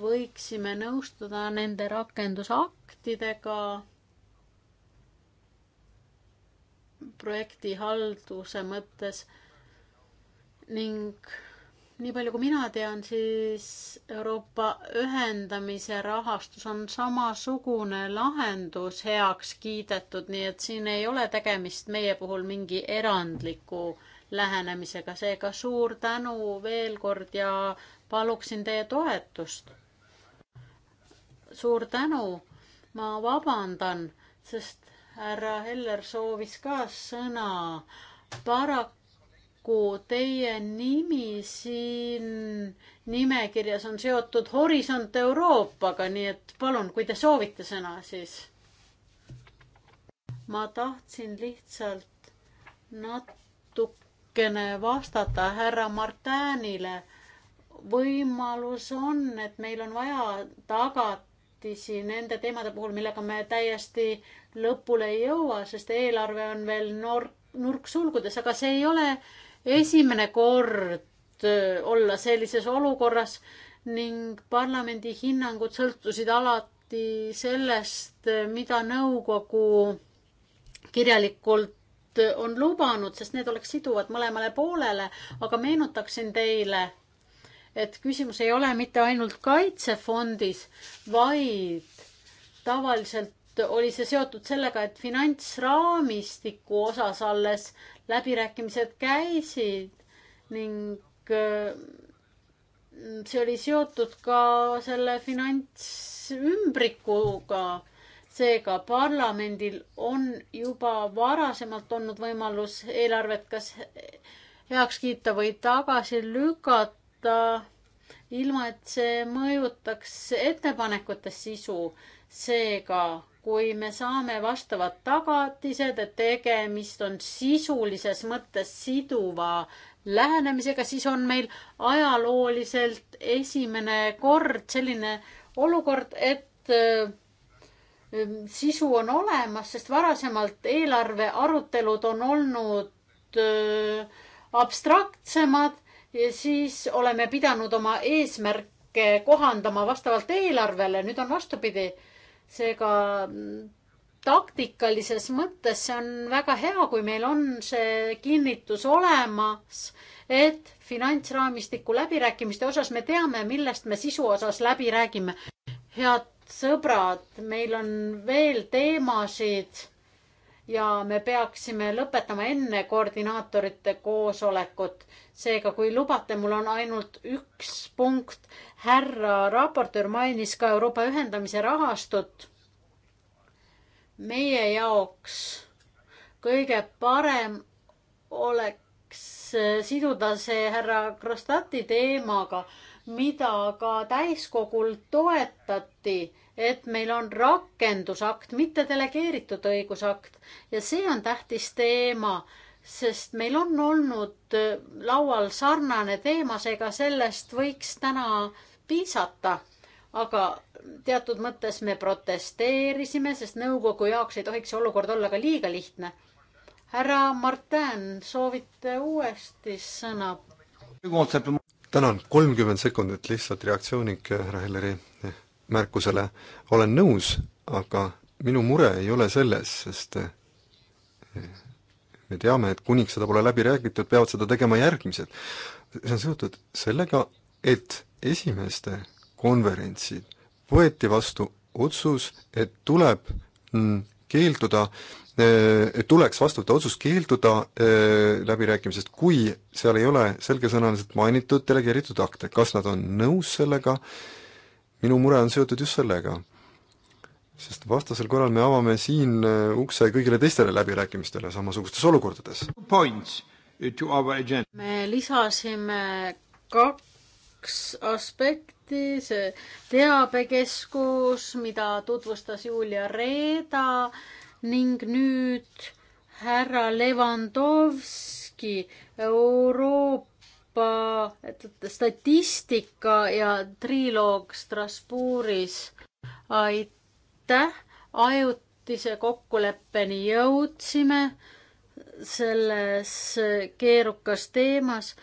võiksime nõustuda nende rakendusaktidega projektihalduse mõttes ning nii palju kui mina tean, siis Euroopa ühendamise rahastus on samasugune lahendus heaks kiidetud, nii et siin ei ole tegemist meie puhul mingi erandliku lähenemisega, seega suur tänu veel kord ja paluksin teie toetust. suur tänu, ma vabandan, sest härra Heller soovis ka sõna. paraku paraku teie nimi siin nimekirjas on seotud Horisont Euroopaga, nii et palun, kui te soovite sõna, siis. ma tahtsin lihtsalt natukene vastata härra Martinile. võimalus on, et meil on vaja tagatisi nende teemade puhul, millega me täiesti lõpule ei jõua, sest eelarve on veel nurk, nurksulgudes, aga see ei ole esimene kord äh, olla sellises olukorras ning parlamendi hinnangud sõltusid alati sellest, äh, mida nõukogu kirjalikult äh, on lubanud, sest need oleks siduvad mõlemale poolele, aga meenutaksin teile, et küsimus ei ole mitte ainult kaitsefondis, vaid tavaliselt oli see seotud sellega, et finantsraamistiku osas alles läbirääkimised käisid ning äh, see oli seotud ka selle finantsümbrikuga. seega parlamendil on juba varasemalt olnud võimalus eelarvet kas heaks kiita või tagasi lükata, ilma et see mõjutaks ettepanekute sisu. seega kui me saame vastavad tagatised, et tegemist on sisulises mõttes siduva lähenemisega, siis on meil ajalooliselt esimene kord selline olukord, et äh, sisu on olemas, sest varasemalt eelarve arutelud on olnud äh, abstraktsemad ja siis oleme pidanud oma eesmärke kohandama vastavalt eelarvele, nüüd on vastupidi seega mm, taktikalises mõttes see on väga hea, kui meil on see kinnitus olemas, et finantsraamistiku läbirääkimiste osas me teame, millest me sisu osas läbi räägime. head sõbrad, meil on veel teemasid, ja me peaksime lõpetama enne koordinaatorite koosolekut. seega, kui lubate, mul on ainult üks punkt. härra raportöör mainis ka Euroopa ühendamise rahastut. meie jaoks kõige parem oleks siduda see härra Krostati teemaga, mida ka täiskogul toetati et meil on rakendusakt, mitte delegeeritud õigusakt ja see on tähtis teema, sest meil on olnud äh, laual sarnane teema, seega sellest võiks täna piisata. aga teatud mõttes me protesteerisime, sest nõukogu jaoks ei tohiks see olukord olla ka liiga lihtne. härra Martin, soovite uuesti sõna? tänan, kolmkümmend sekundit lihtsalt reaktsiooniks, härra Helleri märkusele olen nõus, aga minu mure ei ole selles, sest eh, me teame, et kuniks seda pole läbi räägitud, peavad seda tegema järgmised. see on seotud sellega, et esimeste konverentsil võeti vastu otsus, et tuleb mm, keelduda, eh, et tuleks vastuta otsus keelduda eh, läbirääkimisest, kui seal ei ole selgesõnaliselt mainitud delegeeritud akte, kas nad on nõus sellega äh, minu mure on seotud just sellega. sest vastasel korral me avame siin äh, ukse kõigile teistele läbirääkimistele samasugustes olukordades. me lisasime kaks aspekti, see teabekeskus, mida tutvustas Julia Reeda ning nüüd härra Levandovski Euroopa Euroopa statistika ja triloog Strasbourgis. aitäh, ajutise kokkuleppeni jõudsime selles keerukas teemas.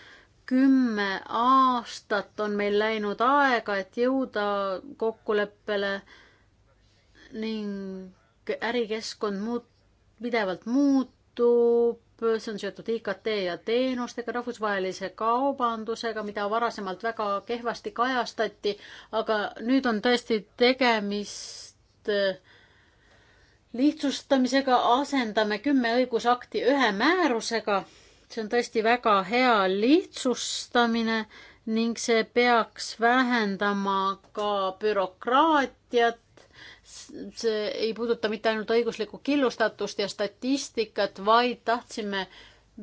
kümme aastat on meil läinud aega, et jõuda kokkuleppele ning ärikeskkond muut-, pidevalt muutub see on seotud IKT ja teenustega, rahvusvahelise kaubandusega, mida varasemalt väga kehvasti kajastati, aga nüüd on tõesti tegemist äh, lihtsustamisega, asendame kümme õigusakti ühe määrusega. see on tõesti väga hea lihtsustamine ning see peaks vähendama ka bürokraatiat see ei puuduta mitte ainult õiguslikku killustatust ja statistikat, vaid tahtsime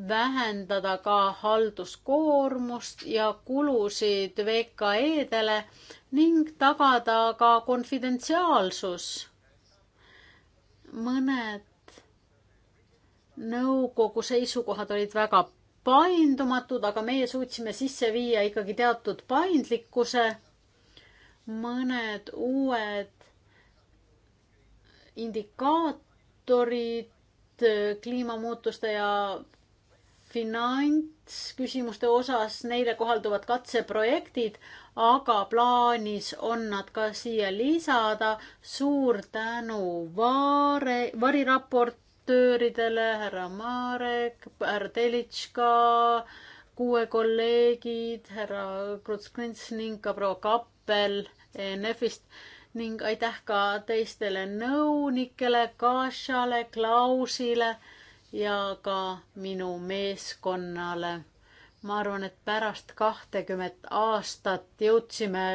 vähendada ka halduskoormust ja kulusid VKE-dele ning tagada ka konfidentsiaalsus. mõned nõukogu seisukohad olid väga paindumatud, aga meie suutsime sisse viia ikkagi teatud paindlikkuse. mõned uued indikaatorid äh, kliimamuutuste ja finantsküsimuste osas, neile kohalduvad katseprojektid, aga plaanis on nad ka siia lisada. suur tänu Vaare, variraportööridele, härra Marek, härra Telitška, kuue kolleegid, härra Kruts-Krints ning ka proua Kappel ENF-ist ning aitäh ka teistele nõunikele, Kašale, Klausile ja ka minu meeskonnale. ma arvan, et pärast kahtekümmet aastat jõudsime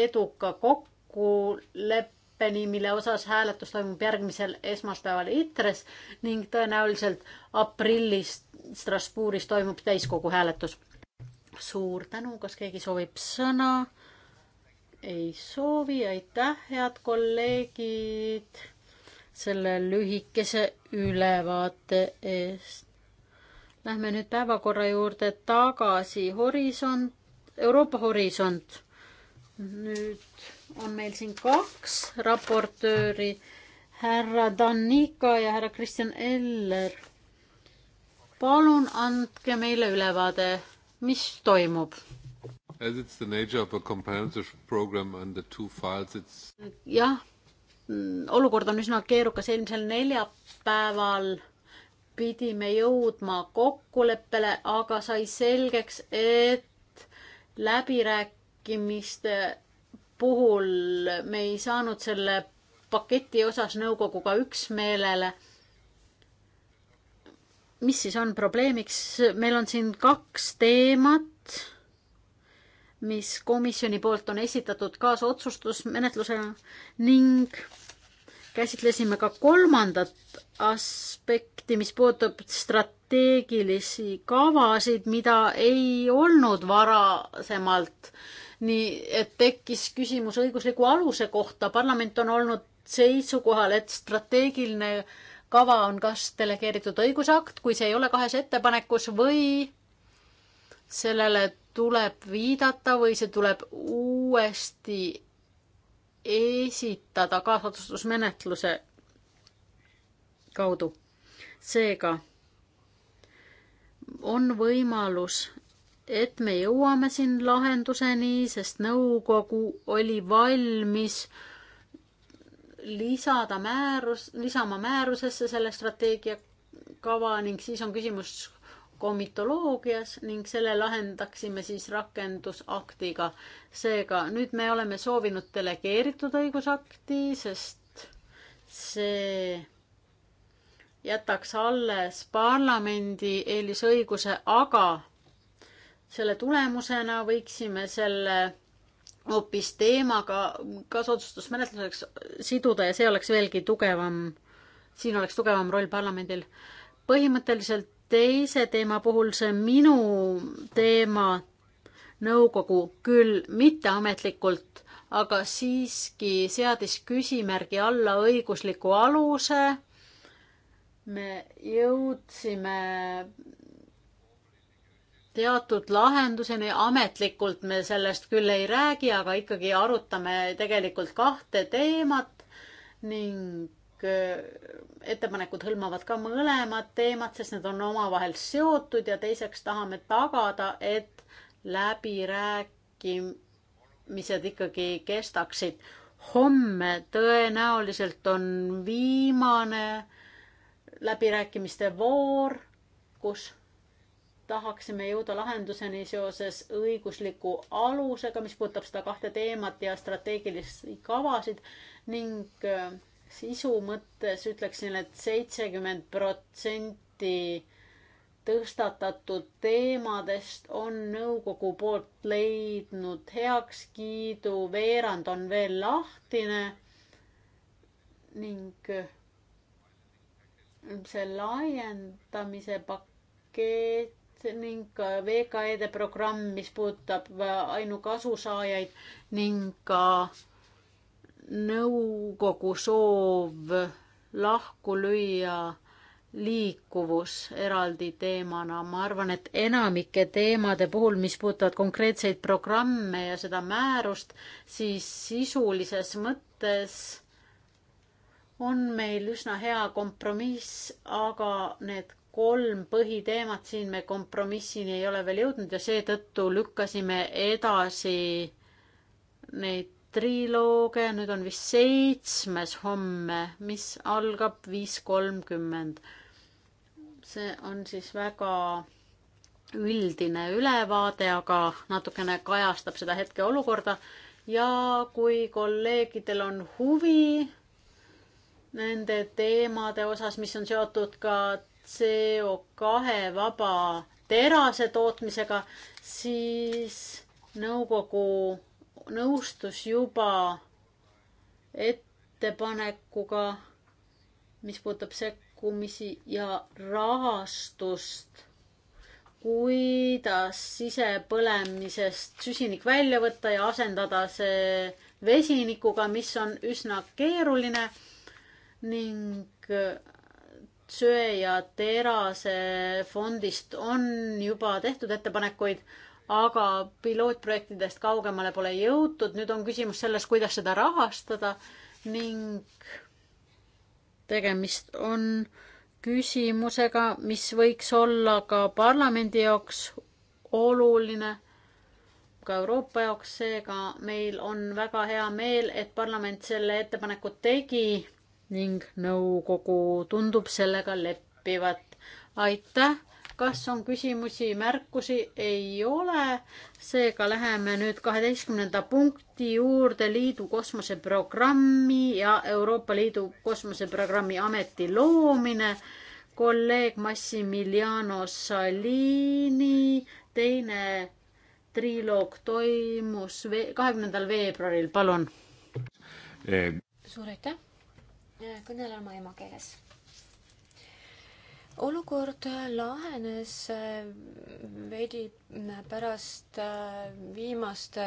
eduka kokkuleppeni, mille osas hääletus toimub järgmisel esmaspäeval ITRES ning tõenäoliselt aprillis Strasbourgis toimub täiskogu hääletus. suur tänu, kas keegi soovib sõna? ei soovi, aitäh, head kolleegid, selle lühikese ülevaate eest. Lähme nüüd päevakorra juurde tagasi, horisont, Euroopa horisont. nüüd on meil siin kaks raportööri, härra Danika ja härra Kristjan Eller. palun andke meile ülevaade, mis toimub jah, mm, olukord on üsna keerukas, eelmisel neljapäeval pidime jõudma kokkuleppele, aga sai selgeks, et läbirääkimiste puhul me ei saanud selle paketi osas nõukoguga üksmeelele. mis siis on probleemiks, meil on siin kaks teemat mis komisjoni poolt on esitatud kaasotsustusmenetlusena ning käsitlesime ka kolmandat aspekti, mis puudutab strateegilisi kavasid, mida ei olnud varasemalt. nii et tekkis küsimus õigusliku aluse kohta. parlament on olnud seisukohal, et strateegiline kava on kas delegeeritud õigusakt, kui see ei ole kahes ettepanekus või sellele tuleb viidata või see tuleb uuesti esitada kaasotsustusmenetluse kaudu. seega on võimalus, et me jõuame siin lahenduseni, sest nõukogu oli valmis lisada määrus, lisama määrusesse selle strateegiakava ning siis on küsimus, komitoloogias ning selle lahendaksime siis rakendusaktiga. seega nüüd me oleme soovinud delegeeritud õigusakti, sest see jätaks alles parlamendi eelisõiguse, aga selle tulemusena võiksime selle hoopis teemaga kaasotsustusmenetluseks siduda ja see oleks veelgi tugevam, siin oleks tugevam roll parlamendil. põhimõtteliselt teise teema puhul see minu teema, nõukogu küll mitteametlikult, aga siiski seadis küsimärgi alla õigusliku aluse. me jõudsime teatud lahenduseni, ametlikult me sellest küll ei räägi, aga ikkagi arutame tegelikult kahte teemat ning Äh, ettepanekud hõlmavad ka mõlemad teemad, sest need on omavahel seotud ja teiseks tahame tagada, et läbirääkimised ikkagi kestaksid. homme tõenäoliselt on viimane läbirääkimiste voor, kus tahaksime jõuda lahenduseni seoses õigusliku alusega, mis puudutab seda kahte teemat ja strateegilisi kavasid ning äh, sisu mõttes ütleksin et, et seitsekümmend protsenti tõstatatud teemadest on nõukogu poolt leidnud heakskiidu, veerand on veel lahtine ning see laiendamise pakett ning ka VKE-de programm, mis puudutab ainukasusaajaid ning ka nõukogu soov lahku lüüa liikuvus eraldi teemana, ma arvan, et enamike teemade puhul, mis puudutavad konkreetseid programme ja seda määrust, siis sisulises mõttes on meil üsna hea kompromiss, aga need kolm põhiteemat siin me kompromissini ei ole veel jõudnud ja seetõttu lükkasime edasi neid trilooge, nüüd on vist seitsmes homme, mis algab viis kolmkümmend. see on siis väga üldine ülevaade, aga natukene kajastab seda hetkeolukorda ja kui kolleegidel on huvi nende teemade osas, mis on seotud ka CO kahe vaba terase tootmisega, siis nõukogu nõustus juba ettepanekuga, mis puudutab sekkumisi ja rahastust, kuidas sisepõlemisest süsinik välja võtta ja asendada see vesinikuga, mis on üsna keeruline ning söe ja terase fondist on juba tehtud ettepanekuid aga pilootprojektidest kaugemale pole jõutud. nüüd on küsimus selles, kuidas seda rahastada ning tegemist on küsimusega, mis võiks olla ka parlamendi jaoks oluline, ka Euroopa jaoks, seega meil on väga hea meel, et parlament selle ettepaneku tegi ning nõukogu tundub sellega leppivat. aitäh kas on küsimusi, märkusi? ei ole. seega läheme nüüd kaheteistkümnenda punkti juurde liidu kosmoseprogrammi ja Euroopa Liidu kosmoseprogrammi ameti loomine. kolleeg Massimiliano Salini teine triloog toimus kahekümnendal veebruaril, palun. Eh. suur aitäh, kõnelen oma emakeeles olukord lahenes äh, veidi pärast äh, viimast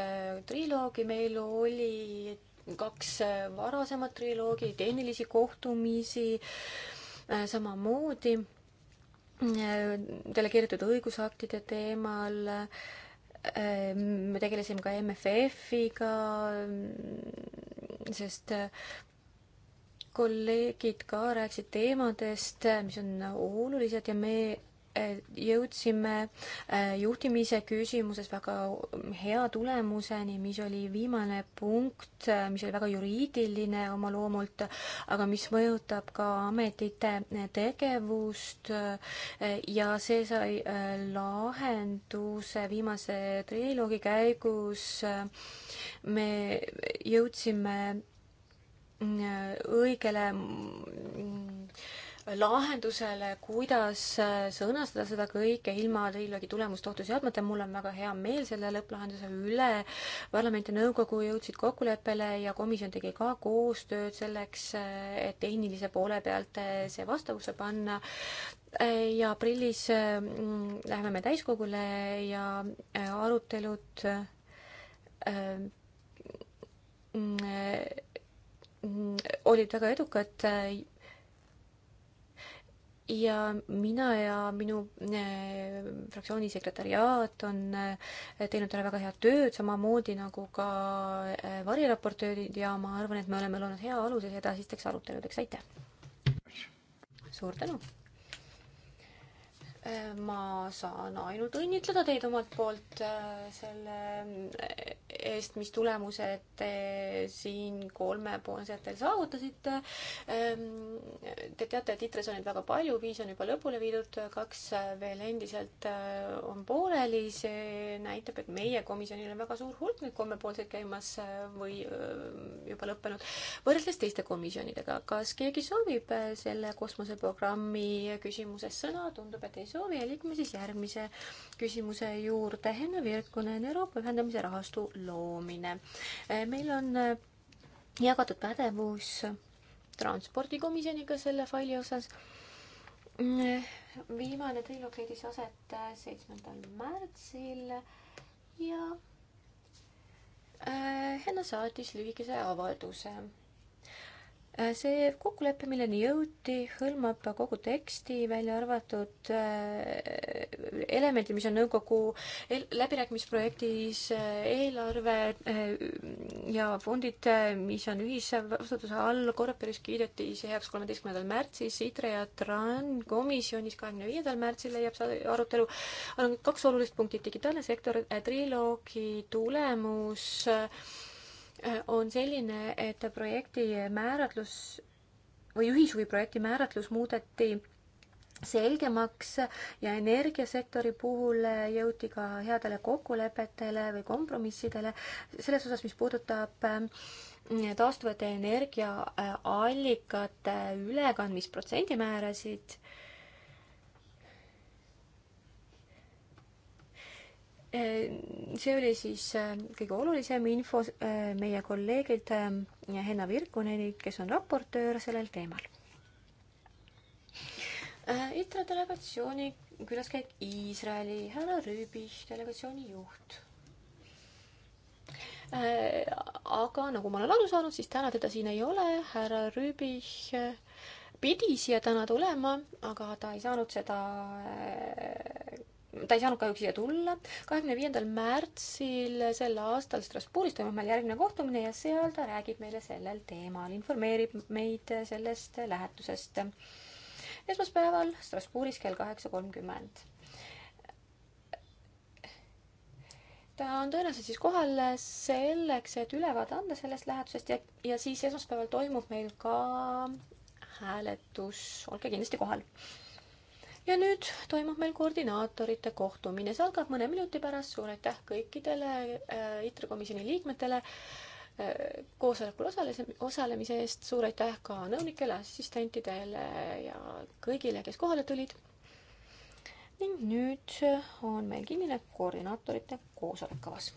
triloogi, meil oli kaks äh, varasemat triloogi, tehnilisi kohtumisi samamoodi, delegeeritud õigusaktide teemal, me tegelesime ka MFF-iga, sest kolleegid ka rääkisid teemadest, mis on olulised ja me eh, jõudsime eh, juhtimise küsimuses väga hea tulemuseni, mis oli viimane punkt, eh, mis oli väga juriidiline oma loomult, aga mis mõjutab ka ametite tegevust ja see sai lahenduse viimase triloogi käigus. me jõudsime õigele mm, lahendusele, kuidas äh, sõnastada seda kõike ilma triiloogi tulemust ohtu seadmata. mul on väga hea meel selle lõpplahenduse üle. parlament ja nõukogu jõudsid kokkuleppele ja komisjon tegi ka koostööd selleks, äh, et tehnilise poole pealt äh, see vastavusse panna ja aprillis mm, läheme me täiskogule ja arutelud mm, Mm, olid väga edukad äh, ja mina ja minu äh, fraktsiooni sekretariaat on äh, teinud talle väga head tööd, samamoodi nagu ka äh, variraportöörid ja ma arvan, et me oleme loonud hea aluse edasisteks aruteludeks, aitäh! suur tänu! Äh, ma saan ainult õnnitleda teid omalt poolt äh, selle äh, eest, mis tulemused te siin kolmepoolsetel saavutasite. Ähm, te teate, et ITRES on neid väga palju, viis on juba lõpule viidud, kaks veel endiselt on pooleli. see näitab, et meie komisjonil on väga suur hulk neid kolmepoolseid käimas või juba lõppenud. võrreldes teiste komisjonidega, kas keegi soovib selle kosmoseprogrammi küsimuses sõna? tundub, et ei ei soovi ja liigume siis järgmise küsimuse juurde. Henna Virkunen, Euroopa ühendamise rahastu loomine. Eh, meil on eh, jagatud pädevus transpordikomisjoniga selle faili osas. Eh, viimane triloog leidis aset seitsmendal märtsil ja Henna saatis lühikese avalduse Äh, see kokkulepe, milleni jõuti, hõlmab kogu teksti, välja arvatud äh, elemendid, mis on nõukogu läbirääkimisprojektis äh, eelarve ja fondid, mis on ühise vastutuse all, Korraperis kiideti see heaks kolmeteistkümnendal märtsis, ITRE ja TRAN komisjonis kahekümne viiendal märtsil leiab see arutelu. on kaks olulist punkti, digitaalne sektor, triloogi tulemus on selline, et projekti määratlus või ühishuviprojekti määratlus muudeti selgemaks ja energiasektori puhul jõuti ka headele kokkulepetele või kompromissidele selles osas, mis puudutab ähm, taastuvate energiaallikate ülekandmisprotsendimäärasid Äh, see oli siis äh, kõige olulisem info äh, meie kolleegilt Henna Virkuneni, kes on raportöör sellel teemal. ITRA delegatsiooni külaskäik Iisraeli, härra Rüübis, delegatsiooni juht. aga nagu ma olen aru saanud, siis täna teda siin ei ole, härra Rüübis pidi siia täna tulema, aga ta ei saanud seda ta ei saanud kahjuks siia tulla. kahekümne viiendal märtsil sel aastal Strasbourgis toimub meil järgmine kohtumine ja seal ta räägib meile sellel teemal, informeerib meid sellest lähetusest. esmaspäeval Strasbourgis kell kaheksa kolmkümmend. ta on tõenäoliselt siis kohal selleks, et ülevaade anda sellest lähetusest ja, ja siis esmaspäeval toimub meil ka hääletus, olge kindlasti kohal ja nüüd toimub meil koordinaatorite kohtumine, see algab mõne minuti pärast, suur aitäh kõikidele äh, ITRE komisjoni liikmetele äh, koosolekul osales, osalemise eest, suur aitäh ka nõunikele, assistentidele ja kõigile, kes kohale tulid. ning nüüd on meil kinnine koordinaatorite koosolek kavas